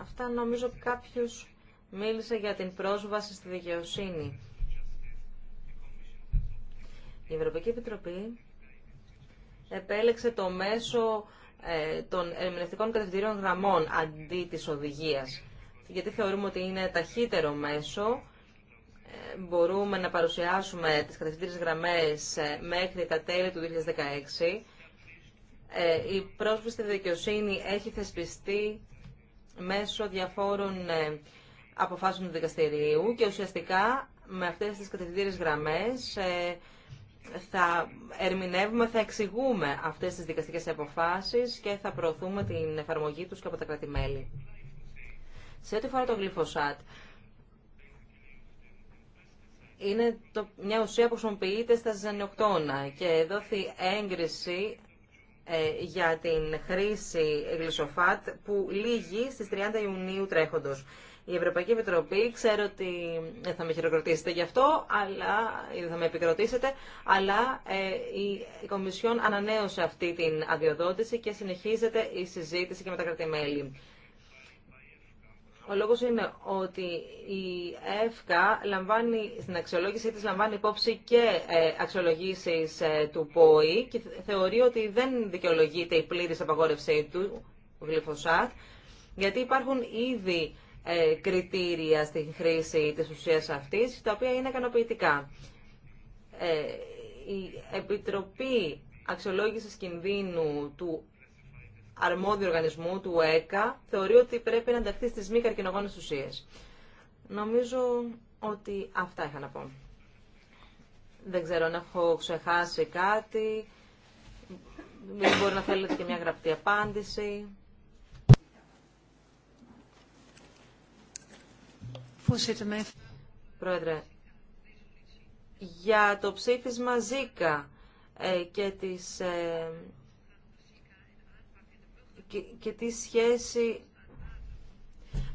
A: Αυτά νομίζω κάποιος μίλησε για την πρόσβαση στη δικαιοσύνη. Η Ευρωπαϊκή Επιτροπή επέλεξε το μέσο ε, των ερμηνευτικών κατευθυντήριων γραμμών αντί της οδηγίας. Γιατί θεωρούμε ότι είναι ταχύτερο μέσο, ε, μπορούμε να παρουσιάσουμε τις κατευθυντήριες γραμμές ε, μέχρι τα τέλη του 2016. Η πρόσβαση στη δικαιοσύνη έχει θεσπιστεί μέσω διαφόρων αποφάσεων του δικαστηρίου και ουσιαστικά με αυτές τις κατευθυντήριες γραμμές θα ερμηνεύουμε, θα εξηγούμε αυτές τις δικαστικές αποφάσεις και θα προωθούμε την εφαρμογή τους και από τα κρατη Σε ό,τι φορά το γλυφοσάτ, είναι το, μια ουσία που χρησιμοποιείται στα ζενιοκτώνα και δόθη έγκριση ε, για την χρήση γλυσοφάτ που λύγει στις 30 Ιουνίου τρέχοντος. Η Ευρωπαϊκή Επιτροπή ξέρω ότι δεν θα με χειροκροτήσετε γι' αυτό, αλλά, ή δεν θα με επικροτήσετε, αλλά ε, η Κομισιόν ανανέωσε αυτή την αδειοδότηση και συνεχίζεται η συζήτηση και με τα κρατημέλη. Ο λόγος είναι ότι η ΕΦΚΑ λαμβάνει, στην αξιολόγησή της λαμβάνει υπόψη και ε, αξιολογήσεις ε, του ΠΟΗ και θεωρεί ότι δεν δικαιολογείται η πλήρης απαγόρευσή του γλυφοσάτ, γιατί υπάρχουν ήδη ε, κριτήρια στην χρήση της ουσίας αυτής, τα οποία είναι ικανοποιητικά. Ε, η Επιτροπή Αξιολόγησης Κινδύνου του αρμόδιου οργανισμού, του ΕΚΑ, θεωρεί ότι πρέπει να ενταχθεί στις μη καρκινογόνες ουσίες. Νομίζω ότι αυτά είχα να πω. Δεν ξέρω αν έχω ξεχάσει κάτι. μπορεί να θέλετε και μια γραπτή απάντηση. Πρόεδρε, για το ψήφισμα ΖΙΚΑ ε, και, τις, ε, και, και τη σχέση...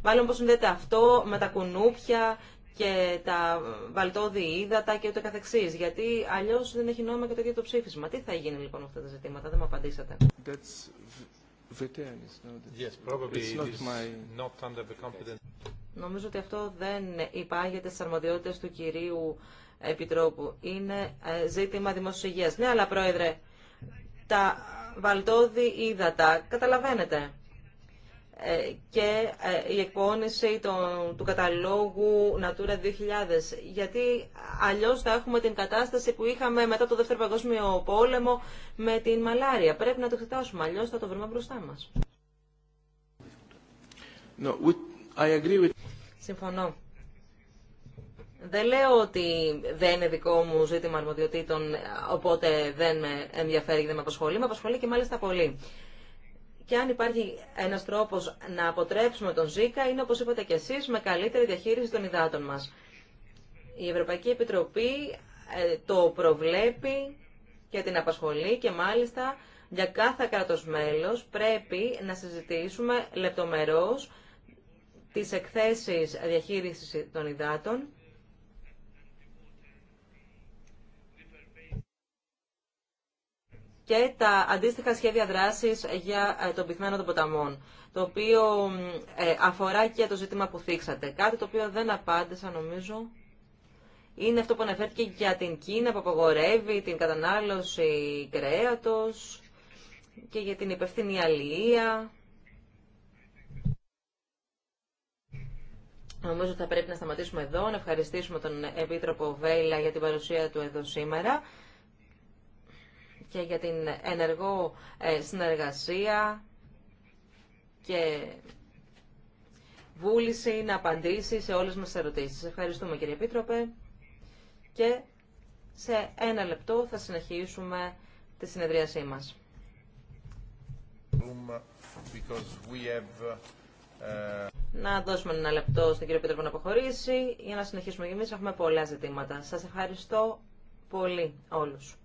A: Μάλλον πώ συνδέεται αυτό με τα κουνούπια και τα βαλτόδη ύδατα και ούτε καθεξής. Γιατί αλλιώς δεν έχει νόημα και το ίδιο το ψήφισμα. Τι θα γίνει λοιπόν με αυτά τα ζητήματα, δεν μου απαντήσατε. That's... Yes, probably
C: it's not, my... not under the
A: Νομίζω ότι αυτό δεν υπάγεται στι αρμοδιότητε του κυρίου Επιτρόπου. Είναι ε, ζήτημα δημόσια υγεία. Ναι, αλλά πρόεδρε, τα βαλτόδη ύδατα, καταλαβαίνετε. Ε, και ε, η εκπόνηση του καταλόγου Natura 2000. Γιατί αλλιώς θα έχουμε την κατάσταση που είχαμε μετά το Δεύτερο Παγκόσμιο Πόλεμο με την μαλάρια. Πρέπει να το εξετάσουμε, αλλιώς θα το βρούμε μπροστά μας. No, I agree with... Συμφωνώ. Δεν λέω ότι δεν είναι δικό μου ζήτημα αρμοδιοτήτων, οπότε δεν με ενδιαφέρει και δεν με απασχολεί. Με απασχολεί και μάλιστα πολύ. Και αν υπάρχει ένα τρόπο να αποτρέψουμε τον ΖΙΚΑ, είναι όπω είπατε κι εσεί, με καλύτερη διαχείριση των υδάτων μα. Η Ευρωπαϊκή Επιτροπή ε, το προβλέπει και την απασχολεί και μάλιστα για κάθε κράτος μέλος πρέπει να συζητήσουμε λεπτομερώς τις εκθέσεις διαχείρισης των υδάτων. και τα αντίστοιχα σχέδια δράσης για ε, τον πυθμένο των ποταμών, το οποίο ε, αφορά και το ζήτημα που θίξατε. Κάτι το οποίο δεν απάντησα, νομίζω, είναι αυτό που αναφέρθηκε για την Κίνα που απογορεύει την κατανάλωση κρέατος και για την υπευθυνή αλληλεία Νομίζω ότι θα πρέπει να σταματήσουμε εδώ, να ευχαριστήσουμε τον Επίτροπο Βέιλα για την παρουσία του εδώ σήμερα και για την ενεργό ε, συνεργασία και βούληση να απαντήσει σε όλες μας τις ερωτήσεις. Ευχαριστούμε κύριε Επίτροπε και σε ένα λεπτό θα συνεχίσουμε τη συνεδρίασή μας. Να δώσουμε ένα λεπτό στον κύριο Πίτροπο να αποχωρήσει για να συνεχίσουμε και εμείς. Έχουμε πολλά ζητήματα. Σας ευχαριστώ πολύ όλους.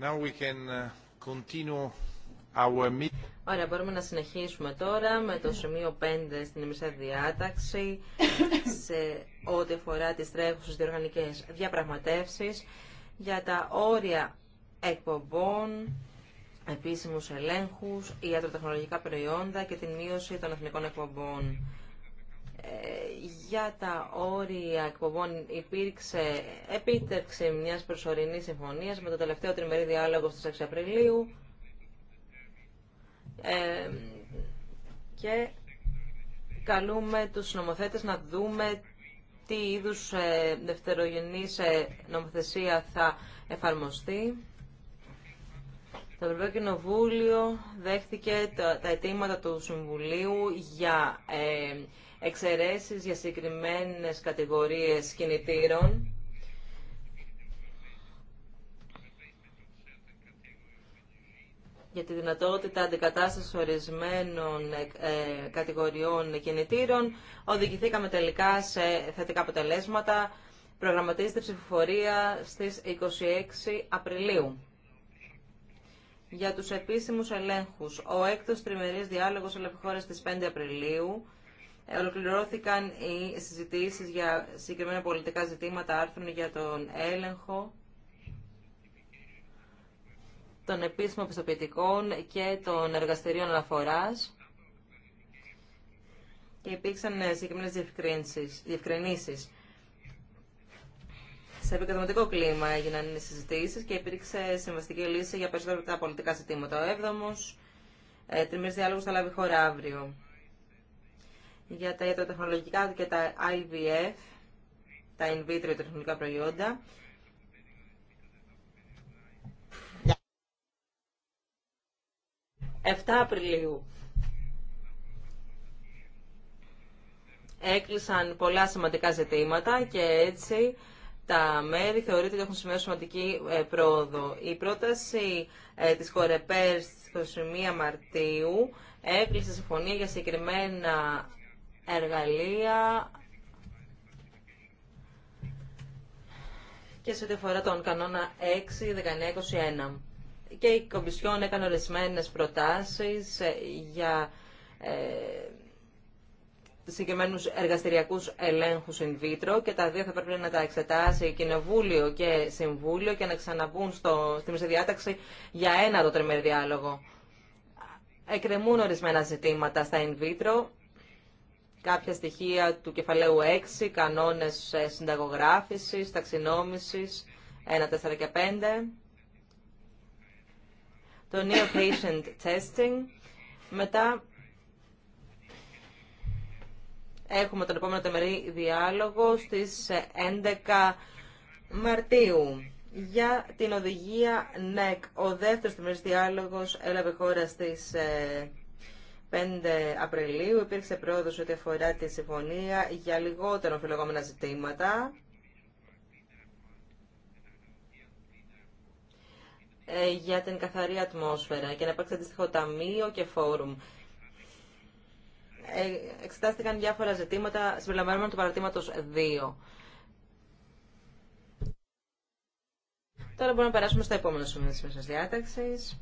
A: Uh, Ωραία, μπορούμε να συνεχίσουμε τώρα με το σημείο 5 στην εμισά διάταξη σε ό,τι αφορά τις τρέχουσες διοργανικές διαπραγματεύσεις για τα όρια εκπομπών, επίσημους ελέγχους, ιατροτεχνολογικά προϊόντα και την μείωση των εθνικών εκπομπών για τα όρια εκπομπών υπήρξε επίτευξη μιας προσωρινής συμφωνίας με το τελευταίο τριμερή διάλογο στις 6 Απριλίου ε, και καλούμε τους νομοθέτες να δούμε τι είδους ε, δευτερογενής ε, νομοθεσία θα εφαρμοστεί. Το Ευρωπαϊκό Κοινοβούλιο δέχτηκε τα αιτήματα του Συμβουλίου για εξαιρέσεις για συγκεκριμένες κατηγορίες κινητήρων για τη δυνατότητα αντικατάστασης ορισμένων ε, ε, κατηγοριών κινητήρων. Οδηγηθήκαμε τελικά σε θετικά αποτελέσματα. Προγραμματίζεται ψηφοφορία στις 26 Απριλίου. Για τους επίσημους ελέγχους, ο έκτος τριμερής διάλογος ελευθερών στις 5 Απριλίου ολοκληρώθηκαν οι συζητήσεις για συγκεκριμένα πολιτικά ζητήματα, άρθρων για τον έλεγχο των επίσημων πιστοποιητικών και των εργαστηρίων αναφοράς και υπήρξαν συγκεκριμένες διευκρινήσεις. Σε επικοδομητικό κλίμα έγιναν οι συζητήσεις και υπήρξε συμβαστική λύση για περισσότερα πολιτικά ζητήματα. Ο 7ος ε, τριμήρης διάλογος θα λάβει χώρα αύριο για τα ιατροτεχνολογικά και τα IVF, τα in vitro τεχνολογικά προϊόντα. 7 Απριλίου έκλεισαν πολλά σημαντικά ζητήματα και έτσι τα μέρη θεωρείται ότι έχουν σημαίνει σημαντική ε, πρόοδο. Η πρόταση ε, της Κορεπέρ στις 21 Μαρτίου έκλεισε συμφωνία για συγκεκριμένα εργαλεία και σε ό,τι αφορά τον κανόνα 6, Και η Κομισιόν έκανε ορισμένε προτάσεις ε, για ε, συγκεκριμένους εργαστηριακούς ελέγχους in vitro και τα δύο θα πρέπει να τα εξετάσει Κοινοβούλιο και Συμβούλιο και να ξαναμπούν στο, στη μεσοδιάταξη για ένα το τριμερή διάλογο. Εκκρεμούν ορισμένα ζητήματα στα in vitro κάποια στοιχεία του κεφαλαίου 6, κανόνες ε, συνταγογράφησης, ταξινόμησης 1, 4 και 5, το new Patient Testing, μετά έχουμε τον επόμενο τεμερή διάλογο στις 11 ε, Μαρτίου. Για την οδηγία ΝΕΚ, e ο δεύτερος τεμερής διάλογος έλαβε χώρα στις ε, 5 Απριλίου υπήρξε πρόοδος ό,τι αφορά τη συμφωνία για λιγότερο φιλογόμενα ζητήματα. Ε, για την καθαρή ατμόσφαιρα και να υπάρξει αντίστοιχο ταμείο και φόρουμ. Ε, εξετάστηκαν διάφορα ζητήματα συμπεριλαμβανομένου του παρατήματος 2. Τώρα μπορούμε να περάσουμε στα επόμενα σημεία της διάταξης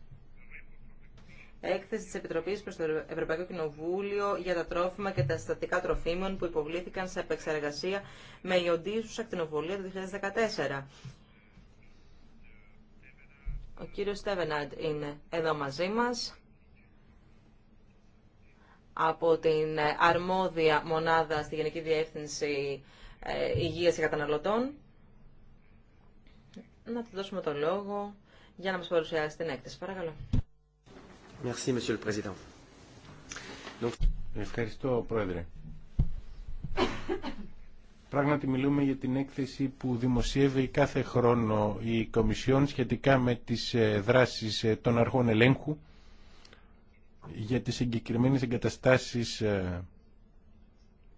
A: έκθεση τη Επιτροπή προ το Ευρωπαϊκό Κοινοβούλιο για τα τρόφιμα και τα συστατικά τροφίμων που υποβλήθηκαν σε επεξεργασία με ιοντίζουσα ακτινοβολία το 2014. Ο κύριος Στέβεναντ είναι εδώ μαζί μας από την αρμόδια μονάδα στη Γενική Διεύθυνση ε, Υγείας και Καταναλωτών. Να του δώσουμε το λόγο για να μας παρουσιάσει την έκθεση. Παρακαλώ.
C: Ευχαριστώ, Πρόεδρε. Πράγματι μιλούμε για την έκθεση που δημοσιεύει κάθε χρόνο η Κομισιόν σχετικά με τις ε, δράσεις ε, των αρχών ελέγχου για τις συγκεκριμένες εγκαταστάσεις ε,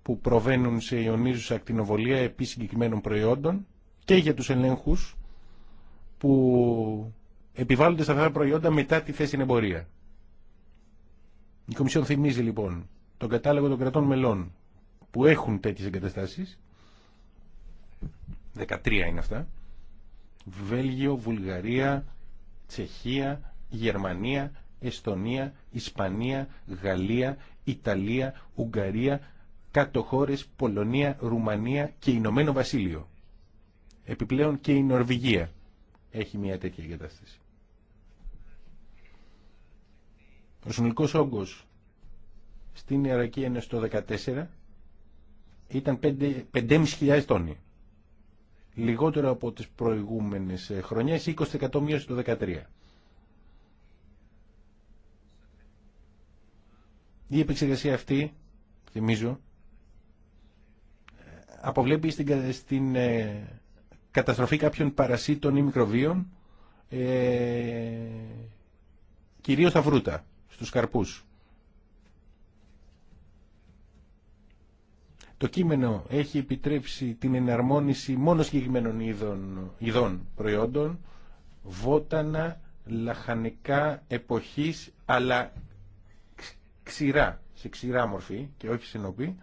C: που προβαίνουν σε ιονίζουσα ακτινοβολία επί συγκεκριμένων προϊόντων και για τους ελέγχους που επιβάλλονται στα αυτά τα προϊόντα μετά τη θέση εμπορία. Η Κομισιόν θυμίζει λοιπόν τον κατάλογο των κρατών μελών που έχουν τέτοιε εγκαταστάσει, 13 είναι αυτά Βέλγιο, Βουλγαρία, Τσεχία, Γερμανία, Εστονία, Ισπανία, Γαλλία, Ιταλία, Ουγγαρία, κάτω Πολωνία, Ρουμανία και Ηνωμένο Βασίλειο. Επιπλέον και η Νορβηγία έχει μια τέτοια εγκατάσταση. Ο συνολικός όγκος στην Ιερακή Ένωση το 2014 ήταν 5.500 τόνοι. Λιγότερο από τις προηγούμενες ε, χρονιές, 20% μείωση το 2013. Η επεξεργασία αυτή, θυμίζω, αποβλέπει στην, ε, καταστροφή κάποιων παρασίτων ή μικροβίων, ε, κυρίως τα στους καρπούς. Το κείμενο έχει επιτρέψει την εναρμόνιση μόνο συγκεκριμένων είδων, προϊόντων, βότανα, λαχανικά, εποχής, αλλά ξηρά, σε ξηρά μορφή και όχι σε νοπή.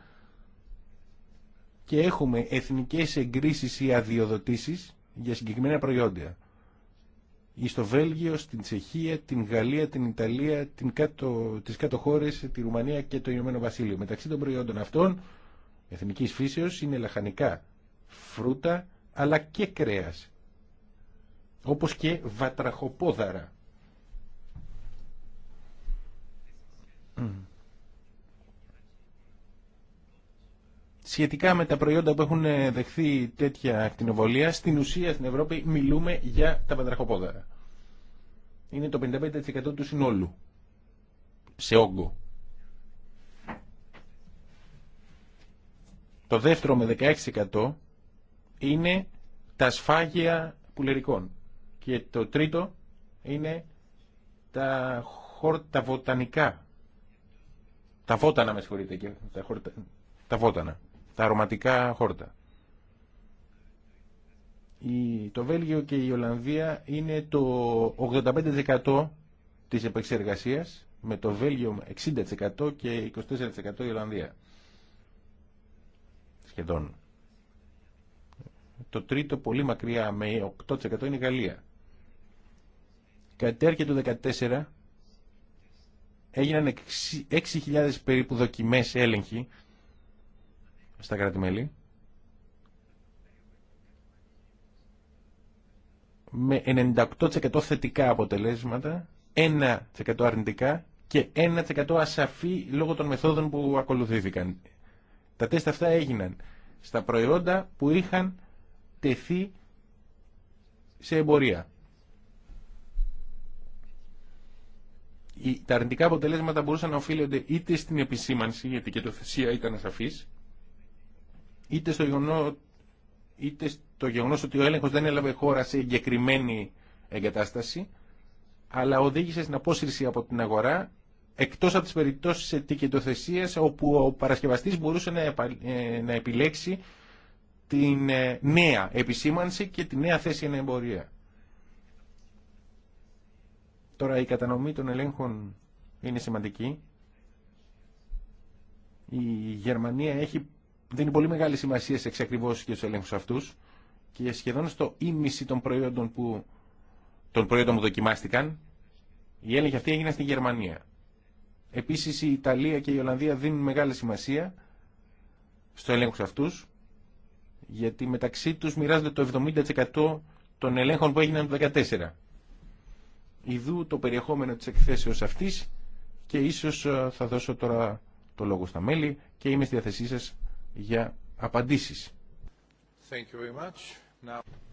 C: Και έχουμε εθνικές εγκρίσεις ή αδειοδοτήσεις για συγκεκριμένα προϊόντα στο Βέλγιο, στην Τσεχία, την Γαλλία, την Ιταλία, την κάτω, τις κάτω χώρες, τη Ρουμανία και το Ηνωμένο Βασίλειο. Μεταξύ των προϊόντων αυτών, εθνικής φύσεως, είναι λαχανικά, φρούτα, αλλά και κρέας. Όπως και βατραχοπόδαρα. σχετικά με τα προϊόντα που έχουν ε, δεχθεί τέτοια ακτινοβολία, στην ουσία στην Ευρώπη μιλούμε για τα παντραχοπόδαρα. Είναι το 55% του συνόλου. Σε όγκο. Το δεύτερο με 16% είναι τα σφάγια πουλερικών. Και το τρίτο είναι τα χόρτα βοτανικά. Τα βότανα, με συγχωρείτε, και τα, χορτα... τα βότανα τα αρωματικά χόρτα. Το Βέλγιο και η Ολλανδία είναι το 85% της επεξεργασίας, με το Βέλγιο 60% και 24% η Ολλανδία. Σχεδόν. Το τρίτο πολύ μακριά με 8% είναι η Γαλλία. Κατά το του 2014 έγιναν 6.000 περίπου δοκιμές έλεγχη στα κράτη-μέλη με 98% θετικά αποτελέσματα, 1% αρνητικά και 1% ασαφή λόγω των μεθόδων που ακολουθήθηκαν. Τα τεστ αυτά έγιναν στα προϊόντα που είχαν τεθεί σε εμπορία. Τα αρνητικά αποτελέσματα μπορούσαν να οφείλονται είτε στην επισήμανση, γιατί και το θεσία ήταν ασαφής, είτε στο γεγονό είτε στο γεγονός ότι ο έλεγχος δεν έλαβε χώρα σε εγκεκριμένη εγκατάσταση, αλλά οδήγησε στην απόσυρση από την αγορά, εκτός από τις περιπτώσεις ετικετοθεσίας όπου ο παρασκευαστής μπορούσε να ε, επιλέξει την ε, νέα επισήμανση και τη νέα θέση εμπορία. Τώρα η κατανομή των ελέγχων είναι σημαντική. Η Γερμανία έχει δίνει πολύ μεγάλη σημασία σε εξακριβώσει και τους ελέγχους αυτούς και σχεδόν στο ίμιση των προϊόντων που, των προϊόντων που δοκιμάστηκαν η έλεγχη αυτή έγινε στην Γερμανία. Επίσης η Ιταλία και η Ολλανδία δίνουν μεγάλη σημασία στο ελέγχους αυτούς γιατί μεταξύ τους μοιράζονται το 70% των ελέγχων που έγιναν το 2014. Ιδού το περιεχόμενο της εκθέσεως αυτής και ίσως ε, θα δώσω τώρα το λόγο στα μέλη και είμαι στη διαθεσή σας για απαντήσεις. Thank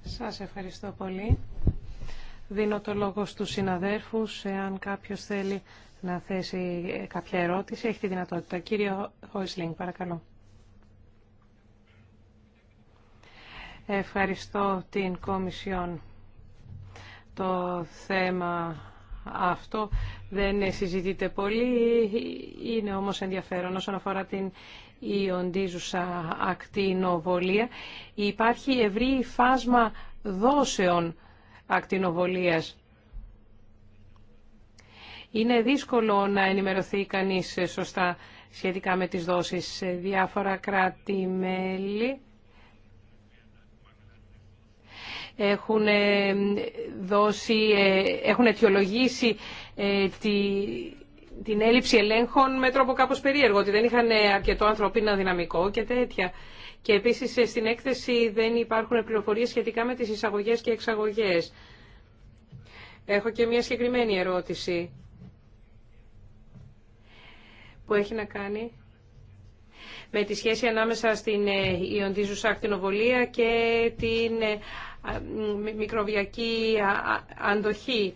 B: Σας ευχαριστώ πολύ. Δίνω το λόγο στους συναδέρφους, εάν κάποιος θέλει να θέσει ε, κάποια ερώτηση, έχει τη δυνατότητα. Κύριο Χόισλινγκ, παρακαλώ. Ευχαριστώ την Κομισιόν. Το θέμα αυτό δεν συζητείται πολύ, είναι όμως ενδιαφέρον όσον αφορά την η οντίζουσα ακτινοβολία. Υπάρχει ευρύ φάσμα δόσεων ακτινοβολίας. Είναι δύσκολο να ενημερωθεί κανείς σωστά σχετικά με τις δόσεις διάφορα κράτη-μέλη. Έχουν, ε, δώσει, ε, έχουν αιτιολογήσει ε, τη, την έλλειψη ελέγχων με τρόπο κάπως περίεργο, ότι δεν είχαν αρκετό ανθρωπίνα δυναμικό και τέτοια. Και επίσης ε, στην έκθεση δεν υπάρχουν πληροφορίες σχετικά με τις εισαγωγές και εξαγωγές. Έχω και μια συγκεκριμένη ερώτηση που έχει να κάνει με τη σχέση ανάμεσα στην ε, ιοντίζουσα ακτινοβολία και την ε, μικροβιακή αντοχή.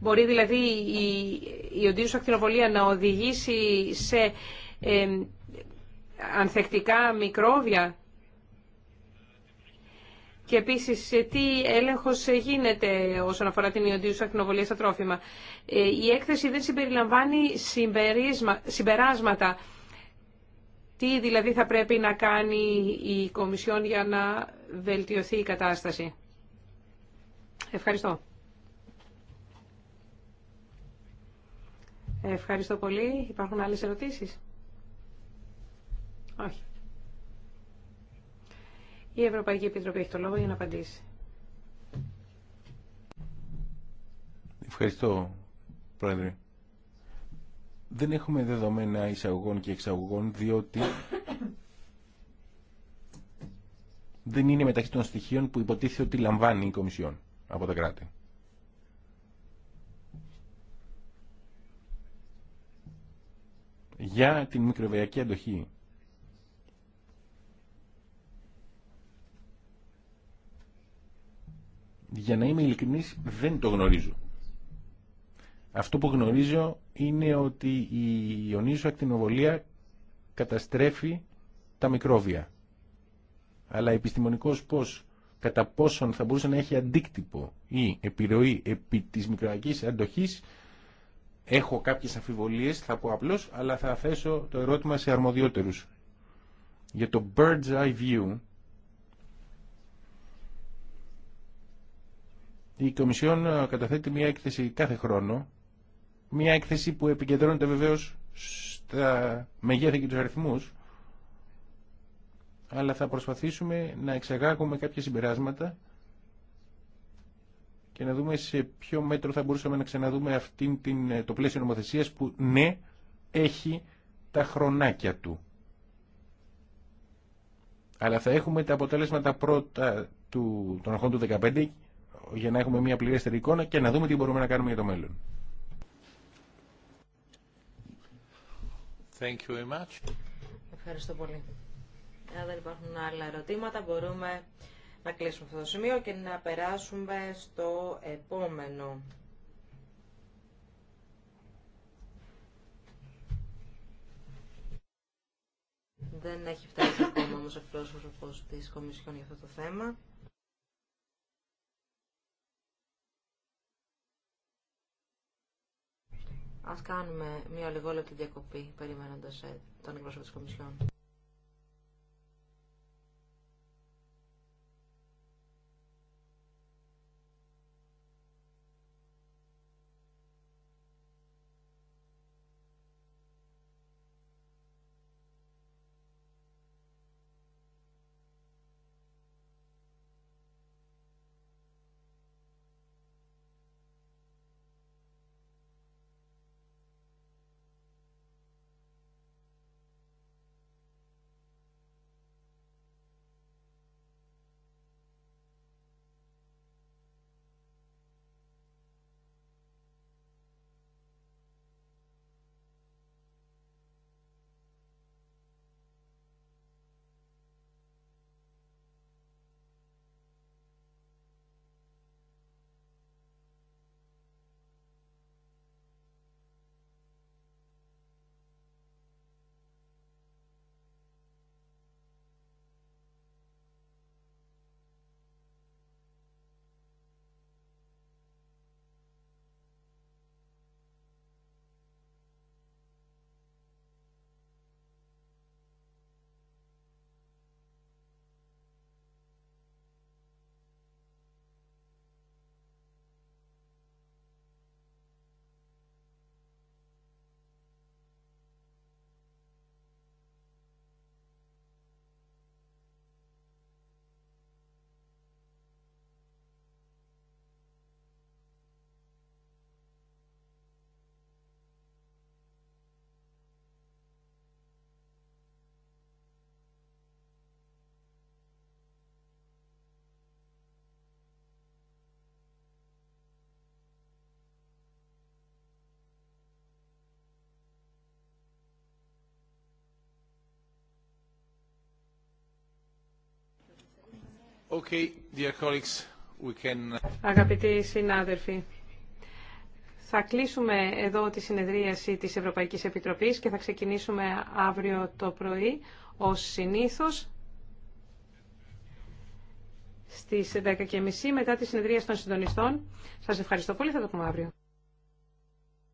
B: Μπορεί δηλαδή η οντίζουσα ακτινοβολία να οδηγήσει σε ανθεκτικά μικρόβια. Και επίσης τι έλεγχος γίνεται όσον αφορά την ιοντίουσα ακτινοβολία στα τρόφιμα. Ε, η έκθεση δεν συμπεριλαμβάνει συμπεράσματα. Τι δηλαδή θα πρέπει να κάνει η Κομισιόν για να βελτιωθεί η κατάσταση. Ευχαριστώ. Ευχαριστώ πολύ. Υπάρχουν άλλες ερωτήσεις? Όχι. Η Ευρωπαϊκή Επιτροπή έχει το λόγο για να απαντήσει.
C: Ευχαριστώ, Πρόεδρε. Δεν έχουμε δεδομένα εισαγωγών και εξαγωγών, διότι δεν είναι μεταξύ των στοιχείων που υποτίθεται ότι λαμβάνει η Κομισιόν από τα κράτη. για την μικροβιακή αντοχή. Για να είμαι ειλικρινής δεν το γνωρίζω. Αυτό που γνωρίζω είναι ότι η την ακτινοβολία καταστρέφει τα μικρόβια. Αλλά επιστημονικός πώς, κατά πόσον θα μπορούσε να έχει αντίκτυπο ή επιρροή επί της μικροβιακής αντοχής έχω κάποιες αμφιβολίες, θα πω απλώς, αλλά θα θέσω το ερώτημα σε αρμοδιότερους. Για το bird's eye view, η Κομισιόν ε, καταθέτει μια έκθεση κάθε χρόνο, μια έκθεση που επικεντρώνεται βεβαίως στα μεγέθη και τους αριθμούς, αλλά θα προσπαθήσουμε να εξεγάγουμε κάποια συμπεράσματα και να δούμε σε ποιο μέτρο θα μπορούσαμε να ξαναδούμε αυτήν την, ε, το πλαίσιο νομοθεσίας που ναι έχει τα χρονάκια του. Αλλά θα έχουμε τα αποτέλεσματα πρώτα του, των αρχών του 2015 για να έχουμε μια πληρέστερη εικόνα και να δούμε τι μπορούμε να κάνουμε για το μέλλον. Thank you very much.
A: Ευχαριστώ πολύ. Αν ε, δεν υπάρχουν άλλα ερωτήματα μπορούμε να κλείσουμε αυτό το σημείο και να περάσουμε στο επόμενο. Δεν έχει φτάσει ακόμα όμως εκπρόσωπος της Κομισιόν για αυτό το θέμα. Ας κάνουμε μια λιγόλεπτη διακοπή περιμένοντας ε, τον εκπρόσωπο της Κομισιόν.
B: Αγαπητοί συνάδελφοι, θα κλείσουμε εδώ τη συνεδρίαση της Ευρωπαϊκής Επιτροπής και θα ξεκινήσουμε αύριο το πρωί, ως συνήθως, στις 10.30 μετά τη συνεδρίαση των συντονιστών. Σας ευχαριστώ πολύ, θα το πούμε αύριο.